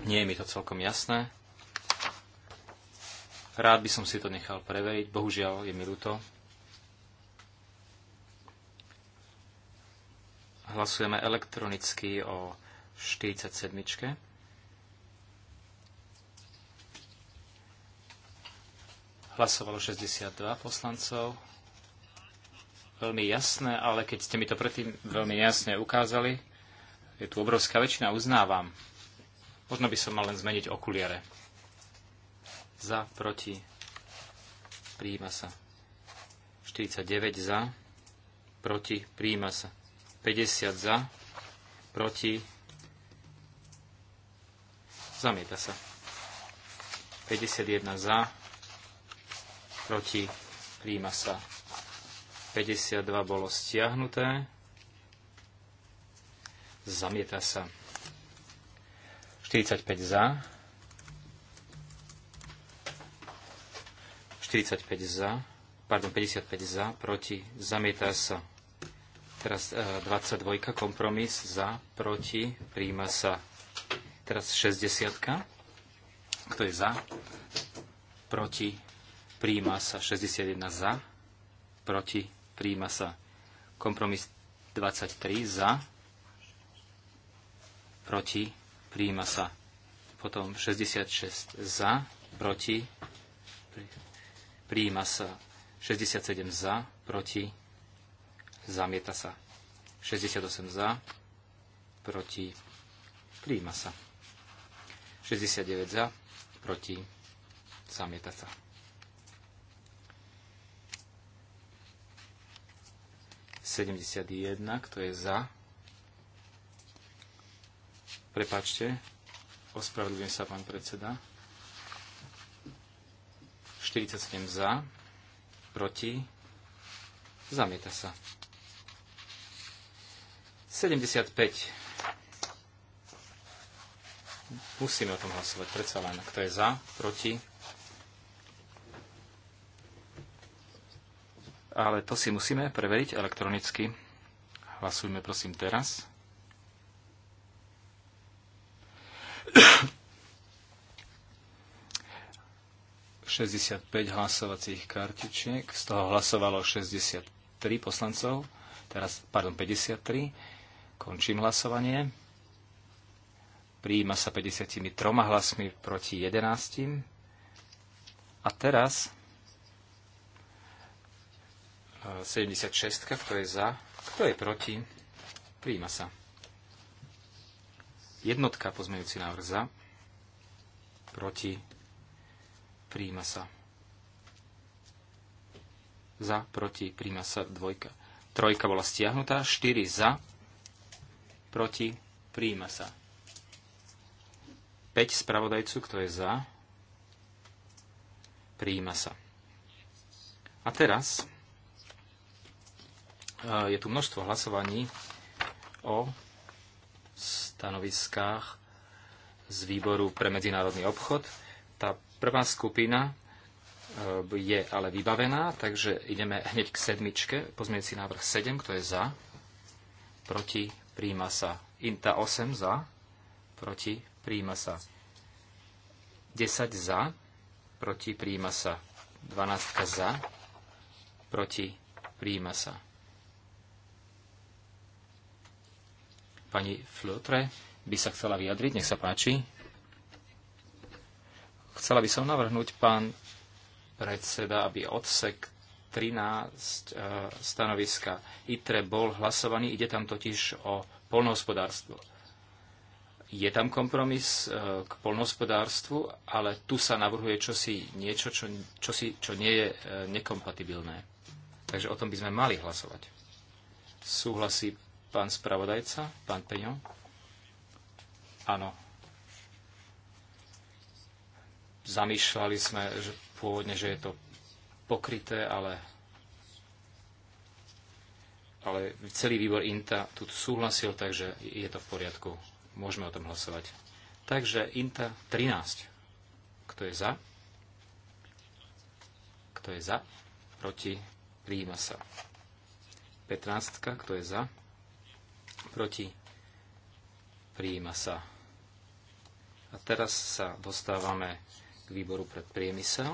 Nie je mi to celkom jasné. Rád by som si to nechal preveriť. Bohužiaľ, je mi ľúto. Hlasujeme elektronicky o 47. Hlasovalo 62 poslancov, veľmi jasné, ale keď ste mi to predtým veľmi jasne ukázali, je tu obrovská väčšina, uznávam. Možno by som mal len zmeniť okuliare. Za, proti, príjima sa. 49 za, proti, príjima sa. 50 za, proti, zamieta sa. 51 za, proti, príjima sa. 52 bolo stiahnuté. Zamieta sa. 45 za. 45 za. Pardon, 55 za. Proti. Zamieta sa. Teraz e, 22. Kompromis za. Proti. Príjma sa. Teraz 60. Kto je za? Proti. Príjma sa 61 za. Proti Príjima sa kompromis 23 za, proti, príjima sa potom 66 za, proti, príjima sa 67 za, proti, zamieta sa 68 za, proti, príjima sa 69 za, proti, zamieta sa 71, kto je za. Prepačte, ospravedlňujem sa, pán predseda. 47 za, proti, zamieta sa. 75. Musíme o tom hlasovať, predsa len, kto je za, proti, ale to si musíme preveriť elektronicky. Hlasujme prosím teraz. ...65 hlasovacích kartičiek, z toho hlasovalo 63 poslancov, teraz, pardon, 53. Končím hlasovanie. Prijíma sa 53 hlasmi proti 11. A teraz 76, kto je za, kto je proti, príjima sa. Jednotka pozmejúci návrh za, proti, príjima sa. Za, proti, príjima sa dvojka. Trojka bola stiahnutá, 4 za, proti, príjima sa. 5 spravodajcu, kto je za, príjima sa. A teraz je tu množstvo hlasovaní o stanoviskách z výboru pre medzinárodný obchod. Tá prvá skupina e, je ale vybavená, takže ideme hneď k sedmičke. si návrh 7, kto je za, proti, príjma sa. Inta 8 za, proti, príjma sa. 10 za, proti, príjma sa. 12 za, proti, príjma sa. Pani Flotre by sa chcela vyjadriť, nech sa páči. Chcela by som navrhnúť pán predseda, aby odsek 13 e, stanoviska ITRE bol hlasovaný. Ide tam totiž o polnohospodárstvo. Je tam kompromis e, k polnohospodárstvu, ale tu sa navrhuje čosi niečo, čo, čosi, čo nie je e, nekompatibilné. Takže o tom by sme mali hlasovať. Súhlasí Pán spravodajca, pán Peňo. Áno. Zamýšľali sme že pôvodne, že je to pokryté, ale, ale celý výbor INTA tu súhlasil, takže je to v poriadku. Môžeme o tom hlasovať. Takže INTA 13. Kto je za? Kto je za? Proti? Príjima sa. 15. Kto je za? proti, prijíma sa. A teraz sa dostávame k výboru pred priemysel.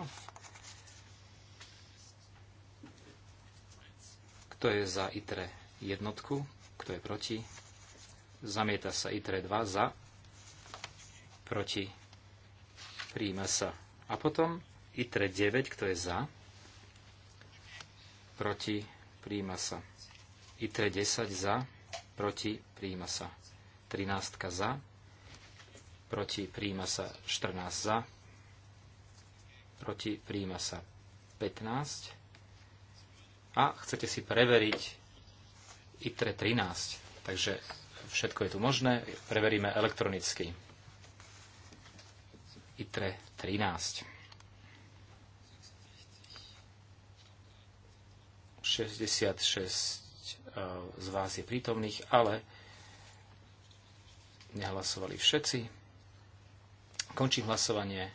Kto je za ITRE jednotku? Kto je proti? Zamieta sa ITRE 2 za, proti, prijíma sa. A potom ITRE 9, kto je za, proti, prijíma sa. ITRE 10 za, proti, príjima sa 13 za, proti, príjima sa 14 za, proti, príjima sa 15 a chcete si preveriť ITRE 13, takže všetko je tu možné, preveríme elektronicky. ITRE 13. 66 E, z vás je prítomných, ale nehlasovali všetci. Končím hlasovanie.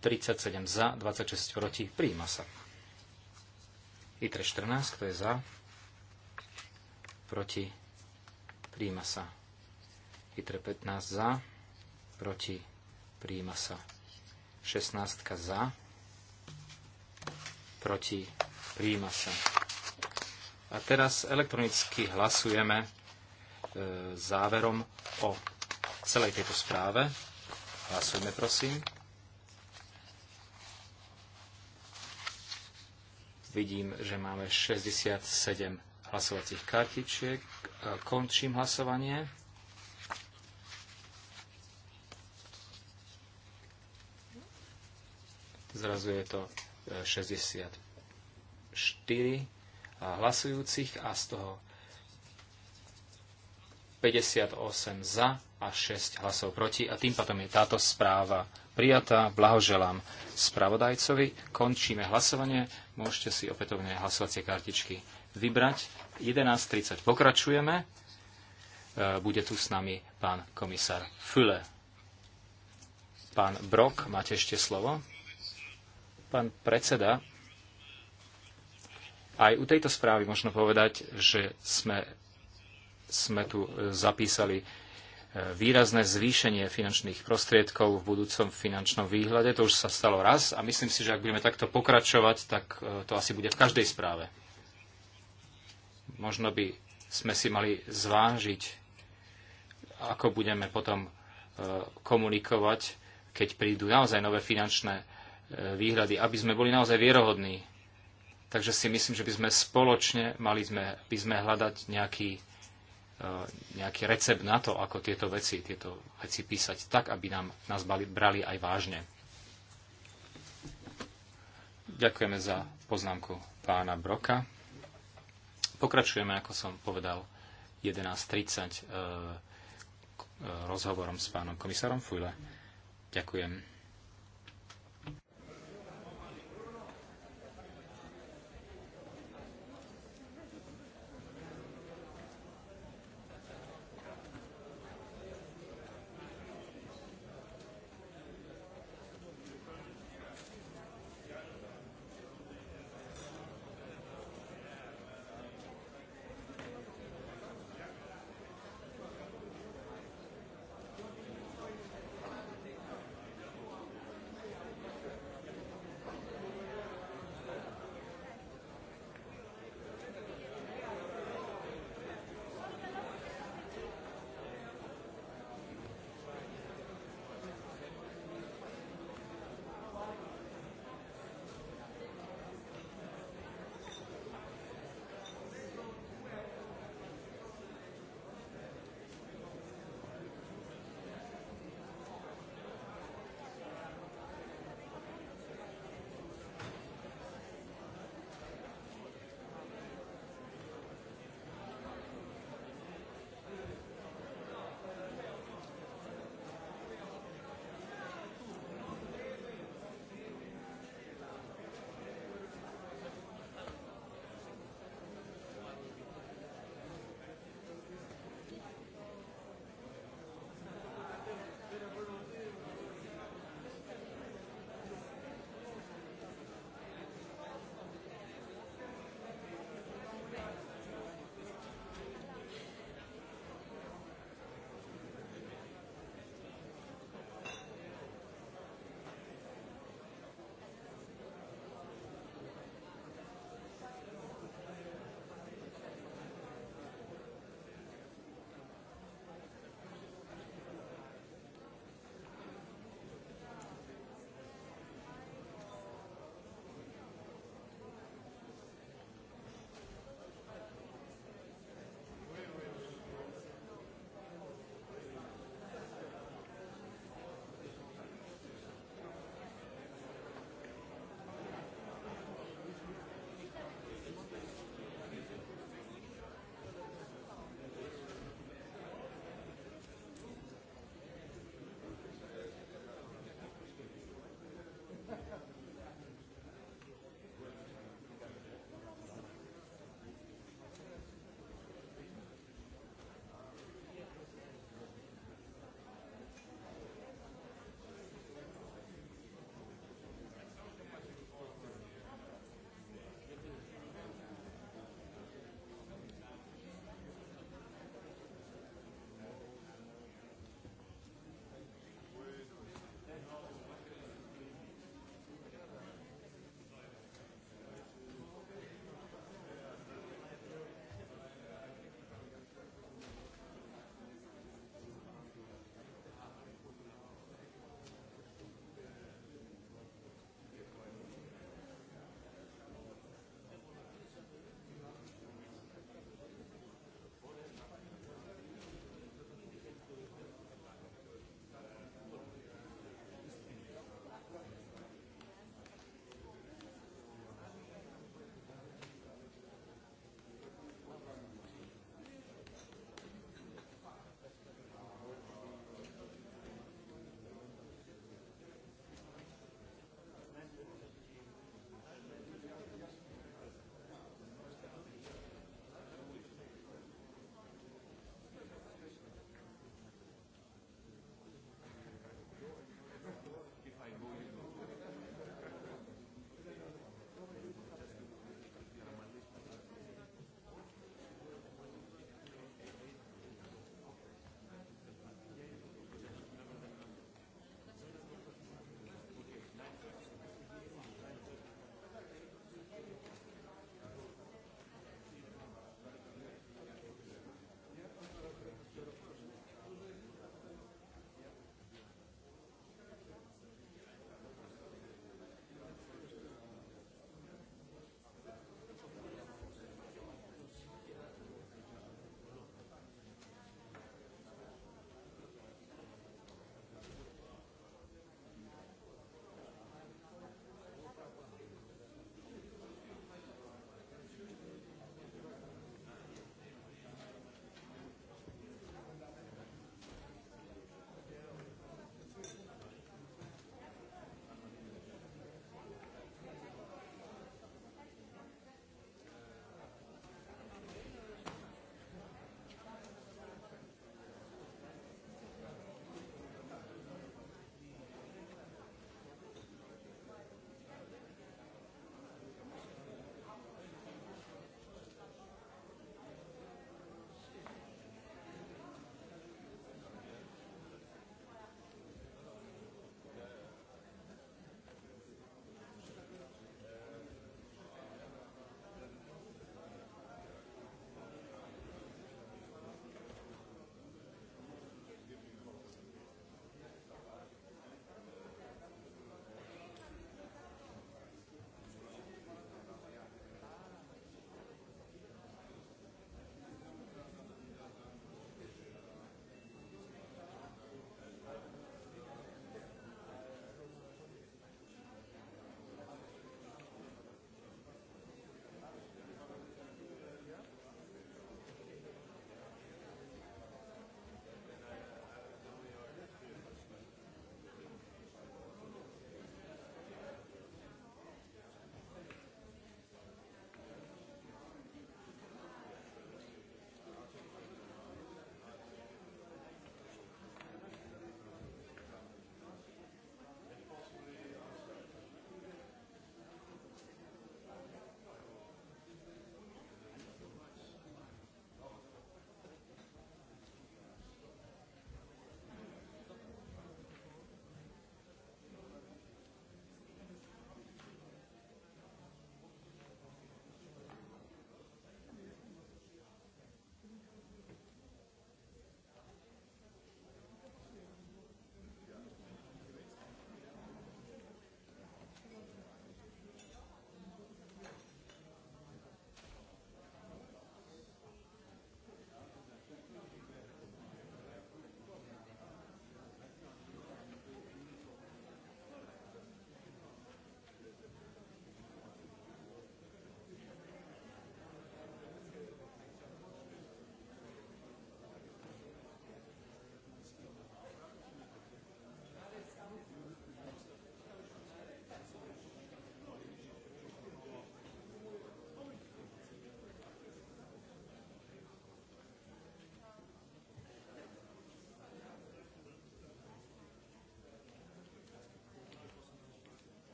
37 za, 26 proti. Príjima sa. ITRE 14, kto je za? Proti. Príjima sa. ITRE 15 za, proti. Príjima sa. 16 za, proti. Príjima sa. A teraz elektronicky hlasujeme e, záverom o celej tejto správe. Hlasujme, prosím. Vidím, že máme 67 hlasovacích kartičiek. E, končím hlasovanie. Zrazu je to 64 e, hlasujúcich a z toho 58 za a 6 hlasov proti. A tým potom je táto správa prijatá. Blahoželám spravodajcovi. Končíme hlasovanie. Môžete si opätovne hlasovacie kartičky vybrať. 11.30 pokračujeme. E, bude tu s nami pán komisár Füle. Pán Brok, máte ešte slovo? Pán predseda, aj u tejto správy možno povedať, že sme, sme tu e, zapísali e, výrazné zvýšenie finančných prostriedkov v budúcom finančnom výhľade. To už sa stalo raz a myslím si, že ak budeme takto pokračovať, tak e, to asi bude v každej správe. Možno by sme si mali zvážiť, ako budeme potom komunikovať, keď prídu naozaj nové finančné výhľady, aby sme boli naozaj vierohodní Takže si myslím, že by sme spoločne mali sme, by sme hľadať nejaký, e, nejaký recept na to, ako tieto veci, tieto veci písať tak, aby nám, nás brali aj vážne. Ďakujeme za poznámku pána Broka. Pokračujeme, ako som povedal, 11.30 e, e, rozhovorom s pánom komisárom Fujle. Ďakujem.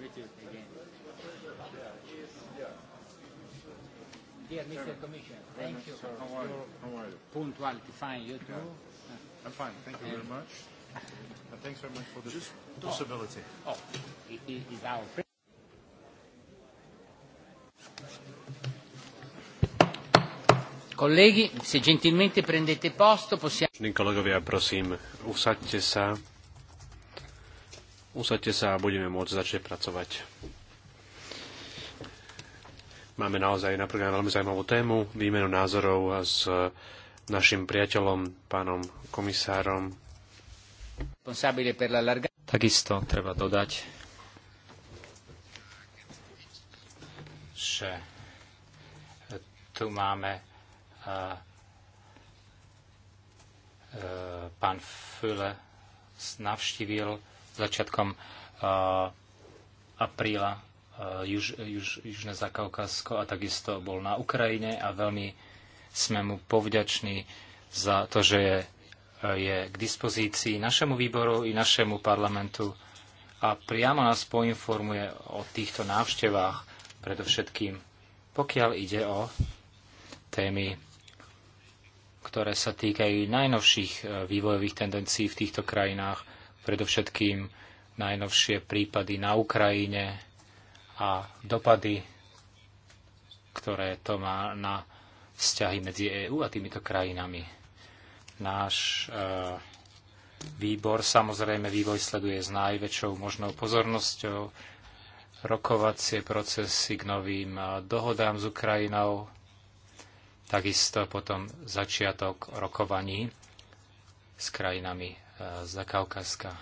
Richard again. Dear Mr. Commissioner, thank you for How are you? How are you? punctuality. Fine, you too? Yeah. I'm fine. Thank you very much. And thanks very much for this possibility. Oh, it is our Colleghi, se gentilmente prendete posto, possiamo... Kolegovia, prosím, usaďte sa usadte sa a budeme môcť začať pracovať. Máme naozaj na programe veľmi zaujímavú tému, výmenu názorov s našim priateľom, pánom komisárom. Takisto treba dodať, že tu máme uh, uh, pán Füle navštívil začiatkom uh, apríla uh, Juž, Juž, Južné Zakaukasko a takisto bol na Ukrajine a veľmi sme mu povďační za to, že je, uh, je k dispozícii našemu výboru i našemu parlamentu a priamo nás poinformuje o týchto návštevách, predovšetkým pokiaľ ide o témy, ktoré sa týkajú najnovších vývojových tendencií v týchto krajinách – predovšetkým najnovšie prípady na Ukrajine a dopady, ktoré to má na vzťahy medzi EÚ a týmito krajinami. Náš e, výbor samozrejme vývoj sleduje s najväčšou možnou pozornosťou rokovacie procesy k novým e, dohodám s Ukrajinou, takisto potom začiatok rokovaní s krajinami za Kaukaska.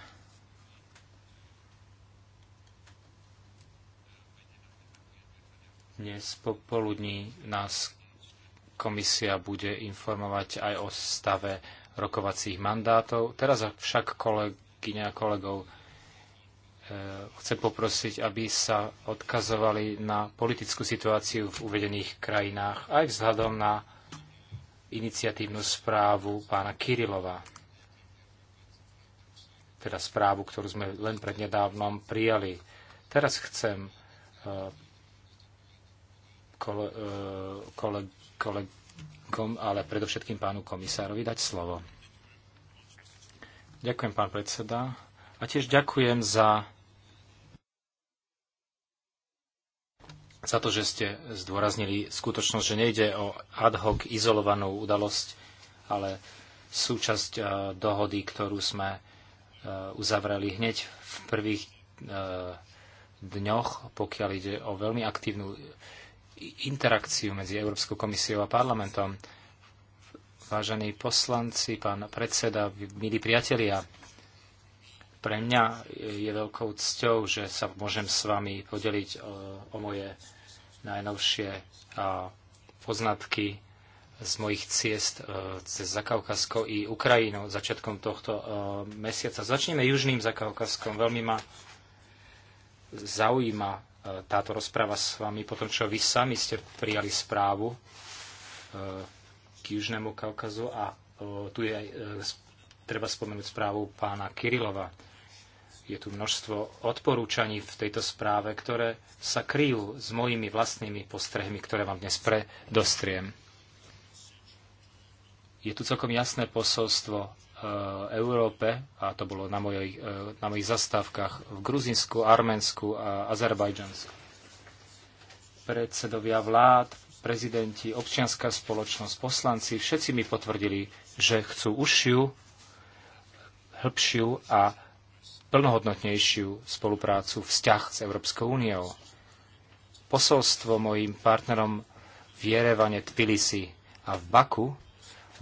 Dnes popoludní nás komisia bude informovať aj o stave rokovacích mandátov. Teraz však kolegyňa a kolegov e, chcem poprosiť, aby sa odkazovali na politickú situáciu v uvedených krajinách aj vzhľadom na iniciatívnu správu pána Kirilova teda správu, ktorú sme len prednedávnom prijali. Teraz chcem eh, kole, eh, kole, kolegom, ale predovšetkým pánu komisárovi dať slovo. Ďakujem, pán predseda. A tiež ďakujem za, za to, že ste zdôraznili skutočnosť, že nejde o ad hoc izolovanú udalosť, ale súčasť eh, dohody, ktorú sme Eh, uzavreli hneď v prvých eh, dňoch, pokiaľ ide o veľmi aktívnu interakciu medzi Európskou komisiou a parlamentom. Vážení poslanci, pán predseda, milí priatelia, pre mňa je veľkou cťou, že sa môžem s vami podeliť o, eh, o moje najnovšie poznatky z mojich ciest e, cez Zakaukasko i Ukrajinou začiatkom tohto e, mesiaca. Začneme južným Zakaukaskom. Veľmi ma zaujíma e, táto rozpráva s vami po tom, čo vy sami ste prijali správu k južnému Kaukazu a tu je aj treba spomenúť správu pána Kirilova. Je tu množstvo odporúčaní v tejto správe, ktoré sa kryjú s mojimi vlastnými postrehmi, ktoré vám dnes predostriem je tu celkom jasné posolstvo e, Európe, a to bolo na, mojej, e, na mojich zastávkach v Gruzinsku, Arménsku a Azerbajdžansku. Predsedovia vlád, prezidenti, občianská spoločnosť, poslanci, všetci mi potvrdili, že chcú užšiu, hĺbšiu a plnohodnotnejšiu spoluprácu, vzťah s Európskou úniou. Posolstvo mojim partnerom v Jerevane, Tbilisi a v Baku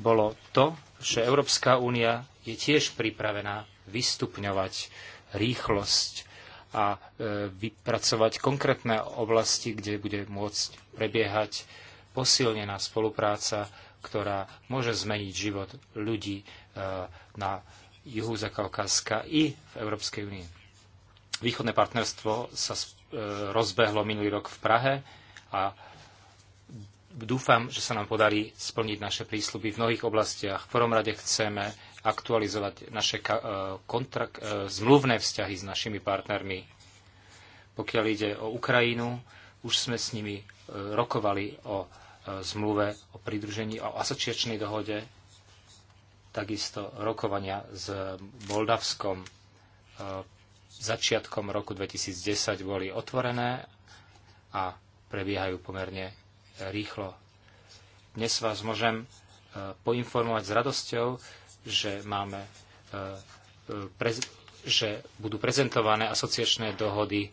bolo to, že Európska únia je tiež pripravená vystupňovať rýchlosť a e, vypracovať konkrétne oblasti, kde bude môcť prebiehať posilnená spolupráca, ktorá môže zmeniť život ľudí e, na juhu Zakaukázska i v Európskej únii. Východné partnerstvo sa e, rozbehlo minulý rok v Prahe a Dúfam, že sa nám podarí splniť naše prísľuby v mnohých oblastiach. V prvom rade chceme aktualizovať naše e, e, zmluvné vzťahy s našimi partnermi. Pokiaľ ide o Ukrajinu, už sme s nimi e, rokovali o zmluve o pridružení a o asociačnej dohode, takisto rokovania s Moldavskom začiatkom roku 2010 boli otvorené a prebiehajú pomerne rýchlo. Dnes vás môžem e, poinformovať s radosťou, že máme e, e, že budú prezentované asociačné dohody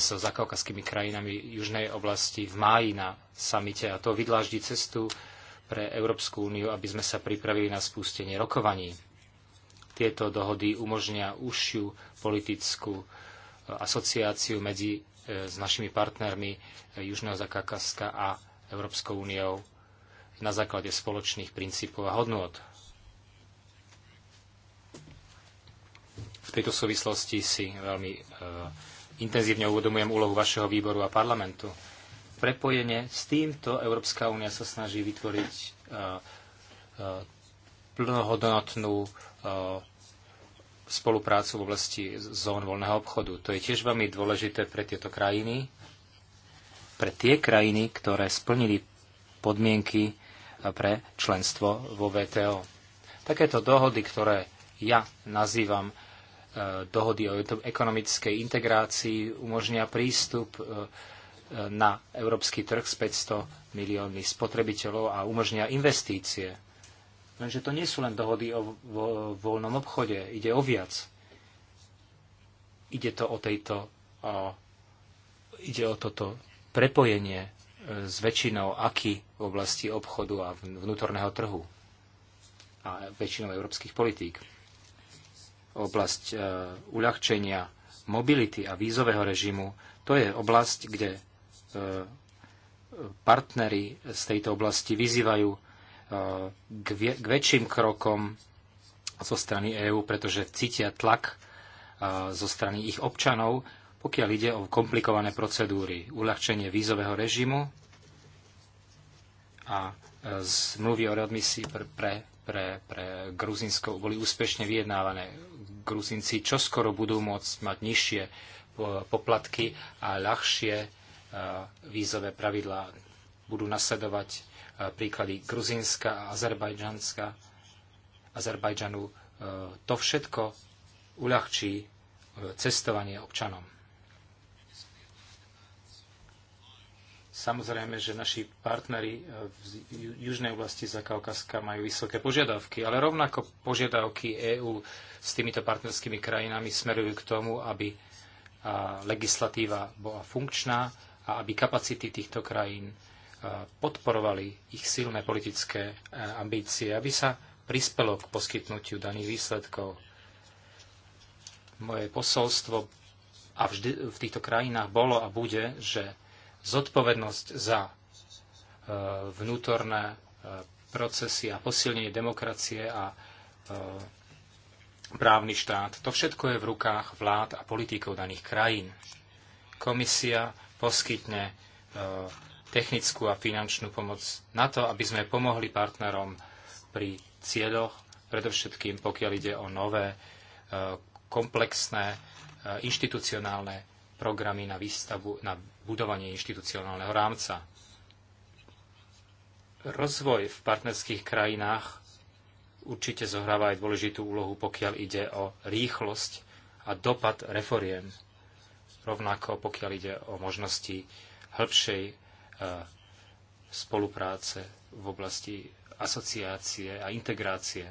so zakaukaskými krajinami južnej oblasti v máji na samite a to vydláždi cestu pre Európsku úniu, aby sme sa pripravili na spustenie rokovaní. Tieto dohody umožnia užšiu politickú asociáciu medzi s našimi partnermi Južného Zakakaska a Európskou úniou na základe spoločných princípov a hodnôt. V tejto súvislosti si veľmi e, intenzívne uvedomujem úlohu vašeho výboru a parlamentu. Prepojenie s týmto Európska únia sa snaží vytvoriť e, e, plnohodnotnú e, spoluprácu v oblasti zón voľného obchodu. To je tiež veľmi dôležité pre tieto krajiny, pre tie krajiny, ktoré splnili podmienky pre členstvo vo VTO. Takéto dohody, ktoré ja nazývam e, dohody o ekonomickej integrácii, umožnia prístup e, e, na európsky trh s 500 miliónmi spotrebiteľov a umožnia investície. Lenže to nie sú len dohody o voľnom obchode, ide o viac. Ide to o tejto, o, ide o toto prepojenie e, s väčšinou aký v oblasti obchodu a vnútorného trhu a väčšinou európskych politík. Oblasť e, uľahčenia mobility a vízového režimu, to je oblasť, kde e, partnery z tejto oblasti vyzývajú k, väčším krokom zo strany EÚ, pretože cítia tlak zo strany ich občanov, pokiaľ ide o komplikované procedúry, uľahčenie vízového režimu a e, zmluvy o readmisii pre, pre, pre, pre Gruzinsko boli úspešne vyjednávané. Gruzinci čoskoro budú môcť mať nižšie e, poplatky a ľahšie e, vízové pravidlá. Budú nasledovať príklady Gruzinska a Azerbajdžanska, Azerbajdžanu. To všetko uľahčí cestovanie občanom. Samozrejme, že naši partneri e, v južnej oblasti Zakaukaska majú vysoké požiadavky, ale rovnako požiadavky EÚ s týmito partnerskými krajinami smerujú k tomu, aby legislatíva bola funkčná a aby kapacity týchto krajín e, podporovali ich silné politické e, ambície, aby sa prispelo k poskytnutiu daných výsledkov. Moje posolstvo a vždy v týchto krajinách bolo a bude, že zodpovednosť za e, vnútorné e, procesy a posilnenie demokracie a e, právny štát. To všetko je v rukách vlád a politikov daných krajín. Komisia poskytne technickú a finančnú pomoc na to, aby sme pomohli partnerom pri cieľoch, predovšetkým pokiaľ ide o nové komplexné inštitucionálne programy na výstavu na budovanie inštitucionálneho rámca. Rozvoj v partnerských krajinách určite zohráva aj dôležitú úlohu, pokiaľ ide o rýchlosť a dopad reforiem. Rovnako pokiaľ ide o možnosti hĺbšej e, spolupráce v oblasti asociácie a integrácie.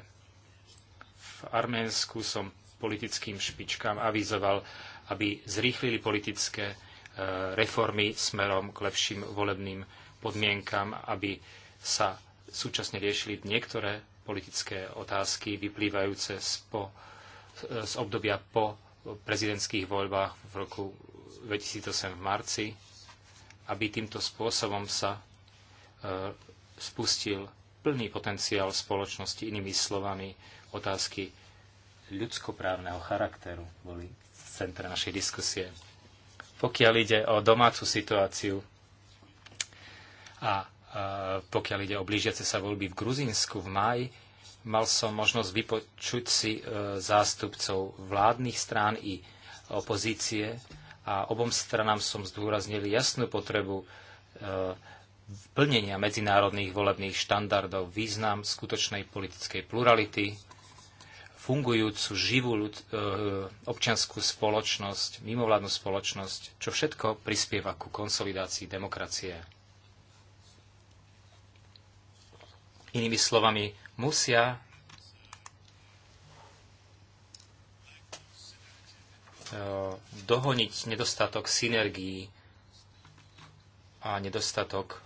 V Arménsku som politickým špičkám avizoval, aby zrýchlili politické Eh, reformy smerom k lepším volebným podmienkam, aby sa súčasne riešili niektoré politické otázky vyplývajúce z, po, eh, z obdobia po prezidentských voľbách v roku 2008 v marci, aby týmto spôsobom sa eh, spustil plný potenciál spoločnosti, inými slovami, otázky ľudskoprávneho charakteru boli v centre našej diskusie pokiaľ ide o domácu situáciu a pokiaľ ide o blížiace sa voľby v Gruzínsku v máji, mal som možnosť vypočuť si e, zástupcov vládnych strán i opozície a obom stranám som zdôraznil jasnú potrebu e, plnenia medzinárodných volebných štandardov, význam skutočnej politickej plurality, fungujúcu, živú ľud, e, občianskú spoločnosť, mimovládnu spoločnosť, čo všetko prispieva ku konsolidácii demokracie. Inými slovami, musia e, dohoniť nedostatok synergií a nedostatok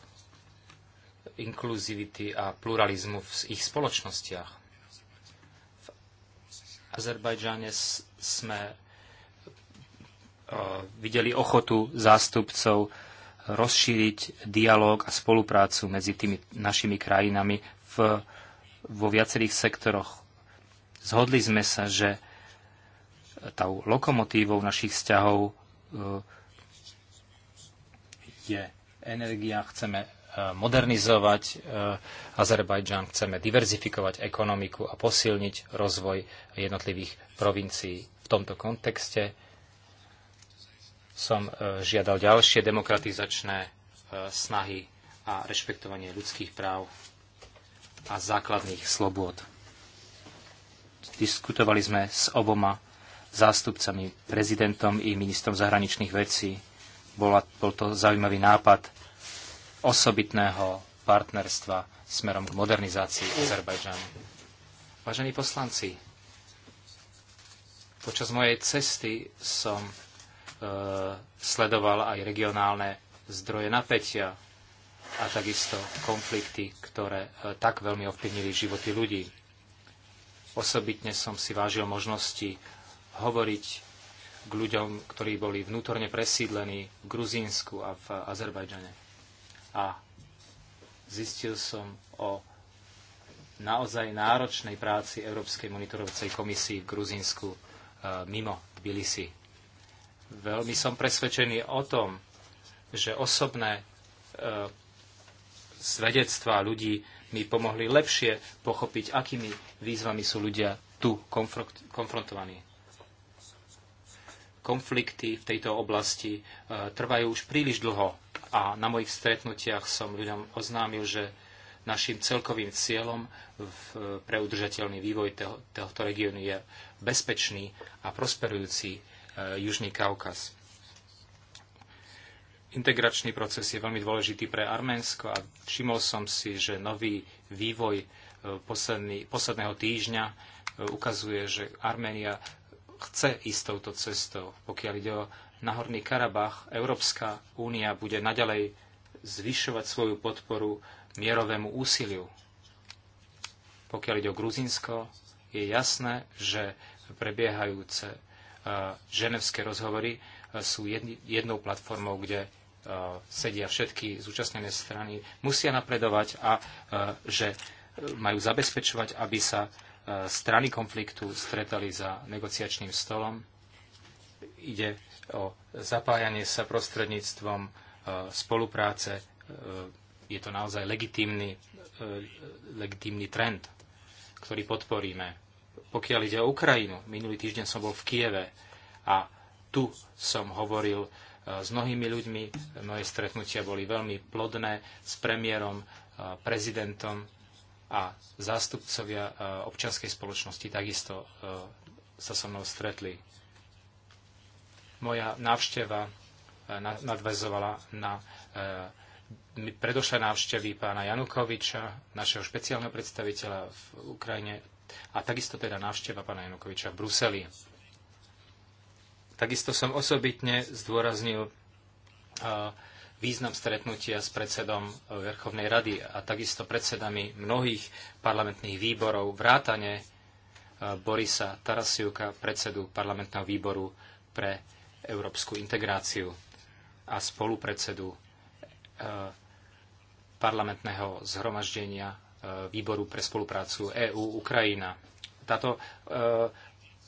inkluzivity a pluralizmu v ich spoločnostiach. Azerbajdžane sme eh, videli ochotu zástupcov rozšíriť dialog a spoluprácu medzi tými našimi krajinami v, vo viacerých sektoroch. Zhodli sme sa, že tou lokomotívou našich vzťahov eh, je energia. Chceme modernizovať e, Azerbajdžan, chceme diverzifikovať ekonomiku a posilniť rozvoj jednotlivých provincií. V tomto kontexte som e, žiadal ďalšie demokratizačné e, snahy a rešpektovanie ľudských práv a základných slobôd. Diskutovali sme s oboma zástupcami, prezidentom i ministrom zahraničných vecí. bol to zaujímavý nápad osobitného partnerstva smerom k modernizácii Azerbajdžanu. Vážení poslanci, počas mojej cesty som e, sledoval aj regionálne zdroje napätia a takisto konflikty, ktoré e, tak veľmi ovplyvnili životy ľudí. Osobitne som si vážil možnosti hovoriť k ľuďom, ktorí boli vnútorne presídlení v Gruzínsku a v Azerbajdžane a zistil som o naozaj náročnej práci Európskej monitorovacej komisii v Gruzínsku e, mimo Tbilisi. Veľmi som presvedčený o tom, že osobné e, svedectvá ľudí mi pomohli lepšie pochopiť, akými výzvami sú ľudia tu konfrontovaní. Konflikty v tejto oblasti e, trvajú už príliš dlho a na mojich stretnutiach som ľuďom oznámil, že našim celkovým cieľom v, pre udržateľný vývoj tohto regiónu je bezpečný a prosperujúci e, Južný Kaukaz. Integračný proces je veľmi dôležitý pre Arménsko a všimol som si, že nový vývoj e, posledný, posledného týždňa e, ukazuje, že Arménia chce ísť touto cestou, pokiaľ ide o Nahorný Karabach Európska únia bude naďalej zvyšovať svoju podporu mierovému úsiliu. Pokiaľ ide o Gruzinsko, je jasné, že prebiehajúce e, ženevské rozhovory e, sú jednou platformou, kde e, sedia všetky zúčastnené strany, musia napredovať a že majú zabezpečovať, aby sa strany konfliktu stretali za negociačným stolom. Ide o zapájanie sa prostredníctvom e, spolupráce. E, je to naozaj legitímny, e, legitímny trend, ktorý podporíme. Pokiaľ ide o Ukrajinu, minulý týždeň som bol v Kieve a tu som hovoril s mnohými ľuďmi. Moje stretnutia boli veľmi plodné s premiérom, prezidentom a zástupcovia občianskej spoločnosti takisto sa so mnou stretli moja návšteva e, nadvezovala na e, predošlé návštevy pána Janukoviča, našeho špeciálneho predstaviteľa v Ukrajine, a takisto teda návšteva pána Janukoviča v Bruseli. Takisto som osobitne zdôraznil e, význam stretnutia s predsedom Verchovnej rady a takisto predsedami mnohých parlamentných výborov, vrátane Borisa Tarasiuka, predsedu parlamentného výboru pre európsku integráciu a spolupredsedu e, parlamentného zhromaždenia e, Výboru pre spoluprácu EÚ-Ukrajina. Táto e,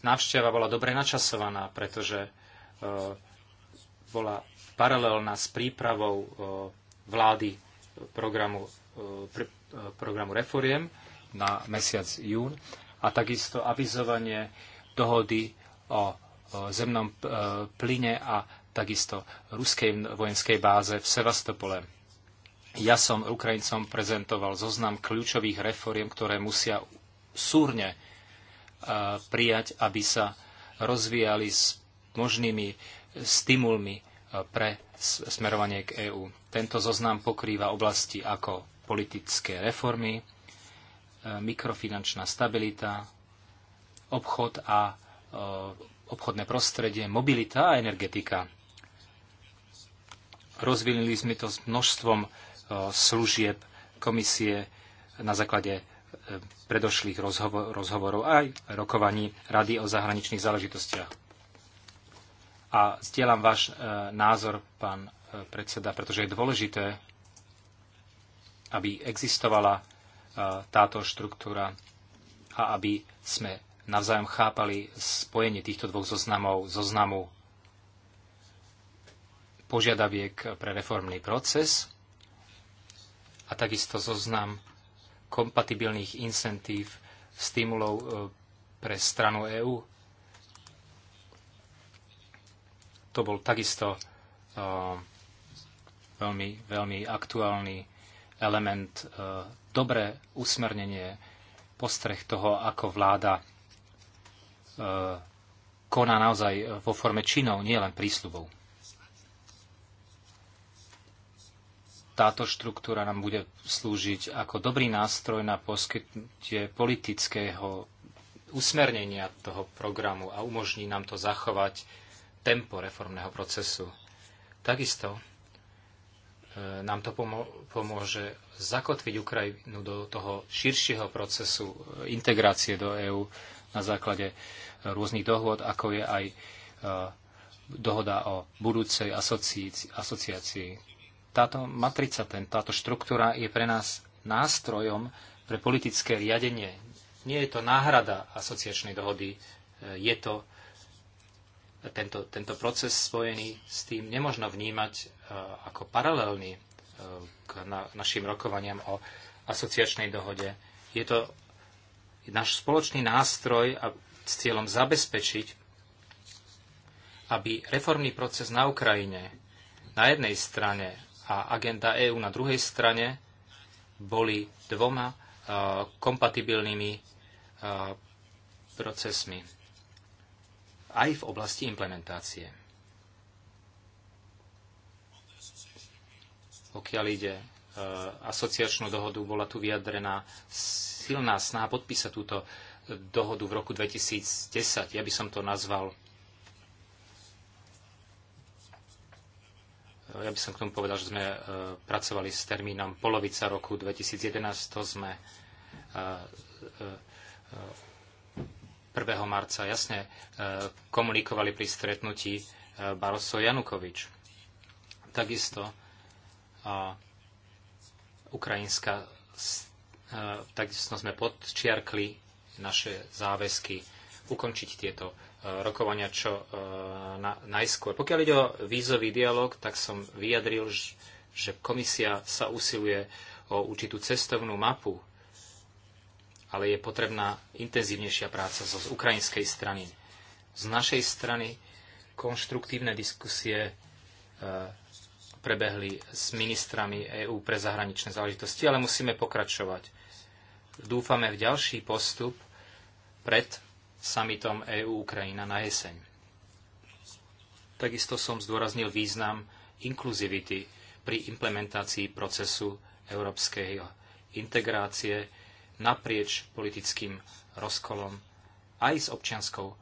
návšteva bola dobre načasovaná, pretože bola paralelná s prípravou vlády programu, programu reforiem na mesiac jún a takisto avizovanie dohody o Eh, zemnom eh, plyne a takisto ruskej vojenskej báze v Sevastopole. Ja som Ukrajincom prezentoval zoznam kľúčových reforiem, ktoré musia súrne eh, prijať, aby sa rozvíjali s možnými stimulmi pre smerovanie k EÚ. Tento zoznam pokrýva oblasti ako politické reformy, mikrofinančná stabilita, obchod a obchodné prostredie, mobilita a energetika. Rozvinili sme to s množstvom e, služieb komisie na základe e, predošlých rozhovor, rozhovorov aj rokovaní Rady o zahraničných záležitostiach. A zdieľam váš e, názor, pán predseda, pretože je dôležité, aby existovala táto štruktúra a aby sme navzájom chápali spojenie týchto dvoch zoznamov, zoznamu požiadaviek pre reformný proces a takisto zoznam kompatibilných incentív, stimulov e, pre stranu EÚ. To bol takisto e, veľmi, veľmi aktuálny element, e, dobré usmernenie, postreh toho, ako vláda E, koná naozaj vo forme činov, nie len prísľubov. Táto štruktúra nám bude slúžiť ako dobrý nástroj na poskytnutie politického usmernenia toho programu a umožní nám to zachovať tempo reformného procesu. Takisto e, nám to pomôže zakotviť Ukrajinu do toho širšieho procesu integrácie do EÚ na základe rôznych dohôd, ako je aj e, dohoda o budúcej asociácii. Táto matrica, ten, táto štruktúra je pre nás nástrojom pre politické riadenie. Nie je to náhrada asociačnej dohody, e, je to tento, tento proces spojený s tým nemožno vnímať e, ako paralelný k na, našim rokovaniam o asociačnej dohode. Je to náš spoločný nástroj a s cieľom zabezpečiť, aby reformný proces na Ukrajine na jednej strane a agenda EÚ na druhej strane boli dvoma e, kompatibilnými e, procesmi aj v oblasti implementácie. Pokiaľ ide e, asociačnú dohodu, bola tu vyjadrená silná snaha podpísať túto dohodu v roku 2010. Ja by som to nazval. Ja by som k tomu povedal, že sme e, pracovali s termínom polovica roku 2011. To sme 1. E, e, marca jasne komunikovali pri stretnutí Baroso Janukovič. Takisto ukrajinská takisto sme podčiarkli naše záväzky ukončiť tieto e, rokovania čo e, na, najskôr. Pokiaľ ide o vízový dialog, tak som vyjadril, že komisia sa usiluje o určitú cestovnú mapu, ale je potrebná intenzívnejšia práca zo z ukrajinskej strany. Z našej strany konštruktívne diskusie e, prebehli s ministrami EÚ pre zahraničné záležitosti, ale musíme pokračovať. Dúfame v ďalší postup pred summitom EU-Ukrajina na jeseň. Takisto som zdôraznil význam inkluzivity pri implementácii procesu európskej integrácie naprieč politickým rozkolom aj s občianskou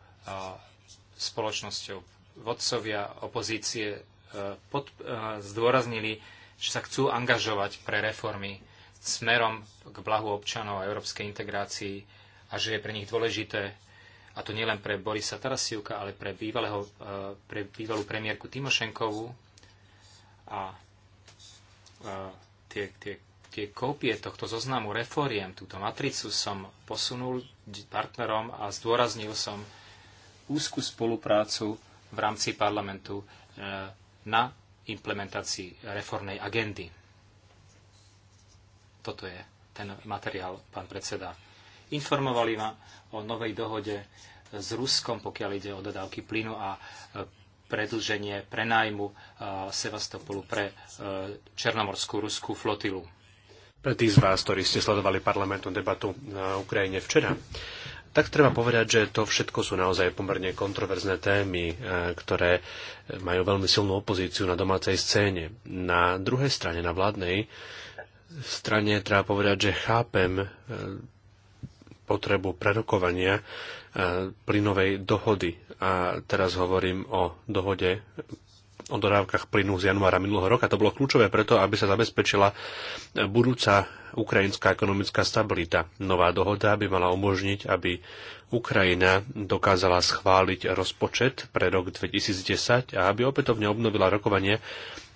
spoločnosťou. Vodcovia opozície e, pod, e, zdôraznili, že sa chcú angažovať pre reformy smerom k blahu občanov a európskej integrácii a že je pre nich dôležité, a to nielen pre Borisa Tarasiuka, ale pre, bývalého, e, pre bývalú premiérku Timošenkovú a, a e, tie, tie, tie kópie tohto zoznamu reforiem, túto matricu som posunul partnerom a zdôraznil som úzku spoluprácu v rámci parlamentu e, na implementácii reformnej agendy. Toto je ten materiál, pán predseda. Informovali ma o novej dohode s Ruskom, pokiaľ ide o dodávky plynu a e, predlženie prenájmu e, Sevastopolu pre e, Černomorskú ruskú flotilu. Pre tých z vás, ktorí ste sledovali parlamentnú debatu na Ukrajine včera, tak treba povedať, že to všetko sú naozaj pomerne kontroverzné témy, ktoré majú veľmi silnú opozíciu na domácej scéne. Na druhej strane, na vládnej strane, treba povedať, že chápem potrebu prerokovania e, plynovej dohody. A teraz hovorím o dohode o dodávkach plynu z januára minulého roka. To bolo kľúčové preto, aby sa zabezpečila budúca ukrajinská ekonomická stabilita. Nová dohoda by mala umožniť, aby Ukrajina dokázala schváliť rozpočet pre rok 2010 a aby opätovne obnovila rokovanie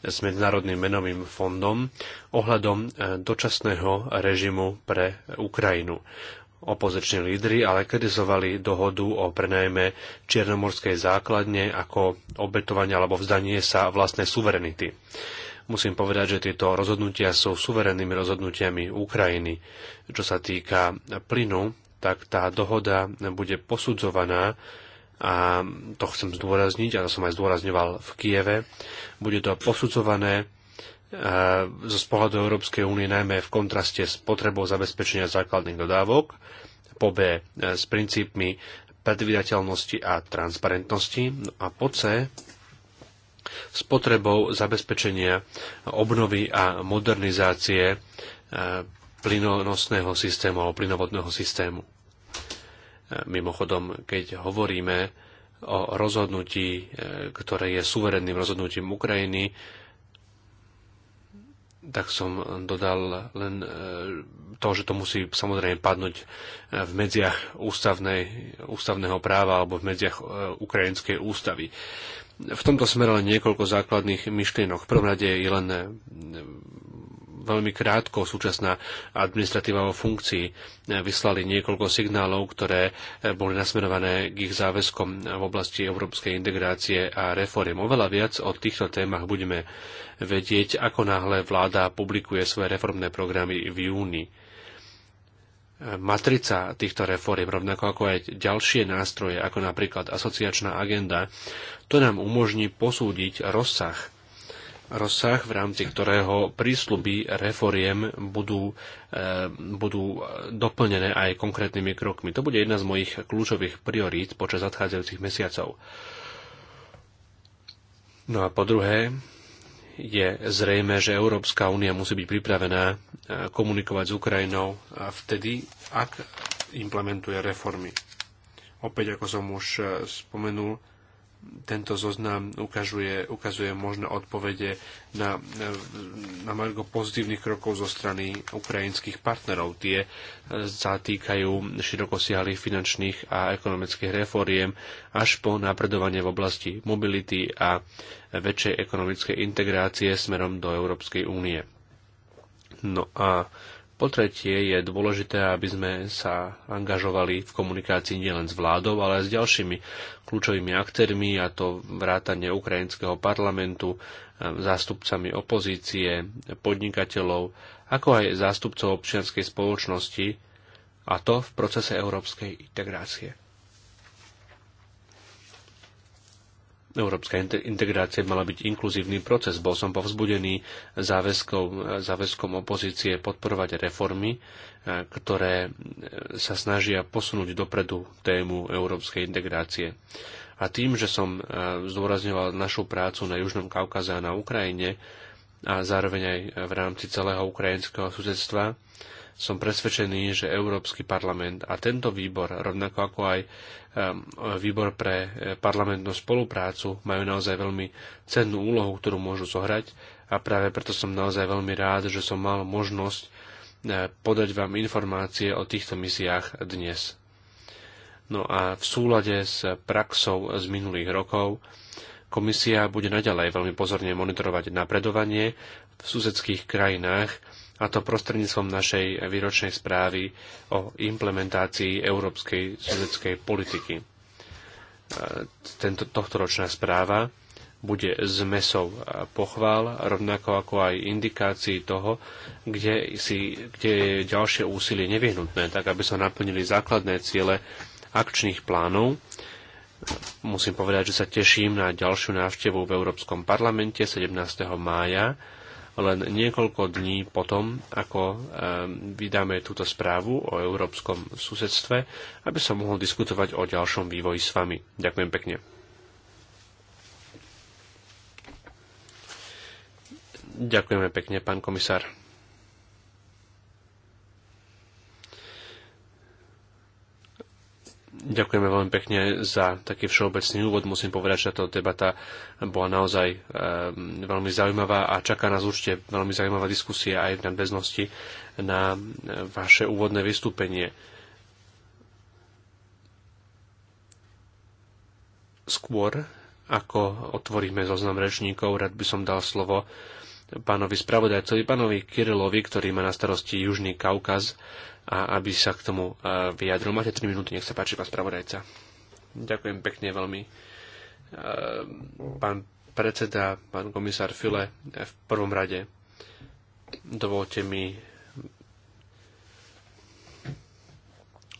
s Medzinárodným menovým fondom ohľadom e, dočasného režimu pre Ukrajinu. Opoziční lídry ale kritizovali dohodu o prenajme Čiernomorskej základne ako obetovanie alebo vzdanie sa vlastnej suverenity. Musím povedať, že tieto rozhodnutia sú suverennými rozhodnutiami Ukrajiny. Čo sa týka plynu, tak tá dohoda bude posudzovaná a to chcem zdôrazniť, a to som aj zdôrazňoval v Kieve, bude to posudzované Eh, zo spohľadu pohľadu Európskej únie najmä v kontraste s potrebou zabezpečenia základných dodávok, po B eh, s princípmi predvydateľnosti a transparentnosti no a po C s potrebou zabezpečenia obnovy a modernizácie eh, plynonosného systému alebo plynovodného systému. Mimochodom, keď hovoríme o rozhodnutí, ktoré je suverenným rozhodnutím Ukrajiny, tak som dodal len e, to, že to musí samozrejme padnúť e, v medziach ústavnej, ústavného práva alebo v medziach e, ukrajinskej ústavy. V tomto smere len niekoľko základných myšlienok. V prvom rade je len veľmi krátko súčasná administratíva vo funkcii vyslali niekoľko signálov, ktoré boli nasmerované k ich záväzkom v oblasti európskej integrácie a reforiem. Oveľa viac o týchto témach budeme vedieť, ako náhle vláda publikuje svoje reformné programy v júni. Matrica týchto reform, rovnako ako aj ďalšie nástroje, ako napríklad asociačná agenda, to nám umožní posúdiť rozsah rozsah, v rámci ktorého prísluby reforiem budú, e, budú doplnené aj konkrétnymi krokmi. To bude jedna z mojich kľúčových priorít počas nadchádzajúcich mesiacov. No a po druhé, je zrejme, že Európska únia musí byť pripravená e, komunikovať s Ukrajinou vtedy, ak implementuje reformy. Opäť, ako som už e, spomenul, tento zoznam ukazuje, ukazuje možné odpovede na, na margo pozitívnych krokov zo strany ukrajinských partnerov. Tie zatýkajú širokosiahlých finančných a ekonomických reforiem až po napredovanie v oblasti mobility a väčšej ekonomickej integrácie smerom do Európskej únie. No a po tretie je dôležité, aby sme sa angažovali v komunikácii nielen s vládou, ale aj s ďalšími kľúčovými aktérmi, a to vrátanie ukrajinského parlamentu, e, zástupcami opozície, podnikateľov, ako aj zástupcov občianskej spoločnosti, a to v procese európskej integrácie. Európska integrácia mala byť inkluzívny proces. Bol som povzbudený záväzkom, záväzkom opozície podporovať reformy, e, ktoré e, sa snažia posunúť dopredu tému európskej integrácie. A tým, že som e, zdôrazňoval našu prácu na Južnom Kaukaze a na Ukrajine a zároveň aj v rámci celého ukrajinského susedstva, som presvedčený, že Európsky parlament a tento výbor, rovnako ako aj Ehm, výbor pre eh, parlamentnú spoluprácu majú naozaj veľmi cennú úlohu, ktorú môžu zohrať a práve preto som naozaj veľmi rád, že som mal možnosť eh, podať vám informácie o týchto misiách dnes. No a v súlade s praxou z minulých rokov komisia bude naďalej veľmi pozorne monitorovať napredovanie v susedských krajinách a to prostredníctvom našej výročnej správy o implementácii európskej sudeckej politiky. E, tento, ročná správa bude zmesou pochvál, rovnako ako aj indikácií toho, kde, si, kde je ďalšie úsilie nevyhnutné, tak aby sa naplnili základné ciele akčných plánov. Musím povedať, že sa teším na ďalšiu návštevu v Európskom parlamente 17. mája len niekoľko dní potom, ako vydáme túto správu o európskom susedstve, aby som mohol diskutovať o ďalšom vývoji s vami. Ďakujem pekne. Ďakujeme pekne, pán komisár. Ďakujeme veľmi pekne za taký všeobecný úvod. Musím povedať, že táto debata bola naozaj eh, veľmi zaujímavá a čaká nás určite veľmi zaujímavá diskusia aj v nadväznosti na eh, vaše úvodné vystúpenie. Skôr, ako otvoríme zoznam rečníkov, rád by som dal slovo pánovi spravodajcovi, pánovi Kirilovi, ktorý má na starosti Južný Kaukaz a aby sa k tomu e, vyjadril. Máte 3 minúty, nech sa páči, pán spravodajca. Ďakujem pekne veľmi. E, pán predseda, pán komisár File, e, v prvom rade dovolte mi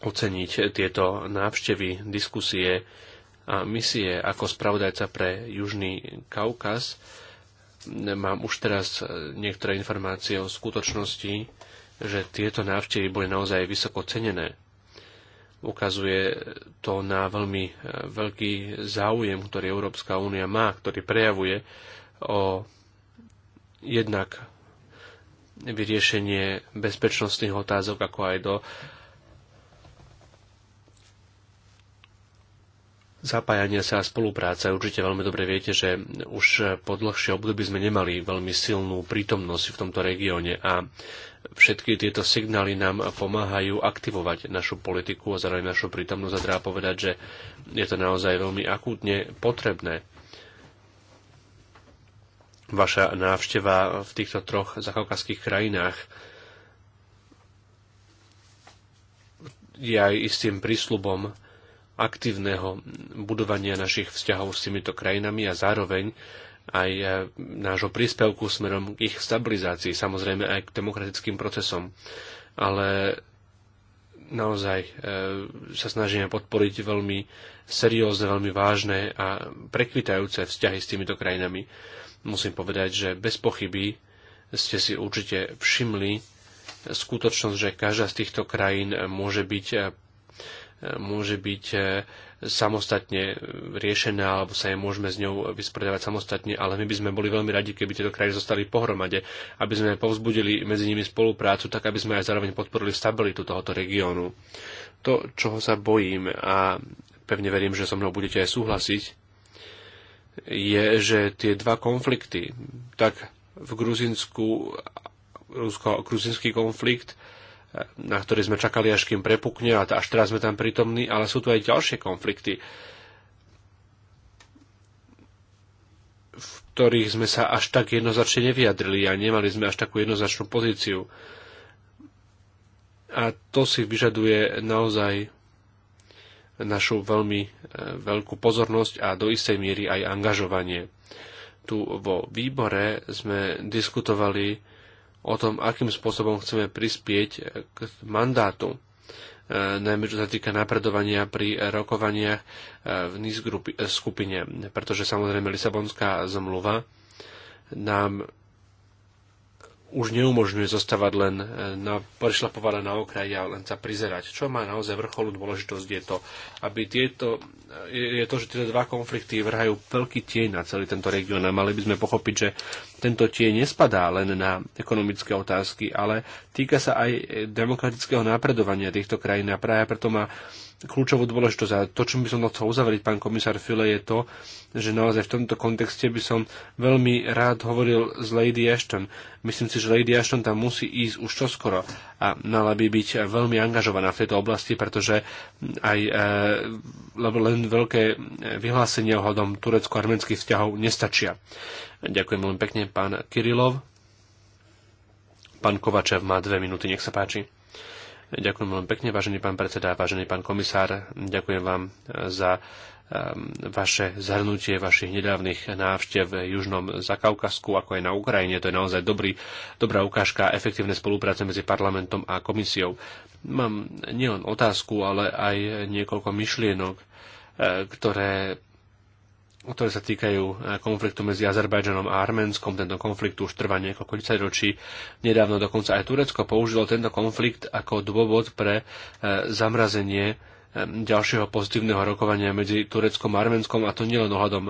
oceniť tieto návštevy, diskusie a misie ako spravodajca pre Južný Kaukaz. Mám už teraz niektoré informácie o skutočnosti, že tieto návštevy boli naozaj vysoko cenené. Ukazuje to na veľmi e, veľký záujem, ktorý Európska únia má, ktorý prejavuje o jednak vyriešenie bezpečnostných otázok, ako aj do zapájania sa a spolupráca. Určite veľmi dobre viete, že už po dlhšie období sme nemali veľmi silnú prítomnosť v tomto regióne a všetky tieto signály nám pomáhajú aktivovať našu politiku a zároveň našu prítomnosť a treba povedať, že je to naozaj veľmi akútne potrebné. Vaša návšteva v týchto troch zakaukaských krajinách je aj istým prísľubom aktívneho budovania našich vzťahov s týmito krajinami a zároveň aj e, nášho príspevku smerom k ich stabilizácii, samozrejme aj k demokratickým procesom. Ale naozaj e, sa snažíme podporiť veľmi seriózne, veľmi vážne a prekvitajúce vzťahy s týmito krajinami. Musím povedať, že bez pochyby ste si určite všimli skutočnosť, že každá z týchto krajín môže byť e, môže byť e, samostatne riešená, alebo sa je môžeme s ňou vysporiadať samostatne, ale my by sme boli veľmi radi, keby tieto krajiny zostali pohromade, aby sme povzbudili medzi nimi spoluprácu, tak aby sme aj zároveň podporili stabilitu tohoto regiónu. To, čoho sa bojím a pevne verím, že so mnou budete aj súhlasiť, je, že tie dva konflikty, tak v Gruzinsku, rusko-gruzinský konflikt, na ktorý sme čakali, až kým prepukne a až teraz sme tam prítomní, ale sú tu aj ďalšie konflikty, v ktorých sme sa až tak jednoznačne nevyjadrili a nemali sme až takú jednoznačnú pozíciu. A to si vyžaduje naozaj našu veľmi e, veľkú pozornosť a do istej miery aj angažovanie. Tu vo výbore sme diskutovali o tom, akým spôsobom chceme prispieť k mandátu e, najmä čo sa týka napredovania pri rokovaniach e, v NIS e, skupine, pretože samozrejme Lisabonská zmluva nám už neumožňuje zostávať len e, na, prišlapované na okraji a len sa prizerať. Čo má naozaj vrcholnú dôležitosť je to, aby tieto, e, je to, že tieto dva konflikty vrhajú veľký tieň na celý tento región a mali by sme pochopiť, že tento tieň nespadá len na ekonomické otázky, ale týka sa aj demokratického napredovania týchto krajín a práve preto má kľúčovú dôležitosť. A to, čo by som chcel uzavrieť, pán komisár File, je to, že naozaj v tomto kontexte by som veľmi rád hovoril s Lady Ashton. Myslím si, že Lady Ashton tam musí ísť už čoskoro a mala by byť veľmi angažovaná v tejto oblasti, pretože aj e, lebo len veľké vyhlásenie ohľadom turecko-arménskych vzťahov nestačia. Ďakujem veľmi pekne, pán Kirilov. Pán Kovačev má dve minúty, nech sa páči. Ďakujem veľmi pekne, vážený pán predseda, vážený pán komisár. Ďakujem vám eh, za eh, vaše zhrnutie vašich nedávnych návštev v Južnom Zakaukasku, ako aj na Ukrajine. To je naozaj dobrý, dobrá ukážka efektívnej spolupráce medzi parlamentom a komisiou. Mám nielen otázku, ale aj niekoľko myšlienok, eh, ktoré ktoré sa týkajú e, konfliktu medzi Azerbajdžanom a Arménskom. Tento konflikt už trvá niekoľko ročí. Nedávno dokonca aj Turecko použilo tento konflikt ako dôvod pre e, zamrazenie e, ďalšieho pozitívneho rokovania medzi Tureckom a Arménskom, a to nielen ohľadom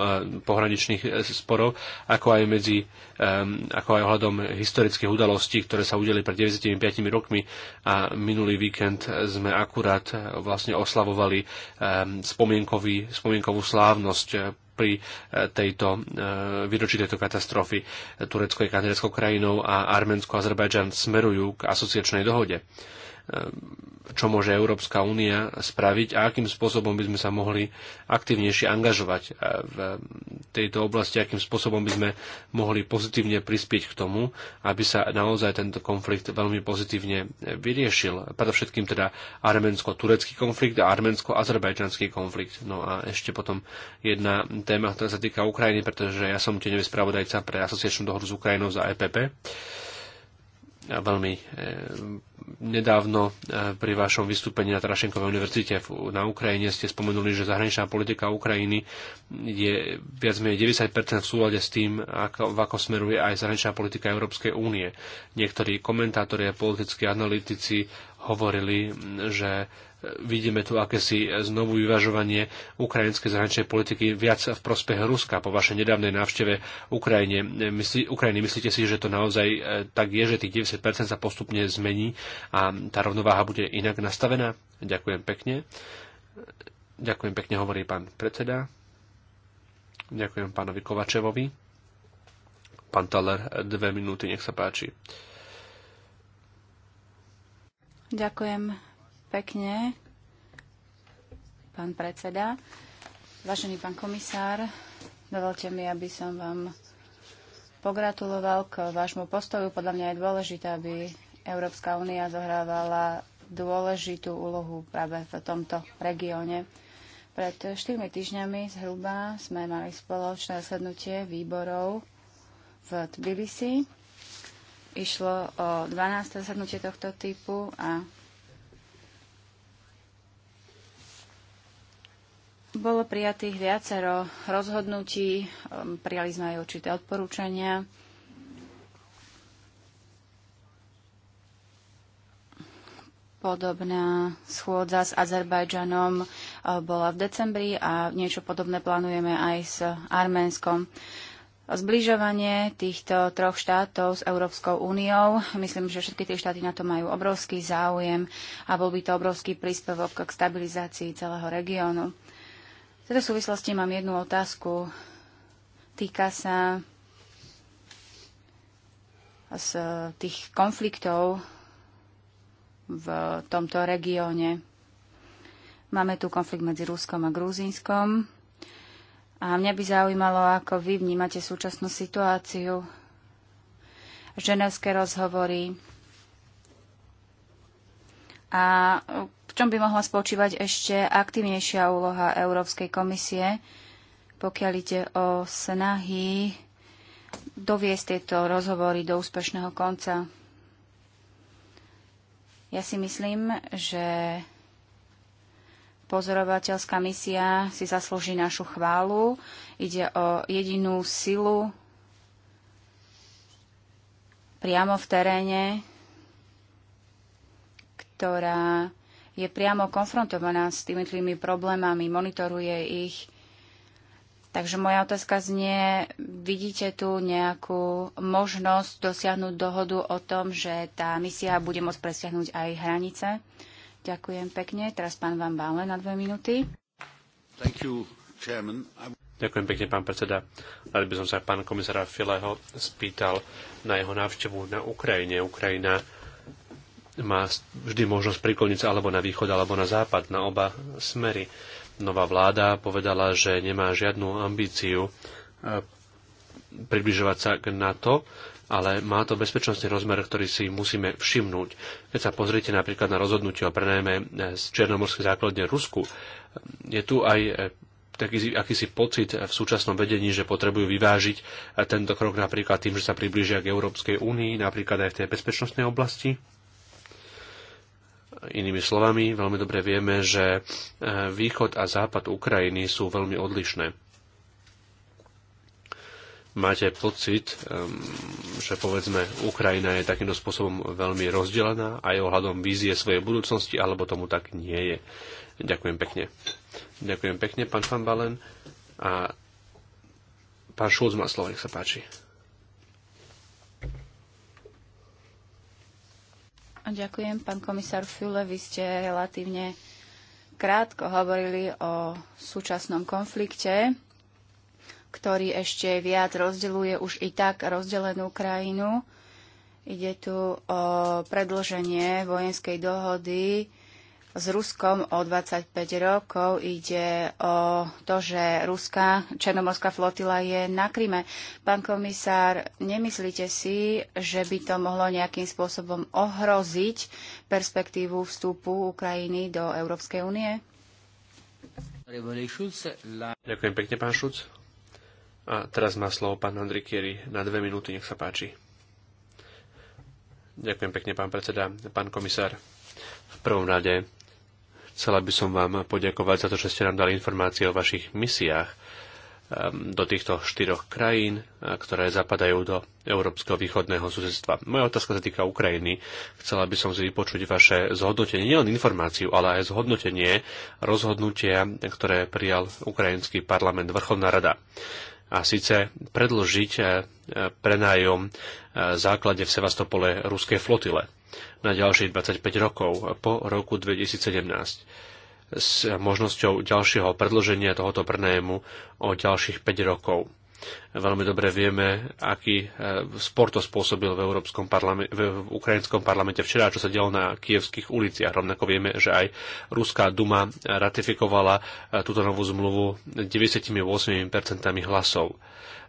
pohraničných sporov, ako aj, medzi, ako aj ohľadom historických udalostí, ktoré sa udeli pred 95 rokmi a minulý víkend sme akurát vlastne oslavovali spomienkovú slávnosť pri e, tejto e, výročí tejto katastrofy. Turecko je kandidátskou krajinou a Arménsko a Azerbajdžan smerujú k asociačnej dohode. E, čo môže Európska únia spraviť a akým spôsobom by sme sa mohli aktívnejšie angažovať e, v tejto oblasti, akým spôsobom by sme mohli pozitívne prispieť k tomu, aby sa naozaj tento konflikt veľmi pozitívne e, vyriešil. Predovšetkým teda arménsko-turecký konflikt a arménsko-azerbajčanský konflikt. No a ešte potom jedna téma, ktorá sa týka Ukrajiny, pretože ja som tenevý spravodajca pre asociačnú dohodu s Ukrajinou za EPP veľmi eh, nedávno eh, pri vašom vystúpení na Trašenkovej univerzite na Ukrajine ste spomenuli, že zahraničná politika Ukrajiny je viac menej 90% v súlade s tým, ako, v ako smeruje aj zahraničná politika Európskej únie. Niektorí komentátori a politickí analytici hovorili, že e, vidíme tu akési znovu vyvažovanie ukrajinskej zahraničnej politiky viac v prospech Ruska po vašej nedávnej návšteve Ukrajine. E, myslí, Ukrajiny, myslíte si, že to naozaj e, tak je, že tých 90% sa postupne zmení a tá rovnováha bude inak nastavená? Ďakujem pekne. Ďakujem pekne, hovorí pán predseda. Ďakujem pánovi Kovačevovi. Pán Taler, dve minúty, nech sa páči. Ďakujem pekne, pán predseda. Vážený pán komisár, dovolte mi, aby som vám pogratuloval k vášmu postoju. Podľa mňa je dôležité, aby Európska únia zohrávala dôležitú úlohu práve v tomto regióne. Pred 4 týždňami zhruba sme mali spoločné sednutie výborov v Tbilisi Išlo o 12. zasadnutie tohto typu a bolo prijatých viacero rozhodnutí, um, prijali sme aj určité odporúčania. Podobná schôdza s Azerbajdžanom uh, bola v decembri a niečo podobné plánujeme aj s Arménskom zbližovanie týchto troch štátov s Európskou úniou. Myslím, že všetky tie štáty na to majú obrovský záujem a bol by to obrovský príspevok k stabilizácii celého regiónu. V tejto súvislosti mám jednu otázku. Týka sa z tých konfliktov v tomto regióne. Máme tu konflikt medzi Ruskom a Gruzínskom. A mňa by zaujímalo, ako vy vnímate súčasnú situáciu, ženevské rozhovory a v čom by mohla spočívať ešte aktivnejšia úloha Európskej komisie, pokiaľ ide o snahy doviesť tieto rozhovory do úspešného konca. Ja si myslím, že Pozorovateľská misia si zaslúži našu chválu. Ide o jedinú silu priamo v teréne, ktorá je priamo konfrontovaná s tými tými problémami, monitoruje ich. Takže moja otázka znie, vidíte tu nejakú možnosť dosiahnuť dohodu o tom, že tá misia bude môcť presiahnuť aj hranice? Ďakujem pekne. Teraz pán Van Bále na dve minúty. You, Ďakujem pekne, pán predseda. Rád by som sa pán komisára Fileho spýtal na jeho návštevu na Ukrajine. Ukrajina má vždy možnosť prikloniť sa alebo na východ, alebo na západ, na oba smery. Nová vláda povedala, že nemá žiadnu ambíciu eh, približovať sa k NATO, ale má to bezpečnostný rozmer, ktorý si musíme všimnúť. Keď sa pozrite napríklad na rozhodnutie o prenajme eh, z Černomorskej základne Rusku, eh, je tu aj eh, taký akýsi pocit v súčasnom vedení, že potrebujú vyvážiť tento krok napríklad tým, že sa priblížia k Európskej únii, napríklad aj v tej bezpečnostnej oblasti. Inými slovami, veľmi dobre vieme, že východ a západ Ukrajiny sú veľmi odlišné máte pocit, že povedzme Ukrajina je takýmto spôsobom veľmi rozdelená aj ohľadom vízie svojej budúcnosti, alebo tomu tak nie je. Ďakujem pekne. Ďakujem pekne, pán Van Balen. A pán Šulc má slovo, nech sa páči. Ďakujem, pán komisár Fule. Vy ste relatívne krátko hovorili o súčasnom konflikte ktorý ešte viac rozdeluje už i tak rozdelenú krajinu. Ide tu o predlženie vojenskej dohody s Ruskom o 25 rokov. Ide o to, že ruská černomorská flotila je na Kryme. Pán komisár, nemyslíte si, že by to mohlo nejakým spôsobom ohroziť perspektívu vstupu Ukrajiny do Európskej únie? Ďakujem pekne, pán Šuc. A teraz má slovo pán Andrikieri na dve minúty, nech sa páči. Ďakujem pekne, pán predseda, pán komisár. V prvom rade chcela by som vám poďakovať za to, že ste nám dali informácie o vašich misiách ehm, do týchto štyroch krajín, ktoré zapadajú do európskeho východného susedstva. Moja otázka sa týka Ukrajiny. Chcela by som si vypočuť vaše zhodnotenie, nielen informáciu, ale aj zhodnotenie rozhodnutia, ktoré prijal Ukrajinský parlament, Vrchovná rada a síce predlžiť eh, prenájom eh, základe v Sevastopole ruskej flotile na ďalších 25 rokov eh, po roku 2017 s možnosťou ďalšieho predloženia tohoto prenájmu o ďalších 5 rokov. Veľmi dobre vieme, aký e, spor to spôsobil v, Európskom v ukrajinskom parlamente včera, čo sa dialo na kievských uliciach. Rovnako vieme, že aj Ruská duma ratifikovala e, túto novú zmluvu 98% hlasov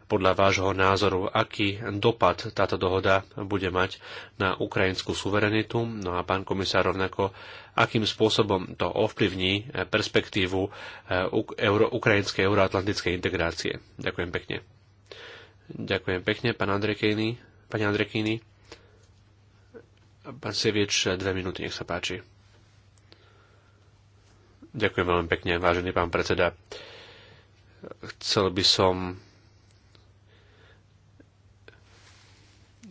podľa vášho názoru, aký dopad táto dohoda bude mať na ukrajinskú suverenitu. No a pán komisár rovnako akým spôsobom to ovplyvní eh, perspektívu eh, euro, ukrajinskej euroatlantickej integrácie. Ďakujem pekne. Ďakujem pekne, pán Andrekejny. Pani Andrekejny. Pán Sevieč, dve minúty, nech sa páči. Ďakujem veľmi pekne, vážený pán predseda. Chcel by som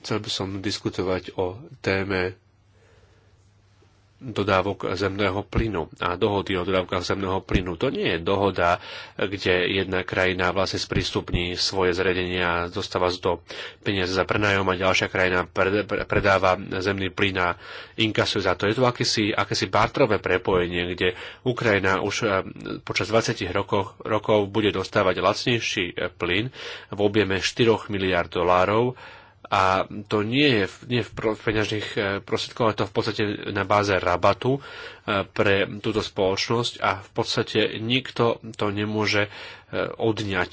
chcel by som diskutovať o téme dodávok zemného plynu a dohody o dodávkach zemného plynu. To nie je dohoda, kde jedna krajina vlastne sprístupní svoje zredenia a dostáva z to peniaze za prenajom a ďalšia krajina predáva zemný plyn a inkasuje za to. Je to akési, akési bartrové prepojenie, kde Ukrajina už eh, počas 20 rokov, rokov bude dostávať lacnejší eh, plyn v objeme 4 miliard dolárov a to nie je nie v peňažných eh, prostriedkoch, ale to v podstate na báze rabatu eh, pre túto spoločnosť a v podstate nikto to nemôže eh, odňať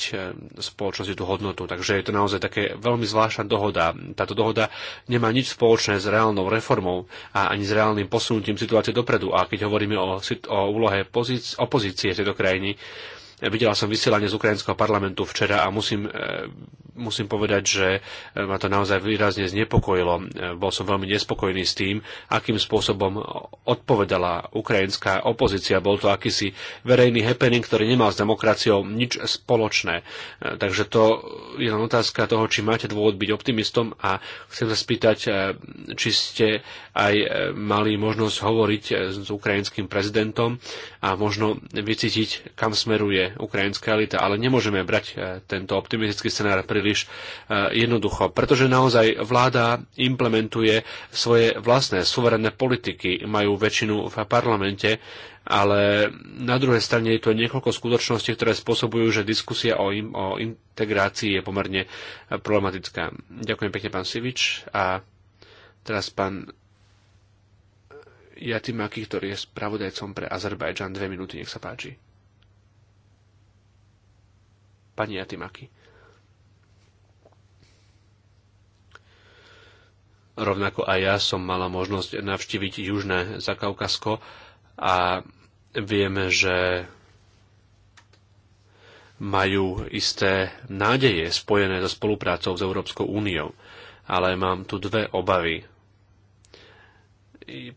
spoločnosti tú hodnotu. Takže je to naozaj také veľmi zvláštna dohoda. Táto dohoda nemá nič spoločné s reálnou reformou a ani s reálnym posunutím situácie dopredu. A keď hovoríme o, o úlohe pozíc, opozície tejto krajiny, Videla som vysielanie z ukrajinského parlamentu včera a musím musím povedať, že e, ma to naozaj výrazne znepokojilo. E, bol som veľmi nespokojný s tým, akým spôsobom odpovedala ukrajinská opozícia. Bol to akýsi verejný happening, ktorý nemal s demokraciou nič spoločné. E, takže to je len otázka toho, či máte dôvod byť optimistom a chcem sa spýtať, či ste aj mali možnosť hovoriť s ukrajinským prezidentom a možno vycítiť, kam smeruje ukrajinská elita. Ale nemôžeme brať tento optimistický scenár príliš príliš e, jednoducho, pretože naozaj vláda implementuje svoje vlastné suverénne politiky, majú väčšinu v parlamente, ale na druhej strane je to niekoľko skutočností, ktoré spôsobujú, že diskusia o, im, o integrácii je pomerne e, problematická. Ďakujem pekne, pán Sivič. A teraz pán Jatimaki, ktorý je spravodajcom pre Azerbajdžan. Dve minúty, nech sa páči. Pani Jatimaki. Rovnako aj ja som mala možnosť navštíviť Južné Zakaukasko a vieme, že majú isté nádeje spojené so spoluprácou s Európskou úniou. Ale mám tu dve obavy.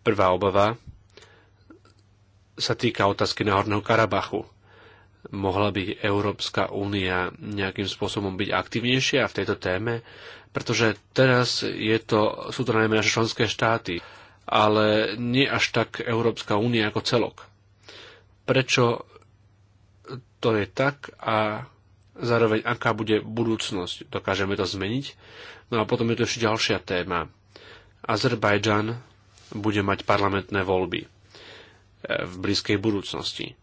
Prvá obava sa týka otázky Náhorného Karabachu mohla by Európska únia nejakým spôsobom byť aktívnejšia v tejto téme? pretože teraz je to, sú to najmä naše členské štáty, ale nie až tak Európska únia ako celok. Prečo to je tak a zároveň aká bude budúcnosť, dokážeme to zmeniť. No a potom je to ešte ďalšia téma. Azerbajdžan bude mať parlamentné voľby e, v blízkej budúcnosti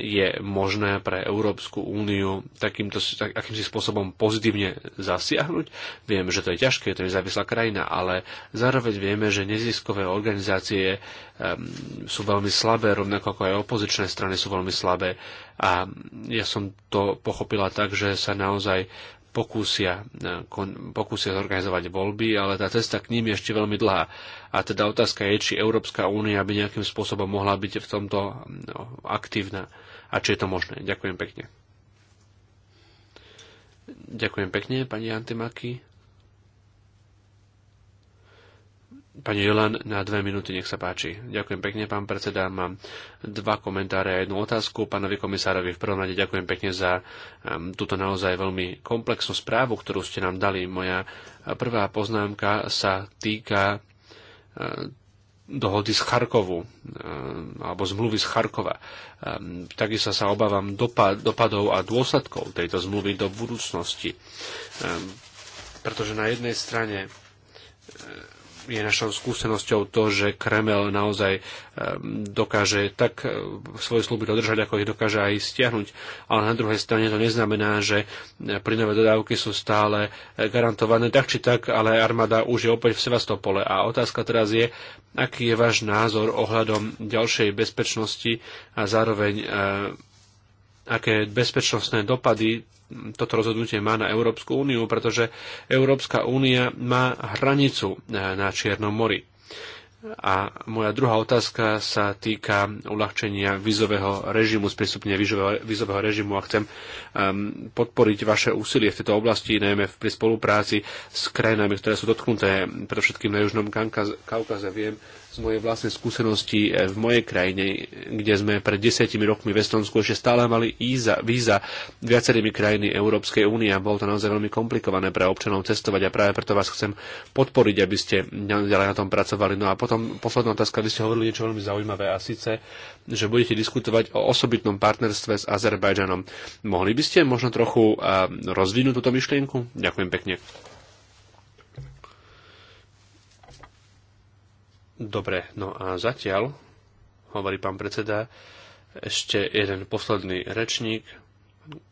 je možné pre Európsku úniu takýmto, tak, akýmsi spôsobom pozitívne zasiahnuť. Viem, že to je ťažké, to je nezávislá krajina, ale zároveň vieme, že neziskové organizácie um, sú veľmi slabé, rovnako ako aj opozičné strany sú veľmi slabé. A ja som to pochopila tak, že sa naozaj pokúsia, e, pokúsia zorganizovať voľby, ale tá cesta k ním je ešte veľmi dlhá. A teda otázka je, či Európska únia by nejakým spôsobom mohla byť v tomto no, aktívna a či je to možné. Ďakujem pekne. Ďakujem pekne, pani Antimaki. Pani Jolan, na dve minúty, nech sa páči. Ďakujem pekne, pán predseda. Mám dva komentáre a jednu otázku. Pánovi komisárovi v prvom rade ďakujem pekne za um, túto naozaj veľmi komplexnú správu, ktorú ste nám dali. Moja prvá poznámka sa týka uh, dohody z Charkovu uh, alebo zmluvy z Charkova. Um, takisto sa obávam dopad, dopadov a dôsledkov tejto zmluvy do budúcnosti. Um, pretože na jednej strane uh, je našou skúsenosťou to, že Kreml naozaj dokáže tak svoje sluby dodržať, ako ich dokáže aj stiahnuť. Ale na druhej strane to neznamená, že plynové dodávky sú stále garantované tak či tak, ale armáda už je opäť v Sevastopole. A otázka teraz je, aký je váš názor ohľadom ďalšej bezpečnosti a zároveň aké bezpečnostné dopady toto rozhodnutie má na Európsku úniu, pretože Európska únia má hranicu eh, na Čiernom mori. A moja druhá otázka sa týka uľahčenia vizového režimu, sprístupne vizového režimu a chcem um, podporiť vaše úsilie v tejto oblasti, najmä pri spolupráci s krajinami, ktoré sú dotknuté, predovšetkým na Južnom Kaukaze. Viem, mojej vlastnej skúsenosti eh, v mojej krajine, kde sme pred desiatimi rokmi v Estonsku ešte stále mali íza, víza viacerými krajiny Európskej únie a bolo to naozaj veľmi komplikované pre občanov cestovať a práve preto vás chcem podporiť, aby ste ďalej na tom pracovali. No a potom posledná otázka, vy ste hovorili niečo veľmi zaujímavé a síce, že budete diskutovať o osobitnom partnerstve s Azerbajdžanom. Mohli by ste možno trochu eh, rozvinúť túto myšlienku? Ďakujem pekne. Dobre, no a zatiaľ, hovorí pán predseda, ešte jeden posledný rečník.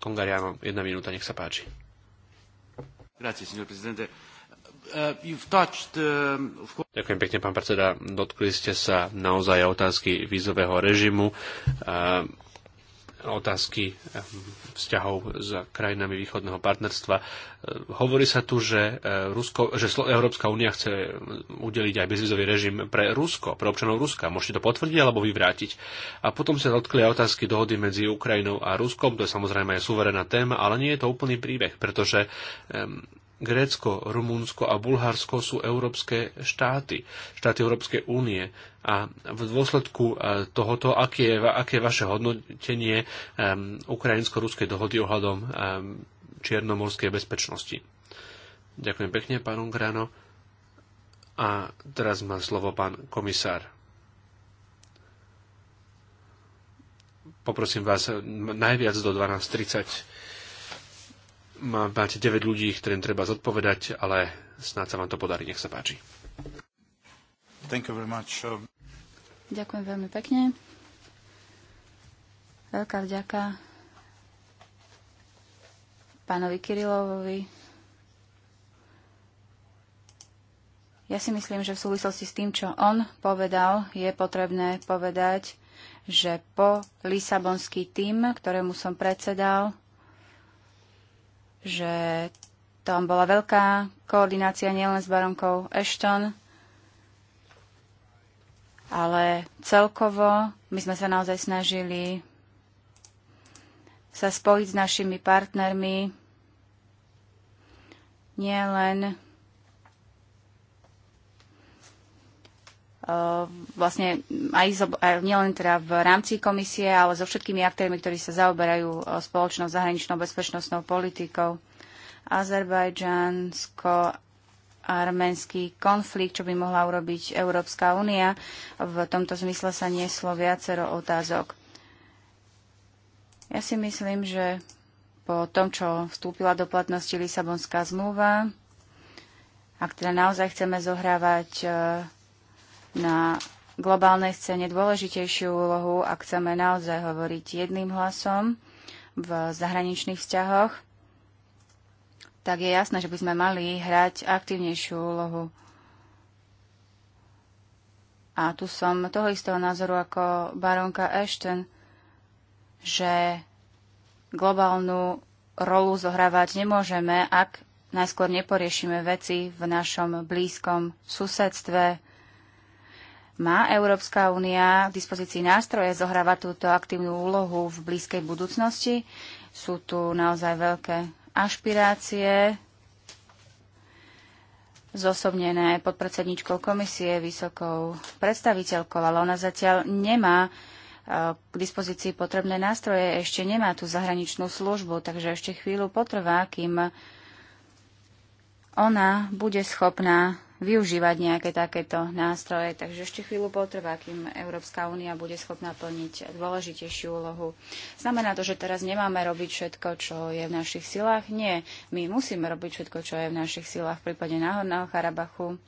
Kongariano, jedna minúta, nech sa páči. Grazie, signor presidente. Uh, touched, uh... Ďakujem pekne, pán predseda. Dotkli ste sa naozaj otázky vízového režimu. Uh, otázky eh, vzťahov s krajinami východného partnerstva. Eh, hovorí sa tu, že, eh, Rusko, že Európska únia chce udeliť aj bezvizový režim pre Rusko, pre občanov Ruska. Môžete to potvrdiť alebo vyvrátiť. A potom sa dotkli aj otázky dohody medzi Ukrajinou a Ruskom. To je samozrejme aj suverená téma, ale nie je to úplný príbeh, pretože Grécko, Rumunsko a Bulharsko sú európske štáty, štáty Európskej únie. A v dôsledku e, tohoto, aké je, aké je vaše hodnotenie um, ukrajinsko-ruskej dohody ohľadom um, čiernomorskej bezpečnosti? Ďakujem pekne, pán Ungrano. A teraz má slovo pán komisár. Poprosím vás najviac do 12.30 máte 9 ľudí, ktorým treba zodpovedať, ale snáď sa vám to podarí. Nech sa páči. Thank you very much. Ďakujem veľmi pekne. Veľká vďaka pánovi Kirilovovi. Ja si myslím, že v súvislosti s tým, čo on povedal, je potrebné povedať, že po Lisabonský tým, ktorému som predsedal, že tam bola veľká koordinácia nielen s baronkou Ashton, ale celkovo my sme sa naozaj snažili sa spojiť s našimi partnermi nielen Ehm, vlastne aj, nielen teda v rámci komisie, ale so všetkými aktérmi, ktorí sa zaoberajú e, spoločnou zahraničnou bezpečnostnou politikou. Azerbajdžansko arménsky konflikt, čo by mohla urobiť Európska únia. V tomto zmysle sa nieslo viacero otázok. Ja si myslím, že po tom, čo vstúpila do platnosti Lisabonská zmluva, ak teda naozaj chceme zohrávať e, na globálnej scéne dôležitejšiu úlohu, a chceme naozaj hovoriť jedným hlasom v zahraničných vzťahoch, tak je jasné, že by sme mali hrať aktívnejšiu úlohu. A tu som toho istého názoru ako baronka Ashton, že globálnu rolu zohrávať nemôžeme, ak najskôr neporiešime veci v našom blízkom susedstve, má Európska únia k dispozícii nástroje zohrávať túto aktívnu úlohu v blízkej budúcnosti? Sú tu naozaj veľké ašpirácie zosobnené podpredsedničkou komisie, vysokou predstaviteľkou, ale ona zatiaľ nemá e, k dispozícii potrebné nástroje, ešte nemá tú zahraničnú službu, takže ešte chvíľu potrvá, kým ona bude schopná využívať nejaké takéto nástroje. Takže ešte chvíľu potrvá, kým Európska únia bude schopná plniť dôležitejšiu úlohu. Znamená to, že teraz nemáme robiť všetko, čo je v našich silách? Nie. My musíme robiť všetko, čo je v našich silách. V prípade Náhorného Karabachu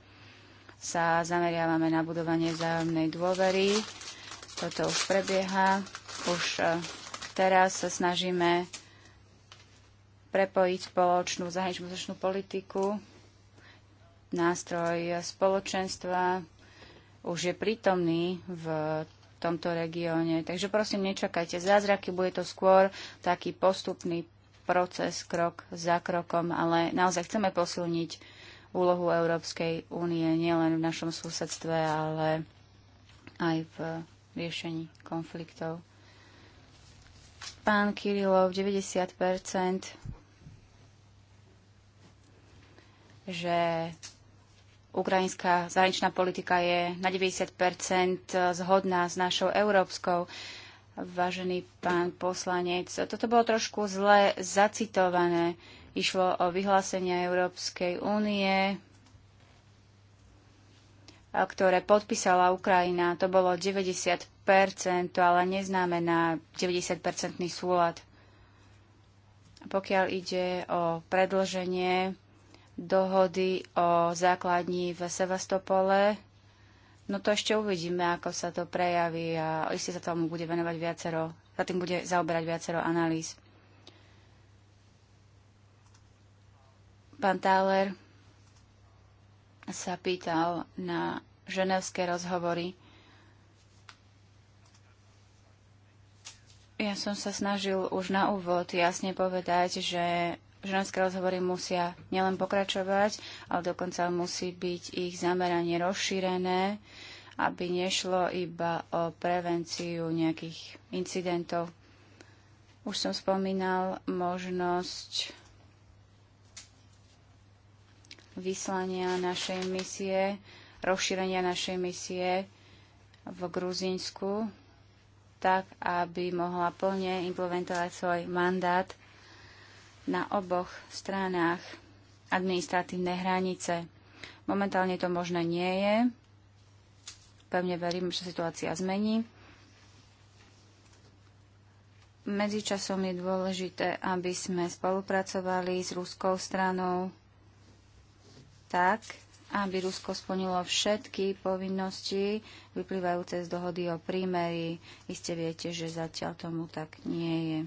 sa zameriavame na budovanie vzájomnej dôvery. Toto už prebieha. Už e, teraz sa snažíme prepojiť spoločnú zahraničnú politiku nástroj spoločenstva už je prítomný v tomto regióne. Takže prosím, nečakajte zázraky, bude to skôr taký postupný proces, krok za krokom, ale naozaj chceme posilniť úlohu Európskej únie nielen v našom susedstve, ale aj v riešení konfliktov. Pán Kirilov, 90 že Ukrajinská zahraničná politika je na 90 zhodná s našou európskou. Vážený pán poslanec, toto bolo trošku zle zacitované. Išlo o vyhlásenie Európskej únie, ktoré podpísala Ukrajina. To bolo 90 to ale neznamená 90 súlad. Pokiaľ ide o predlženie dohody o základni v Sevastopole. No to ešte uvidíme, ako sa to prejaví a iste sa tomu bude venovať viacero, za tým bude zaoberať viacero analýz. Pán Thaler sa pýtal na ženevské rozhovory. Ja som sa snažil už na úvod jasne povedať, že ženské rozhovory musia nielen pokračovať, ale dokonca musí byť ich zameranie rozšírené, aby nešlo iba o prevenciu nejakých incidentov. Už som spomínal možnosť vyslania našej misie, rozšírenia našej misie v Gruzínsku, tak aby mohla plne implementovať svoj mandát – na oboch stranách administratívnej hranice. Momentálne to možné nie je. Pevne verím, že situácia zmení. Medzičasom je dôležité, aby sme spolupracovali s ruskou stranou tak, aby Rusko splnilo všetky povinnosti vyplývajúce z dohody o prímeri. Iste viete, že zatiaľ tomu tak nie je.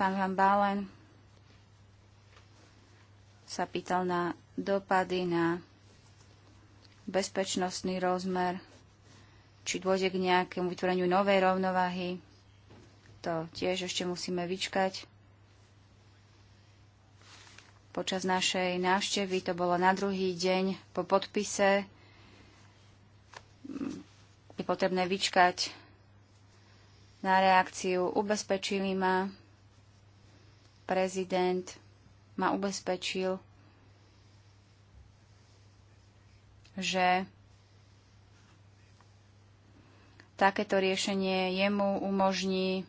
Pán Van Balen sa pýtal na dopady na bezpečnostný rozmer, či dôjde k nejakému vytvoreniu novej rovnováhy. To tiež ešte musíme vyčkať. Počas našej návštevy, to bolo na druhý deň po podpise, je potrebné vyčkať na reakciu. Ubezpečili ma, prezident ma ubezpečil, že takéto riešenie jemu umožní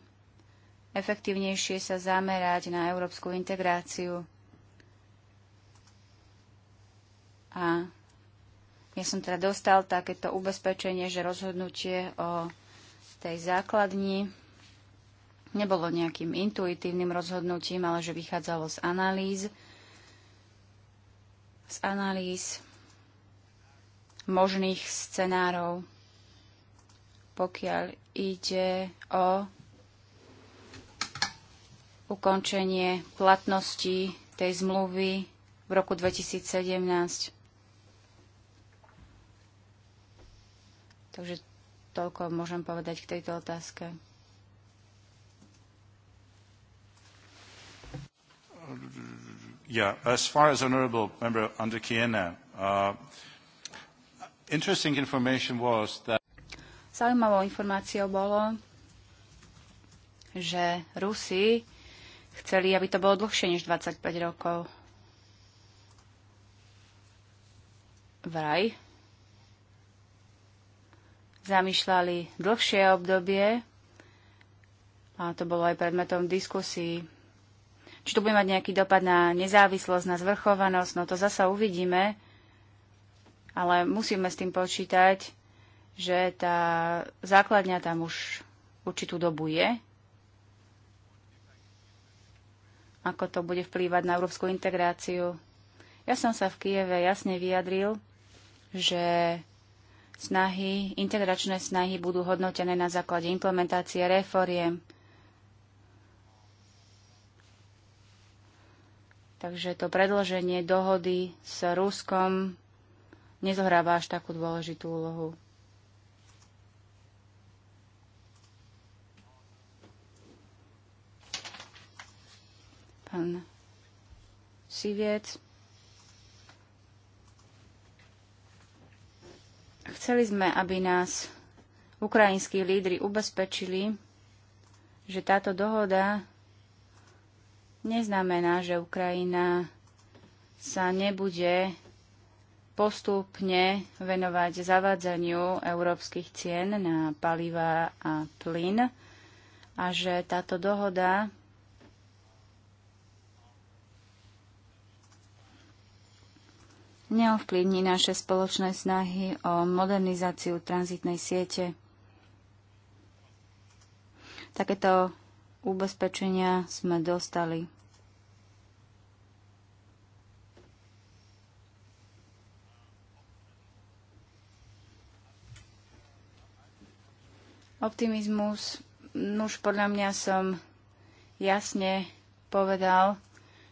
efektívnejšie sa zamerať na európsku integráciu. A ja som teda dostal takéto ubezpečenie, že rozhodnutie o tej základni nebolo nejakým intuitívnym rozhodnutím, ale že vychádzalo z analýz, z analýz možných scenárov, pokiaľ ide o ukončenie platnosti tej zmluvy v roku 2017. Takže toľko môžem povedať k tejto otázke. yeah, as far as Honourable Member Andrikiene, uh, interesting information was that... Zaujímavou informáciou bolo, že Rusi chceli, aby to bolo dlhšie než 25 rokov. Vraj. Zamýšľali dlhšie obdobie a to bolo aj predmetom diskusí či to bude mať nejaký dopad na nezávislosť, na zvrchovanosť, no to zasa uvidíme, ale musíme s tým počítať, že tá základňa tam už určitú dobu je. Ako to bude vplývať na európsku integráciu. Ja som sa v Kieve jasne vyjadril, že snahy, integračné snahy budú hodnotené na základe implementácie reforiem. Takže to predloženie dohody s Ruskom nezohráva až takú dôležitú úlohu. Pán Siviec. Chceli sme, aby nás ukrajinskí lídry ubezpečili, že táto dohoda neznamená, že Ukrajina sa nebude postupne venovať zavadzaniu európskych cien na paliva a plyn a že táto dohoda neovplyvní naše spoločné snahy o modernizáciu tranzitnej siete. Takéto ubezpečenia sme dostali. Optimizmus, už podľa mňa som jasne povedal,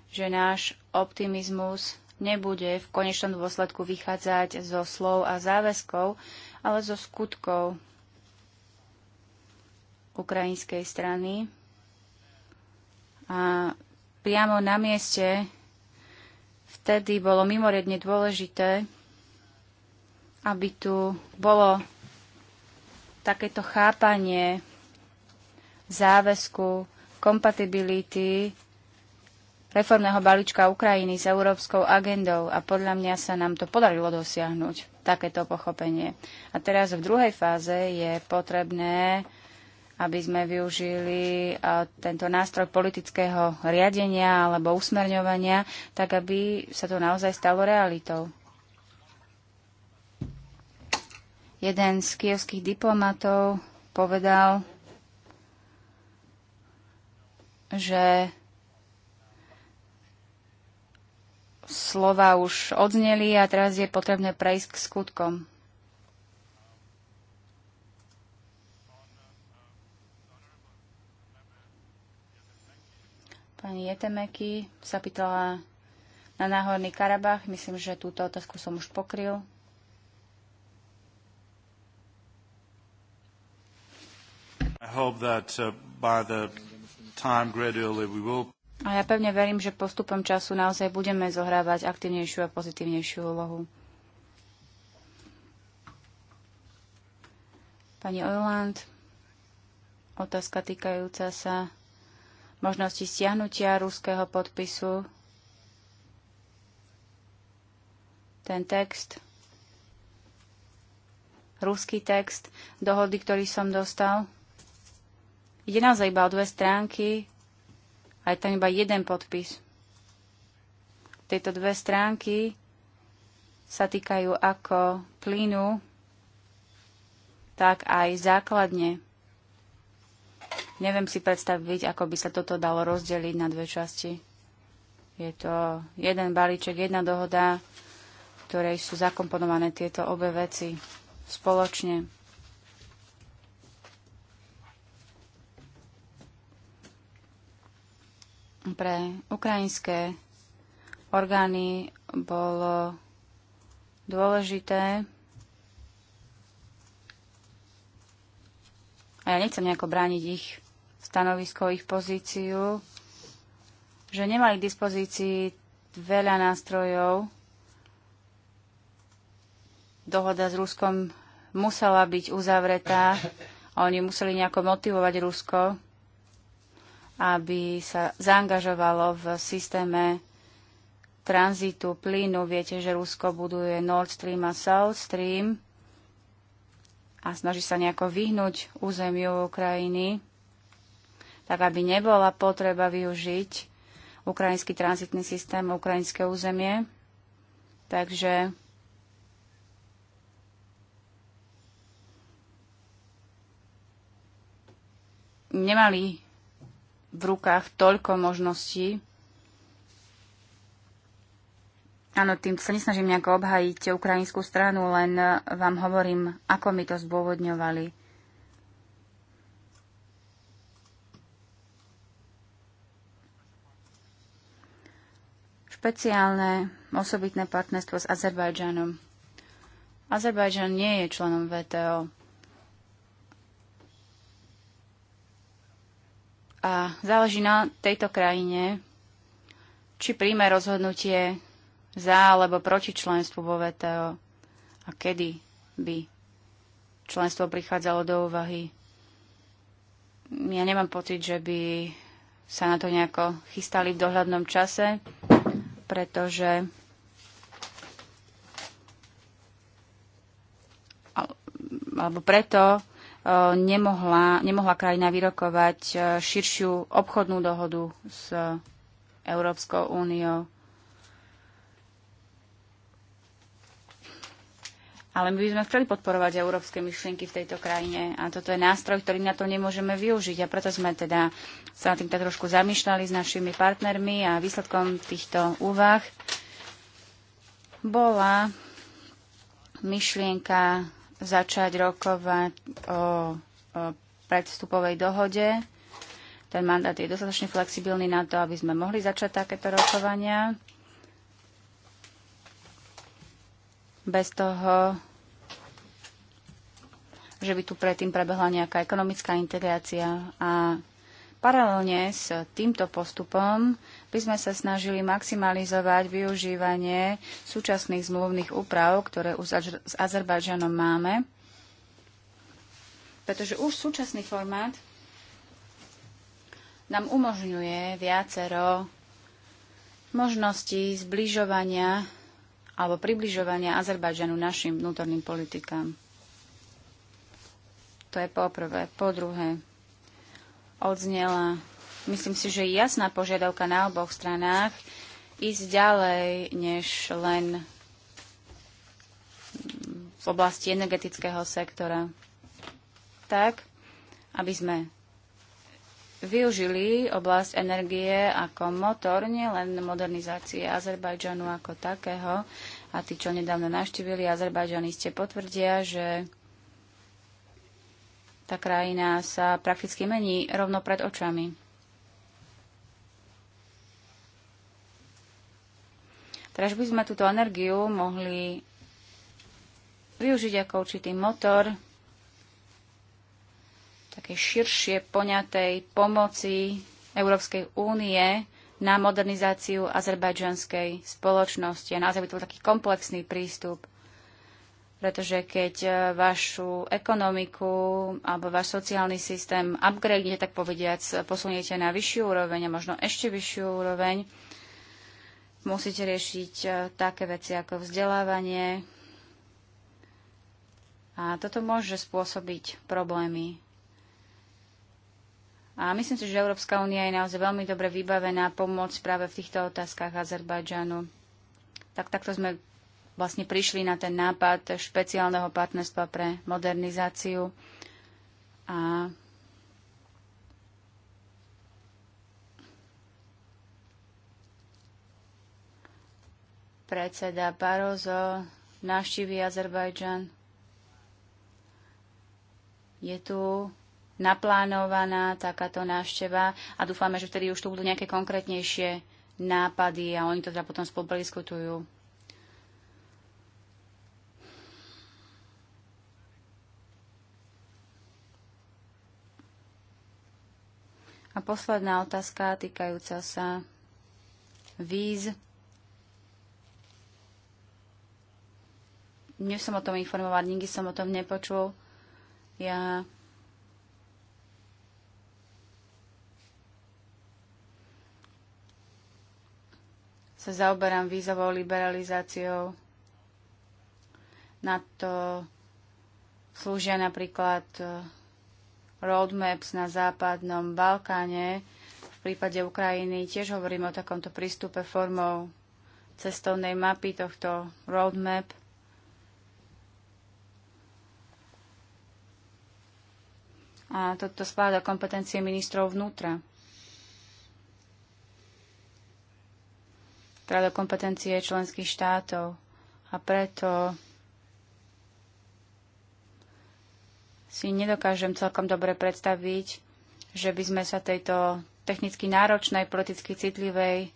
že náš optimizmus nebude v konečnom dôsledku vychádzať zo slov a záväzkov, ale zo skutkov ukrajinskej strany a priamo na mieste vtedy bolo mimoriadne dôležité, aby tu bolo takéto chápanie záväzku, kompatibility reformného balíčka Ukrajiny s európskou agendou a podľa mňa sa nám to podarilo dosiahnuť, takéto pochopenie. A teraz v druhej fáze je potrebné aby sme využili tento nástroj politického riadenia alebo usmerňovania, tak aby sa to naozaj stalo realitou. Jeden z kievských diplomatov povedal, že slova už odzneli a teraz je potrebné prejsť k skutkom. Pani Jetemeky sa pýtala na Náhorný Karabach. Myslím, že túto otázku som už pokryl. Uh, a ja pevne verím, že postupom času naozaj budeme zohrávať aktivnejšiu a pozitívnejšiu úlohu. Pani Oiland, otázka týkajúca sa možnosti stiahnutia ruského podpisu. Ten text, ruský text dohody, ktorý som dostal, ide naozaj iba o dve stránky a je tam iba jeden podpis. Tieto dve stránky sa týkajú ako plynu, tak aj základne Neviem si predstaviť, ako by sa toto dalo rozdeliť na dve časti. Je to jeden balíček, jedna dohoda, v ktorej sú zakomponované tieto obe veci spoločne. Pre ukrajinské orgány bolo dôležité a ja nechcem nejako brániť ich stanovisko, ich pozíciu, že nemali k dispozícii veľa nástrojov. Dohoda s Ruskom musela byť uzavretá a oni museli nejako motivovať Rusko, aby sa zaangažovalo v systéme tranzitu plynu. Viete, že Rusko buduje Nord Stream a South Stream a snaží sa nejako vyhnúť územiu Ukrajiny tak aby nebola potreba využiť ukrajinský tranzitný systém, ukrajinské územie. Takže nemali v rukách toľko možností. Áno, tým sa nesnažím nejako obhajiť ukrajinskú stranu, len vám hovorím, ako mi to zdôvodňovali. špeciálne osobitné partnerstvo s Azerbajdžanom. Azerbajdžan nie je členom VTO. A záleží na tejto krajine, či príjme rozhodnutie za alebo proti členstvu vo VTO a kedy by členstvo prichádzalo do úvahy. Ja nemám pocit, že by sa na to nejako chystali v dohľadnom čase pretože alebo preto e, nemohla, nemohla krajina vyrokovať e, širšiu obchodnú dohodu s Európskou úniou. Ale my by sme chceli podporovať európske myšlienky v tejto krajine a toto je nástroj, ktorý na to nemôžeme využiť a preto sme teda sa tým tak trošku zamýšľali s našimi partnermi a výsledkom týchto úvah bola myšlienka začať rokovať o, o predstupovej dohode. Ten mandát je dostatočne flexibilný na to, aby sme mohli začať takéto rokovania. Bez toho, že by tu predtým prebehla nejaká ekonomická integrácia a paralelne s týmto postupom by sme sa snažili maximalizovať využívanie súčasných zmluvných úprav, ktoré už s Azerbajdžanom máme, pretože už súčasný formát nám umožňuje viacero možností zbližovania alebo približovania Azerbajdžanu našim vnútorným politikám. To je poprvé. Po druhé, odznela, myslím si, že jasná požiadavka na oboch stranách ísť ďalej, než len v oblasti energetického sektora. Tak, aby sme využili oblasť energie ako motor, nie len modernizácie Azerbajdžanu ako takého. A tí, čo nedávno navštívili Azerbajdžan, iste potvrdia, že tá krajina sa prakticky mení rovno pred očami. Teraz by sme túto energiu mohli využiť ako určitý motor také širšie poňatej pomoci Európskej únie na modernizáciu azerbajdžanskej spoločnosti a naozaj by to bol taký komplexný prístup pretože keď e, vašu ekonomiku alebo váš sociálny systém upgrade, tak povediac, posuniete na vyššiu úroveň a možno ešte vyššiu úroveň, musíte riešiť e, také veci ako vzdelávanie. A toto môže spôsobiť problémy. A myslím si, že Európska únia je naozaj veľmi dobre vybavená pomôcť práve v týchto otázkach Azerbajdžanu. Tak takto sme vlastne prišli na ten nápad špeciálneho partnerstva pre modernizáciu a predseda Barozo navštívi Azerbajdžan. Je tu naplánovaná takáto návšteva a dúfame, že vtedy už tu budú nejaké konkrétnejšie nápady a oni to teda potom spolu prediskutujú. A posledná otázka týkajúca sa víz. Nie som o tom informovať, nikdy som o tom nepočul. Ja sa zaoberám vízovou liberalizáciou. Na to slúžia napríklad eh, roadmaps na západnom Balkáne. V prípade Ukrajiny tiež hovorím o takomto prístupe formou cestovnej mapy tohto roadmap. A toto spáda kompetencie ministrov vnútra. Teda do kompetencie členských štátov. A preto si nedokážem celkom dobre predstaviť, že by sme sa tejto technicky náročnej, politicky citlivej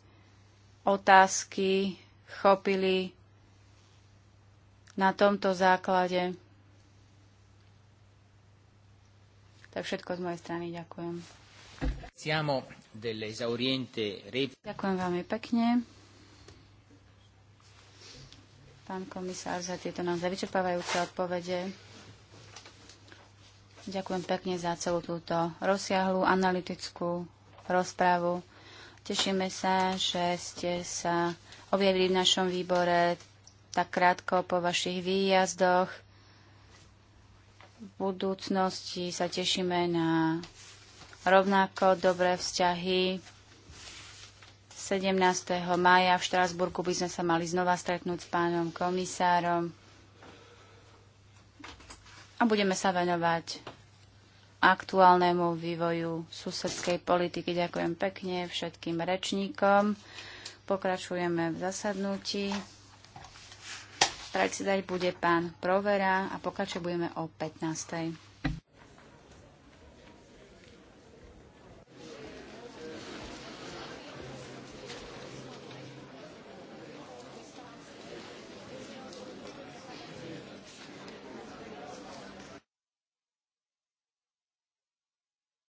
otázky chopili na tomto základe. Tak všetko z mojej strany. Ďakujem. Ďakujem veľmi pekne. Pán komisár, za tieto naozaj vyčerpávajúce odpovede. Ďakujem pekne za celú túto rozsiahlú analytickú rozprávu. Tešíme sa, že ste sa objavili v našom výbore tak krátko po vašich výjazdoch. V budúcnosti sa tešíme na rovnako dobré vzťahy. 17. maja v Štrásburgu by sme sa mali znova stretnúť s pánom komisárom a budeme sa venovať aktuálnemu vývoju susedskej politiky. Ďakujem pekne všetkým rečníkom. Pokračujeme v zasadnutí. Predsedať bude pán Provera a pokračujeme o 15.